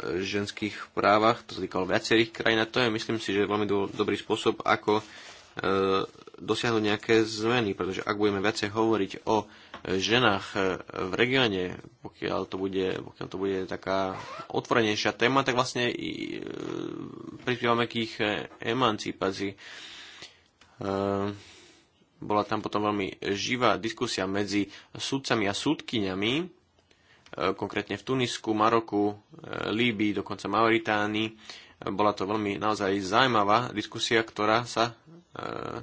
ženských právach. To sa týkalo viacerých krajín a to je, myslím si, že veľmi do, dobrý spôsob, ako e, dosiahnuť nejaké zmeny, pretože ak budeme viacej hovoriť o ženách v regióne, pokiaľ to bude, pokiaľ to bude taká otvorenejšia téma, tak vlastne i, e, prispievame k ich emancipácii. E, bola tam potom veľmi živá diskusia medzi sudcami a súdkyňami, e, konkrétne v Tunisku, Maroku, Líbii, dokonca Mauritánii, bola to veľmi naozaj zaujímavá diskusia, ktorá sa e,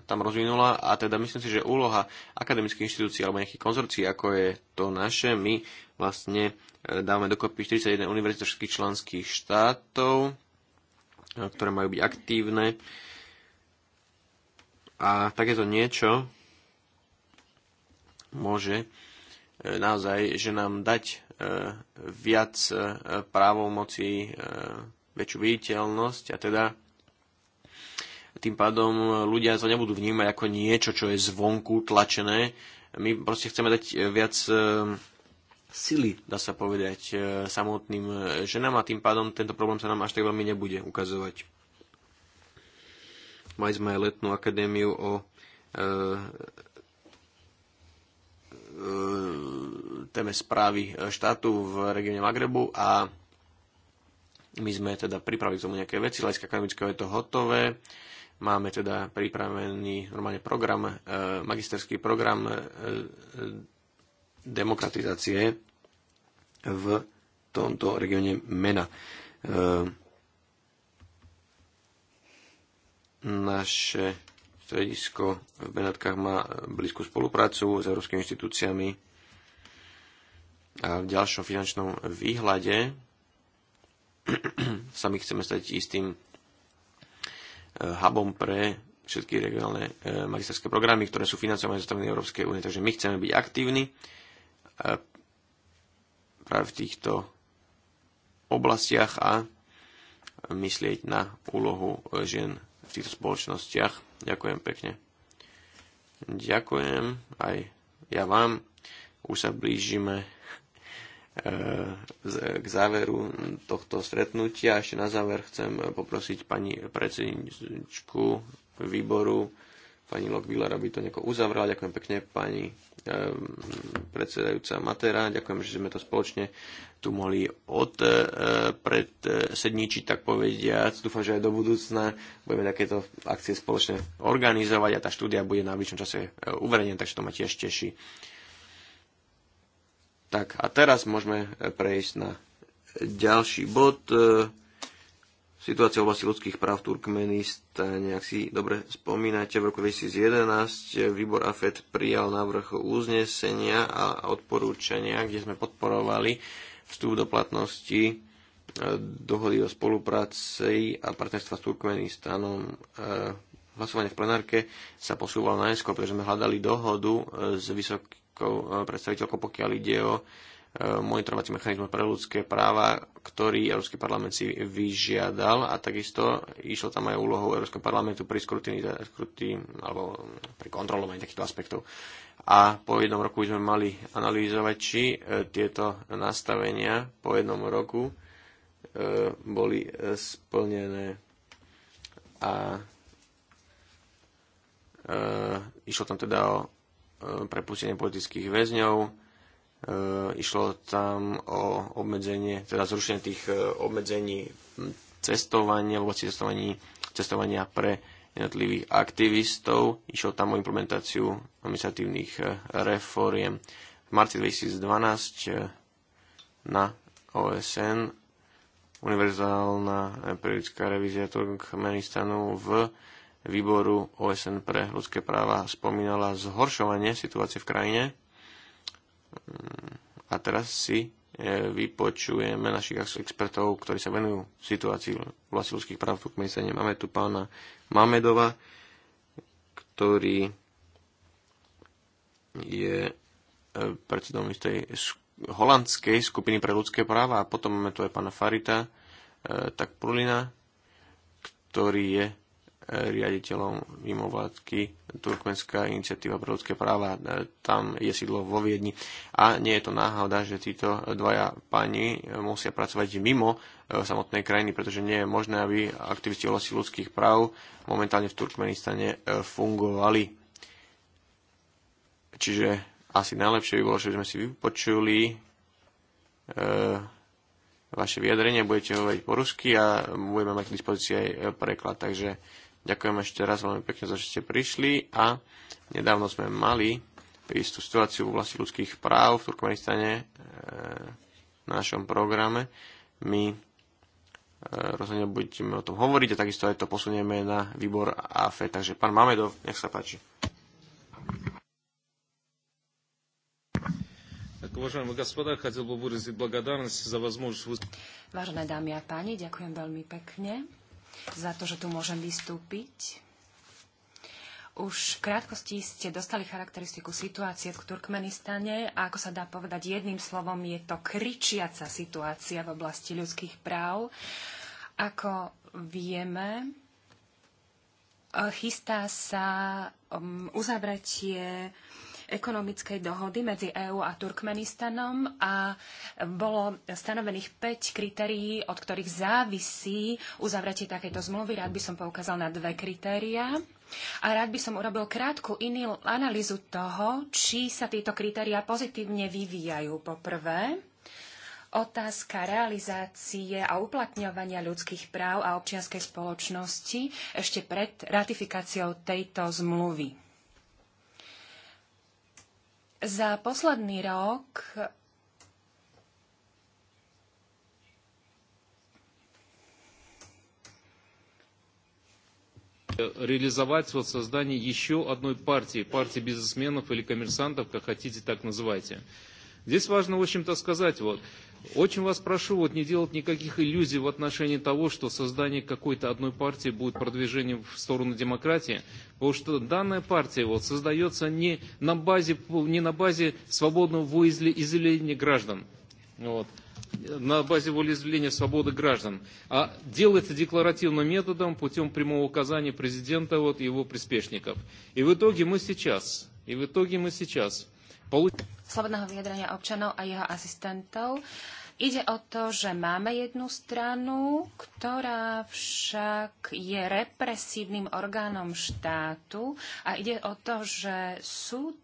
tam rozvinula a teda myslím si, že úloha akademických inštitúcií alebo nejakých konzorcií, ako je to naše, my vlastne e, dávame dokopy 41 univerzít všetkých členských štátov, e, ktoré majú byť aktívne. A takéto niečo môže e, naozaj, že nám dať viac právomocí väčšiu viditeľnosť a teda tým pádom ľudia to nebudú vnímať ako niečo, čo je zvonku tlačené. My proste chceme dať eh, viac eh, sily, dá sa povedať, eh, samotným ženám a tým pádom tento problém sa nám až tak veľmi nebude ukazovať. Mali sme aj letnú akadémiu o e, e, téme správy štátu v regióne Magrebu a my sme teda pripravili k tomu nejaké veci, hľadiska akademického je to hotové. Máme teda pripravený normálne program, e, magisterský program e, e, demokratizácie v tomto regióne MENA. naše stredisko v Benátkach má blízku spoluprácu s európskymi inštitúciami a v ďalšom finančnom výhľade sa my chceme stať istým e, hubom pre všetky regionálne e, magisterské programy, ktoré sú financované zo strany Európskej únie. Takže my chceme byť aktívni e, práve v týchto oblastiach a myslieť na úlohu žien v týchto spoločnostiach. Ďakujem pekne. Ďakujem aj ja vám. Už sa blížime E, k záveru tohto stretnutia. Ešte na záver chcem poprosiť pani predsedničku výboru, pani Lokvíler, aby to nejako uzavrela. Ďakujem pekne pani e, predsedajúca Matera. Ďakujem, že sme to spoločne tu mohli od e, predsedničiť, tak povediať. Dúfam, že aj do budúcna budeme takéto akcie spoločne organizovať a tá štúdia bude na výšom čase uverejnená, takže to ma tiež teší. Tak a teraz môžeme eh, prejsť na ďalší bod. Eh, situácia v oblasti ľudských práv v Turkmenistane. Ak si dobre spomínate, v roku 2011 eh, výbor AFED prijal návrh uznesenia a odporúčania, kde sme podporovali vstup do platnosti dohody o spolupráci a partnerstva s Turkmenistanom hlasovanie v plenárke sa posúvalo najskôr, pretože sme hľadali dohodu s vysokým Eh, predstaviteľkou, pokiaľ ide o eh, monitorovací mechanizmus pre ľudské práva, ktorý Európsky parlament si vyžiadal a takisto išlo tam aj úlohou Európskeho parlamentu pri skrutiny, alebo pri kontrolovaní takýchto aspektov. A po jednom roku sme mali analýzovať, či eh, tieto nastavenia po jednom roku boli splnené. A išlo tam teda o E, prepustenie politických väzňov. E, išlo tam o obmedzenie, teda zrušenie tých e, obmedzení cestovania, alebo vlastne cestovania pre jednotlivých aktivistov. Išlo tam o implementáciu administratívnych reforiem. V marci 2012 na OSN univerzálna periodická revízia Turkmenistanu v výboru OSN pre ľudské práva spomínala zhoršovanie situácie v krajine. Mm, a teraz si e, vypočujeme našich expertov, ktorí sa venujú situácii vlasti ľudských práv v Turkmenistane. Máme tu pána Mamedova, ktorý je e, predsedom istej holandskej skupiny pre ľudské práva a potom máme tu aj pána Farita, e, tak Prulina, ktorý je riaditeľom mimovládky Turkmenská iniciatíva pre ľudské práva. E, tam je sídlo vo Viedni. A nie je to náhoda, že títo dvaja pani musia pracovať mimo e, samotnej krajiny, pretože nie je možné, aby aktivisti oblasti ľudských práv momentálne v Turkmenistane e, fungovali. Čiže asi najlepšie by bolo, že sme si vypočuli vaše vyjadrenie, budete hovoriť po rusky a budeme mať k dispozícii aj preklad. Takže Ďakujem ešte raz veľmi pekne za, že ste prišli a nedávno sme mali istú situáciu v oblasti ľudských práv v Turkmenistane e, v našom programe. My e, rozhodne budeme o tom hovoriť a takisto aj to posunieme na výbor AFE. Takže pán Mamedov, nech sa páči. Vážené dámy a páni, ďakujem veľmi pekne za to, že tu môžem vystúpiť. Už v krátkosti ste dostali charakteristiku situácie v Turkmenistane a ako sa dá povedať jedným slovom, je to kričiaca situácia v oblasti ľudských práv. Ako vieme, eh, chystá sa mm, uzavretie ekonomickej dohody medzi EÚ a Turkmenistanom a bolo stanovených 5 kritérií, od ktorých závisí uzavretie takéto zmluvy. Rád by som poukázal na dve kritéria A rád by som urobil krátku inú analýzu toho, či sa tieto kritéria pozitívne vyvíjajú. Poprvé, otázka realizácie a uplatňovania ľudských práv a občianskej spoločnosti ešte pred ratifikáciou tejto zmluvy. Za posledný rok реализовать вот создание еще одной партии, партии бизнесменов или коммерсантов, как хотите так называйте. Здесь важно, в общем-то, сказать, вот, Очень вас прошу вот, не делать никаких иллюзий в отношении того, что создание какой-то одной партии будет продвижением в сторону демократии, потому что данная партия вот, создается не на базе, не на базе свободного волеизъявления граждан, вот, на базе волеизъявления свободы граждан, а делается декларативным методом путем прямого указания президента вот, и его приспешников. И в итоге мы сейчас, и в итоге мы сейчас – slobodného vyjadrenia občanov a jeho asistentov. Ide o to, že máme jednu stranu, ktorá však je represívnym orgánom štátu a ide o to, že sú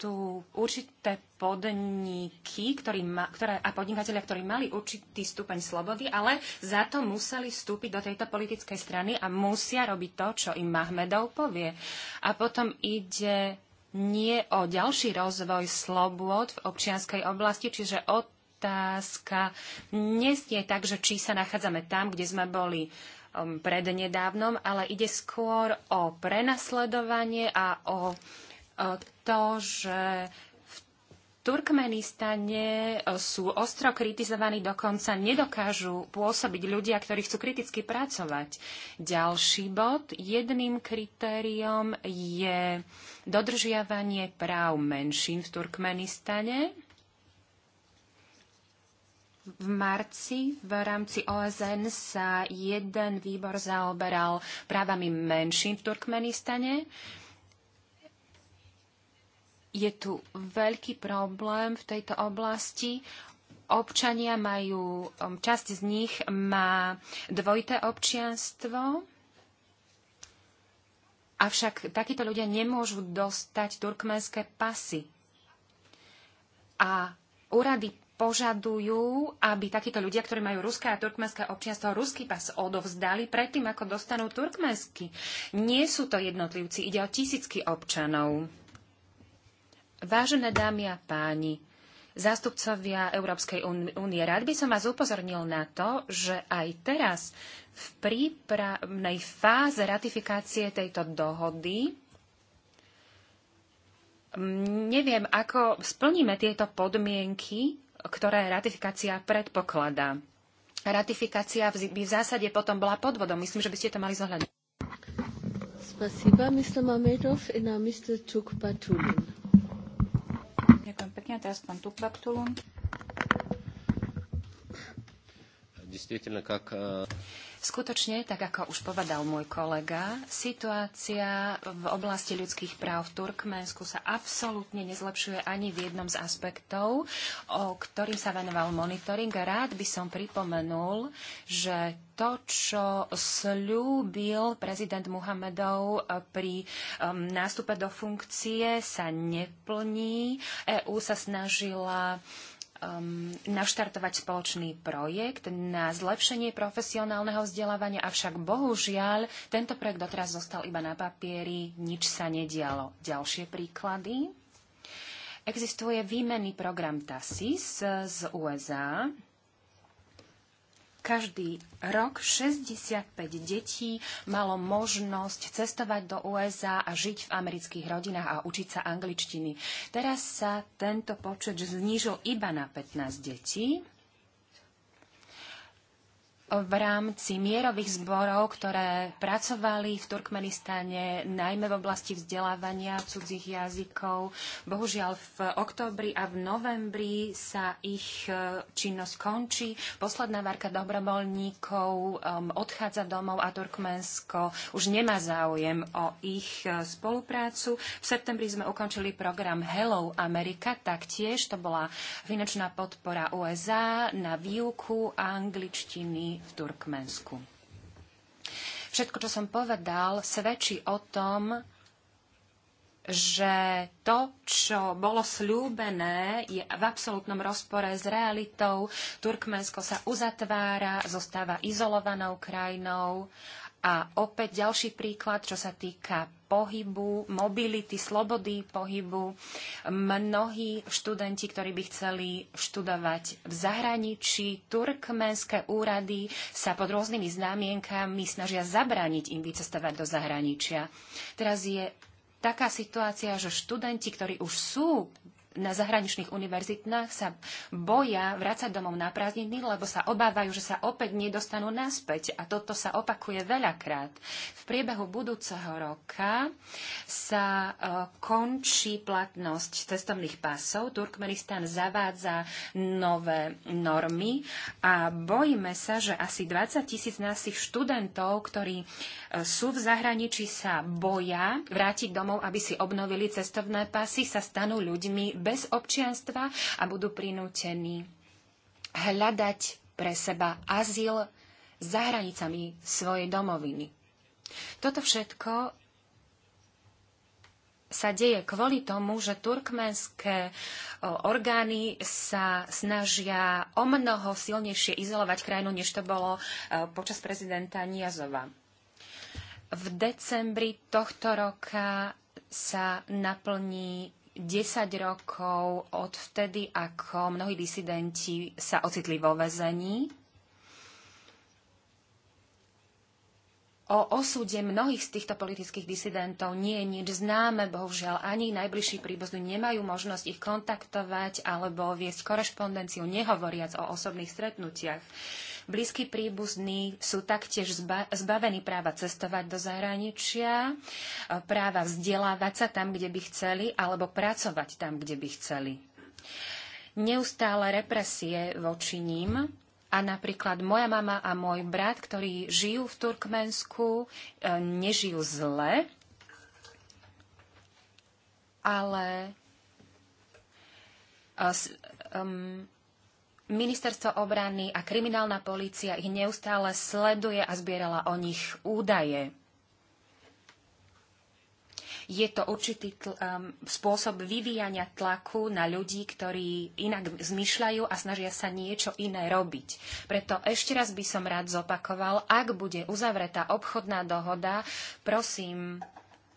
tu určité podniky, ktorý ma, ktoré, a podnikatelia, ktorí mali určitý stupeň slobody, ale za to museli vstúpiť do tejto politickej strany a musia robiť to, čo im Mahmedov povie. A potom ide nie o ďalší rozvoj slobôd v občianskej oblasti, čiže otázka je tak, že či sa nachádzame tam, kde sme boli um, prednedávnom, ale ide skôr o prenasledovanie a o to, že Turkmenistane e, sú ostro kritizovaní, dokonca nedokážu pôsobiť ľudia, ktorí chcú kriticky pracovať. Ďalší bod, jedným kritériom je dodržiavanie práv menšín v Turkmenistane. V marci v rámci OSN sa jeden výbor zaoberal právami menšín v Turkmenistane je tu veľký problém v tejto oblasti. Občania majú, um, časť z nich má dvojité občianstvo, avšak takíto ľudia nemôžu dostať turkmenské pasy. A úrady požadujú, aby takíto ľudia, ktorí majú ruské a turkmenské občianstvo, ruský pas odovzdali predtým, ako dostanú turkmensky. Nie sú to jednotlivci, ide o tisícky občanov. Vážené dámy a páni, zástupcovia Európskej únie, rád by som vás upozornil na to, že aj teraz v prípravnej fáze ratifikácie tejto dohody neviem, ako splníme tieto podmienky, ktoré ratifikácia predpokladá. Ratifikácia by v zásade potom bola podvodom. Myslím, že by ste to mali zohľadniť. Спасибо, мистер Мамедов, и на мистер Чук pekne. Teraz pán Tuplak Tulun. Э, Skutočne, tak ako už povedal môj kolega, situácia v oblasti ľudských práv v Turkmensku sa absolútne nezlepšuje ani v jednom z aspektov, o ktorým sa venoval monitoring. Rád by som pripomenul, že to, čo slúbil prezident Muhamedov e, pri um, nástupe do funkcie, sa neplní. EÚ sa snažila um, naštartovať spoločný projekt na zlepšenie profesionálneho vzdelávania, avšak bohužiaľ tento projekt doteraz zostal iba na papieri, nič sa nedialo. Ďalšie príklady. Existuje výmenný program TASIS z USA, každý rok 65 detí malo možnosť cestovať do USA a žiť v amerických rodinách a učiť sa angličtiny. Teraz sa tento počet znížil iba na 15 detí v rámci mierových zborov, ktoré pracovali v Turkmenistane, najmä v oblasti vzdelávania cudzích jazykov. Bohužiaľ v oktobri a v novembri sa ich e, činnosť končí. Posledná várka dobrovoľníkov um, odchádza domov a Turkmensko už nemá záujem o ich e, spoluprácu. V septembri sme ukončili program Hello America, taktiež to bola finančná podpora USA na výuku angličtiny v Turkmensku. Všetko, čo som povedal, svedčí o tom, že to, čo bolo slúbené, je v absolútnom rozpore s realitou. Turkmensko sa uzatvára, zostáva izolovanou krajinou a opäť ďalší príklad, čo sa týka pohybu, mobility, slobody pohybu. Mnohí študenti, ktorí by chceli študovať v zahraničí, turkmenské úrady sa pod rôznymi známienkami snažia zabrániť im vycestovať do zahraničia. Teraz je taká situácia, že študenti, ktorí už sú na zahraničných univerzitách sa boja vrácať domov na prázdniny, lebo sa obávajú, že sa opäť nedostanú naspäť. A toto sa opakuje veľakrát. V priebehu budúceho roka sa e, končí platnosť cestovných pásov. Turkmenistan zavádza nové normy a bojíme sa, že asi 20 tisíc našich študentov, ktorí e, sú v zahraničí, sa boja vrátiť domov, aby si obnovili cestovné pásy, sa stanú ľuďmi bez bez občianstva a budú prinútení hľadať pre seba azyl za hranicami svojej domoviny. Toto všetko sa deje kvôli tomu, že turkmenské orgány sa snažia o mnoho silnejšie izolovať krajinu, než to bolo počas prezidenta Niazova. V decembri tohto roka sa naplní 10 rokov od vtedy, ako mnohí disidenti sa ocitli vo väzení. O osude mnohých z týchto politických disidentov nie je nič známe, bohužiaľ ani najbližší príbuzní nemajú možnosť ich kontaktovať alebo viesť korešpondenciu, nehovoriac o osobných stretnutiach. Blízky príbuzní sú taktiež zbavení práva cestovať do zahraničia, e, práva vzdelávať sa tam, kde by chceli, alebo pracovať tam, kde by chceli. Neustále represie voči ním a napríklad moja mama a môj brat, ktorí žijú v Turkmensku, e, nežijú zle, ale e, Ministerstvo obrany a kriminálna polícia ich neustále sleduje a zbierala o nich údaje. Je to určitý tl- um, spôsob vyvíjania tlaku na ľudí, ktorí inak zmyšľajú a snažia sa niečo iné robiť. Preto ešte raz by som rád zopakoval, ak bude uzavretá obchodná dohoda, prosím,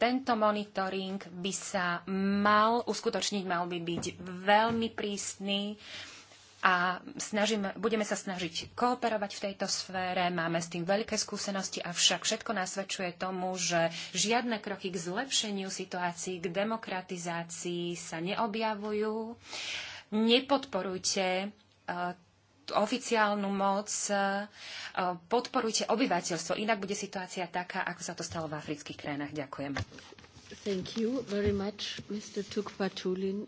tento monitoring by sa mal uskutočniť, mal by byť veľmi prísny. Um, a snažíme, budeme sa snažiť kooperovať v tejto sfére, máme s tým veľké skúsenosti, avšak všetko nasvedčuje tomu, že žiadne kroky k zlepšeniu situácií, k demokratizácii sa neobjavujú. Nepodporujte e, oficiálnu moc, e, podporujte obyvateľstvo, inak bude situácia taká, ako sa to stalo v afrických krajinách. Ďakujem. Thank you very much, Mr. Tukpatulin.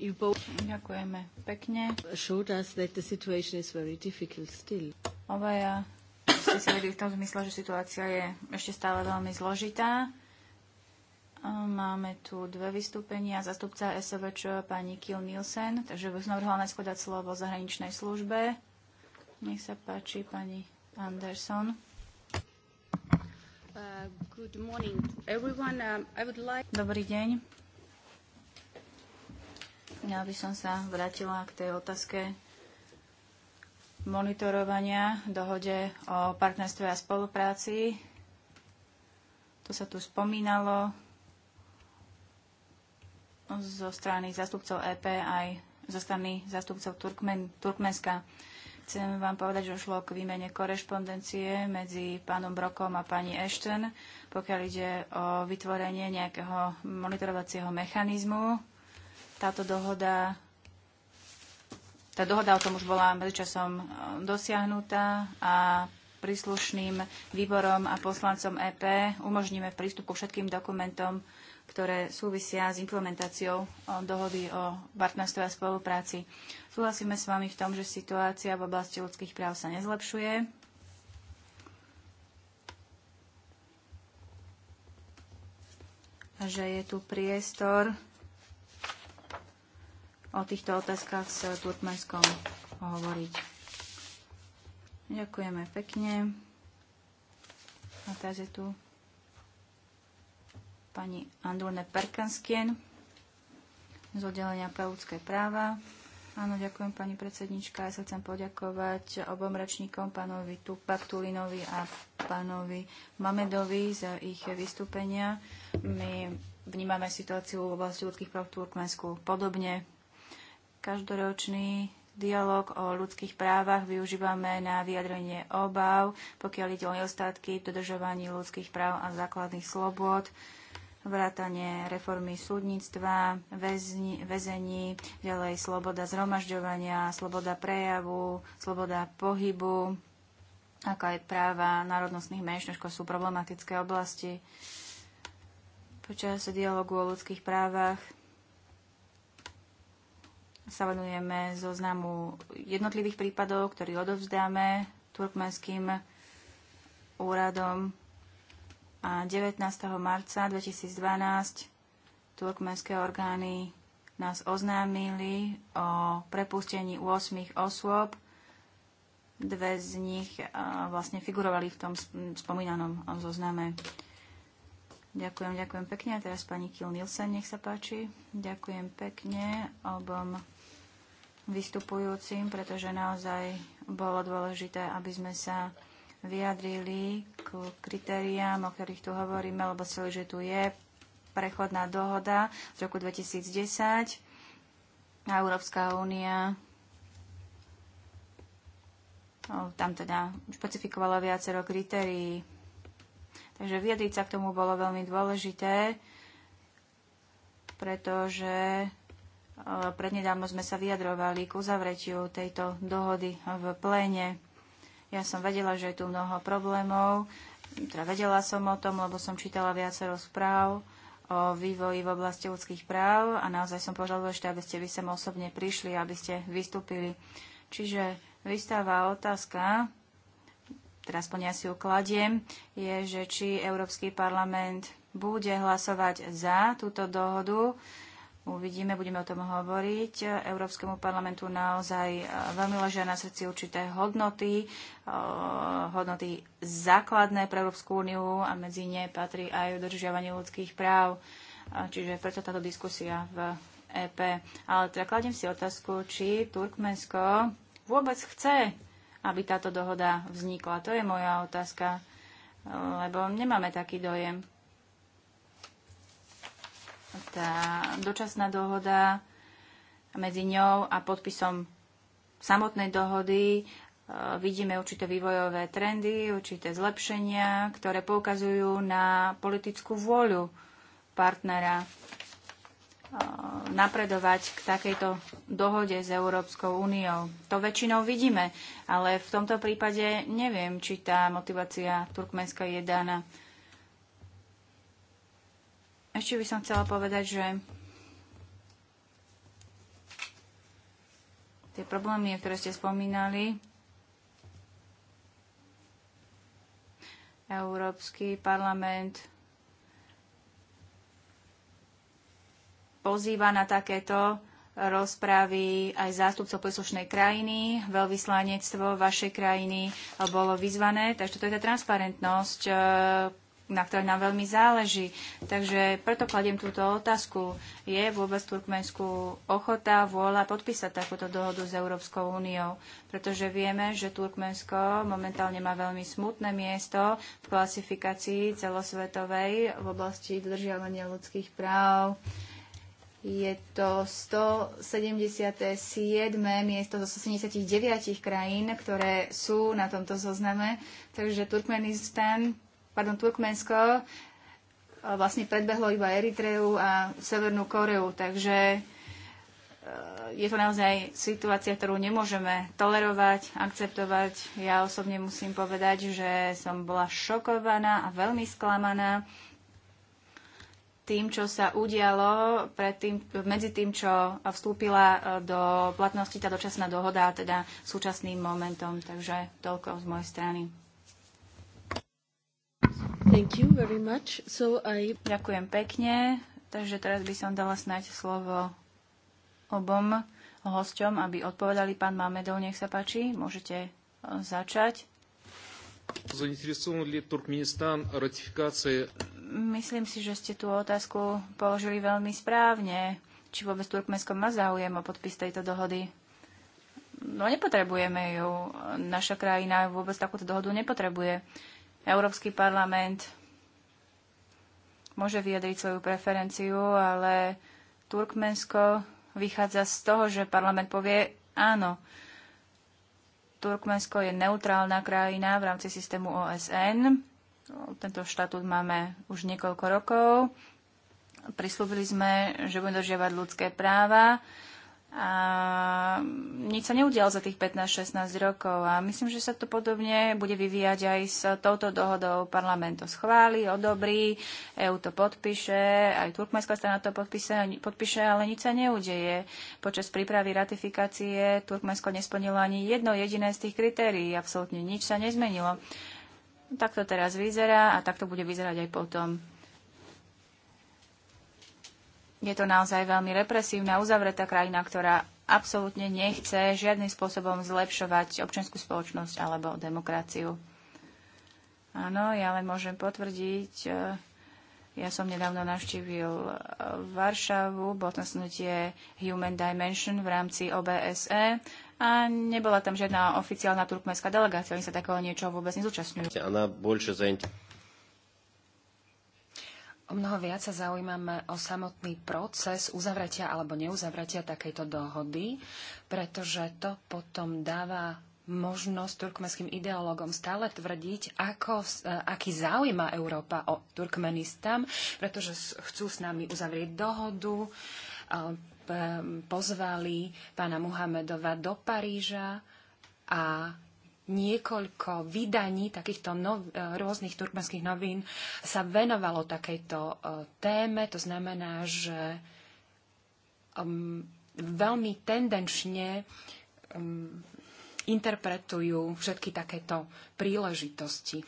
Ďakujeme pekne. showed us that the situation is very difficult still. Obaja ste sa vedeli v tom zmysle, že situácia je ešte stále veľmi zložitá. Máme tu dve vystúpenia. Zastupca SVČ pani Kiel Nielsen, takže by som navrhla najskôr dať slovo zahraničnej službe. Nech sa páči, pani Anderson. Uh, um, Dobrý deň. Ja by som sa vrátila k tej otázke monitorovania dohode o partnerstve a spolupráci. To sa tu spomínalo zo strany zastupcov EP aj zo strany zastupcov Turkmen, Turkmenska. Chcem vám povedať, že šlo k výmene korešpondencie medzi pánom Brokom a pani Ashton, pokiaľ ide o vytvorenie nejakého monitorovacieho mechanizmu. Táto dohoda tá dohoda o tom už bola medzičasom e, dosiahnutá a príslušným výborom a poslancom EP umožníme prístup ku všetkým dokumentom, ktoré súvisia s implementáciou dohody o partnerstve a spolupráci. Súhlasíme s vami v tom, že situácia v oblasti ľudských práv sa nezlepšuje. A že je tu priestor o týchto otázkach s Turkmenskom hovoriť. Ďakujeme pekne. A teraz je tu pani Andurne Perkanskien z oddelenia pre ľudské práva. Áno, ďakujem pani predsednička. Ja sa chcem poďakovať obom rečníkom, pánovi Tupaktulinovi a pánovi Mamedovi za ich vystúpenia. My vnímame situáciu v oblasti ľudských práv v Turkmensku podobne. Každoročný dialog o ľudských právach využívame na vyjadrenie obav, pokiaľ ide o nedostatky v dodržovaní ľudských práv a základných slobod vrátanie reformy súdnictva, väzni, väzení, ďalej sloboda zhromažďovania, sloboda prejavu, sloboda pohybu, ako aj práva národnostných menšín, sú problematické oblasti. Počas dialogu o ľudských právach sa venujeme zoznamu jednotlivých prípadov, ktorý odovzdáme turkmenským úradom a 19. marca 2012 turkmenské orgány nás oznámili o prepustení 8 osôb. Dve z nich e, vlastne figurovali v tom spomínanom zozname. Ďakujem, ďakujem pekne. A teraz pani Kiel Nielsen, nech sa páči. Ďakujem pekne obom vystupujúcim, pretože naozaj bolo dôležité, aby sme sa vyjadrili k kritériám, o ktorých tu hovoríme, lebo celé, že tu je prechodná dohoda z roku 2010 a Európska únia no, tam teda špecifikovala viacero kritérií. Takže vyjadriť sa k tomu bolo veľmi dôležité, pretože e, prednedávno sme sa vyjadrovali k uzavretiu tejto dohody v pléne. Ja som vedela, že je tu mnoho problémov, teda vedela som o tom, lebo som čítala viacero správ o vývoji v oblasti ľudských práv a naozaj som požiadala ešte, aby ste vy sem osobne prišli, aby ste vystúpili. Čiže vystáva otázka, teraz po ja si ju kladiem, je, že či Európsky parlament bude hlasovať za túto dohodu, Uvidíme, budeme o tom hovoriť. Európskemu parlamentu naozaj e, veľmi ležia na srdci určité hodnoty, e, hodnoty základné pre Európsku úniu a medzi ne patrí aj udržiavanie ľudských práv. E, čiže preto táto diskusia v EP. Ale teda kladiem si otázku, či Turkmensko vôbec chce, aby táto dohoda vznikla. To je moja otázka, lebo nemáme taký dojem tá dočasná dohoda medzi ňou a podpisom samotnej dohody e, vidíme určité vývojové trendy, určité zlepšenia, ktoré poukazujú na politickú vôľu partnera e, napredovať k takejto dohode s Európskou úniou. To väčšinou vidíme, ale v tomto prípade neviem, či tá motivácia Turkmenska je daná ešte by som chcela povedať, že tie problémy, ktoré ste spomínali, Európsky parlament pozýva na takéto rozprávy aj zástupcov príslušnej krajiny, veľvyslanectvo vašej krajiny bolo vyzvané. Takže to je tá transparentnosť e, na ktoré nám veľmi záleží. Takže preto kladiem túto otázku. Je vôbec Turkmensku ochota, vôľa podpísať takúto dohodu s Európskou úniou? Pretože vieme, že Turkmensko momentálne má veľmi smutné miesto v klasifikácii celosvetovej v oblasti dodržiavania ľudských práv. Je to 177. miesto zo 79 krajín, ktoré sú na tomto zozname. Takže Turkmenistan pardon, Turkmensko eh, vlastne predbehlo iba Eritreu a Severnú Koreu, takže eh, je to naozaj situácia, ktorú nemôžeme tolerovať, akceptovať. Ja osobne musím povedať, že som bola šokovaná a veľmi sklamaná tým, čo sa udialo pred tým, medzi tým, čo vstúpila eh, do platnosti tá dočasná dohoda, teda súčasným momentom. Takže toľko z mojej strany. No. Thank you very much. So I... Ďakujem pekne. Takže teraz by som dala snať slovo obom hosťom, aby odpovedali. Pán Mamedov, nech sa páči, môžete e, začať. Myslím si, že ste tú otázku položili veľmi správne. Či vôbec Turkmensko má záujem o podpis tejto dohody? No nepotrebujeme ju. Naša krajina vôbec takúto dohodu nepotrebuje. Európsky parlament môže vyjadriť svoju preferenciu, ale Turkmensko vychádza z toho, že parlament povie áno. Turkmensko je neutrálna krajina v rámci systému OSN. Tento štatút máme už niekoľko rokov. Prislúbili sme, že budeme dožiavať ľudské práva a mm, nič sa neudialo za tých 15-16 rokov a myslím, že sa to podobne bude vyvíjať aj s touto dohodou. Parlament to schváli, odobrí, EU to podpíše, aj turkmenská strana to podpíše, podpíše, ale nič sa neudeje. Počas prípravy ratifikácie Turkmensko nesplnilo ani jedno jediné z tých kritérií, absolútne nič sa nezmenilo. Tak to teraz vyzerá a tak to bude vyzerať aj potom. Je to naozaj veľmi represívna, uzavretá krajina, ktorá absolútne nechce žiadnym spôsobom zlepšovať občianskú spoločnosť alebo demokraciu. Áno, ja len môžem potvrdiť, e, ja som nedávno navštívil e, Varšavu, bol tam snutie Human Dimension v rámci OBSE a nebola tam žiadna oficiálna turkmenská delegácia, oni sa takého niečo vôbec nezúčastňujú. O mnoho viac sa zaujímame o samotný proces uzavretia alebo neuzavretia takejto dohody, pretože to potom dáva možnosť turkmenským ideológom stále tvrdiť, ako, e, aký záujem má Európa o Turkmenistan, pretože chcú s nami uzavrieť dohodu, e, pozvali pána Muhamedova do Paríža a niekoľko vydaní takýchto nov, e, rôznych turkmenských novín sa venovalo takejto e, téme. To znamená, že um, veľmi tendenčne um, interpretujú všetky takéto príležitosti.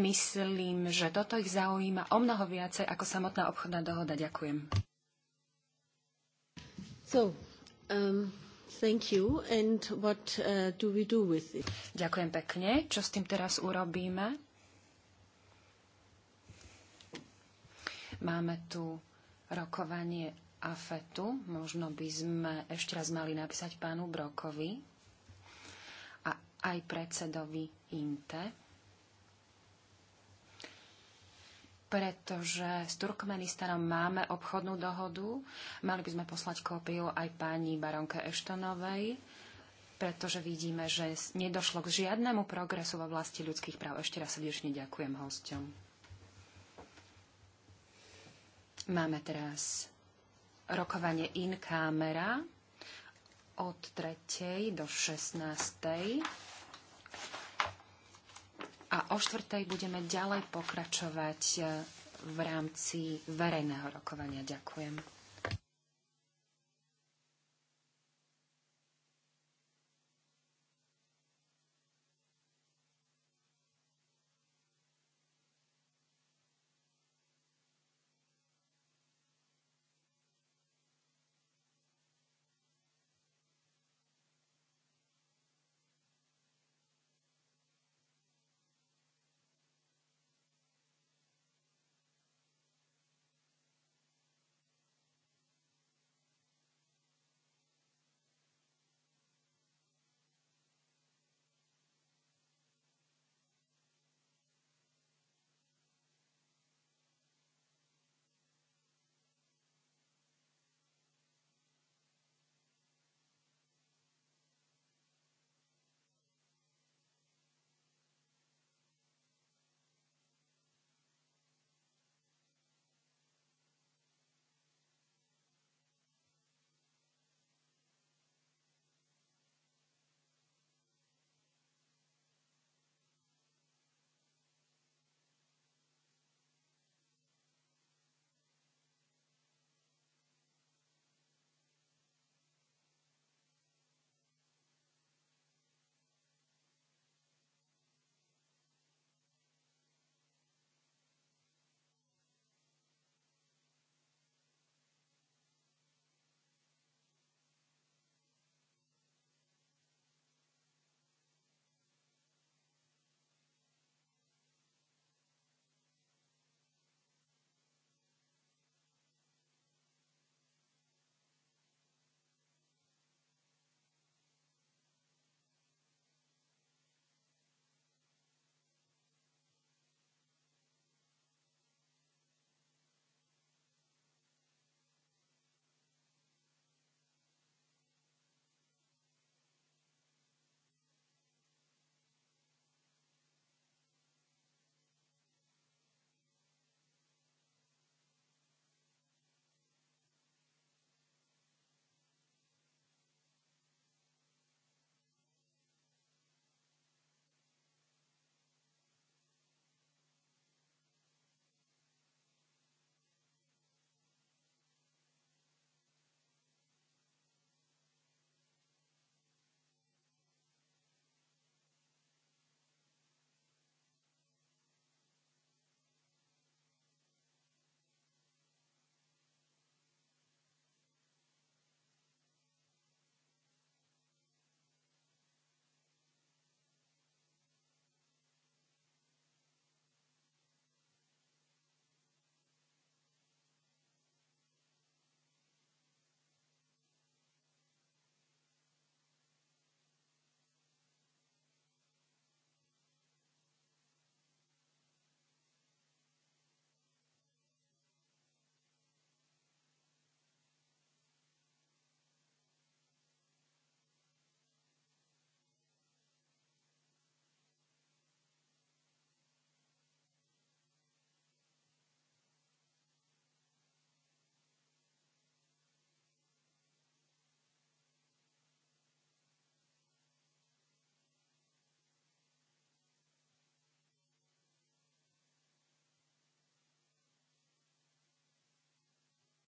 Myslím, že toto ich zaujíma o mnoho viacej ako samotná obchodná dohoda. Ďakujem. So, um, Uh, Ďakujem pekne. Čo s tým teraz urobíme? Máme tu rokovanie AFETu. Možno by sme ešte raz mali napísať pánu Brokovi a aj predsedovi INTE. pretože s Turkmenistanom máme obchodnú dohodu. Mali by sme poslať kópiu aj pani baronke Eštonovej, pretože vidíme, že nedošlo k žiadnemu progresu v oblasti ľudských práv. Ešte raz srdečne ďakujem hosťom. Máme teraz rokovanie in camera od 3. do 16 a o štvrtej budeme ďalej pokračovať eh, v rámci verejného rokovania. Ďakujem.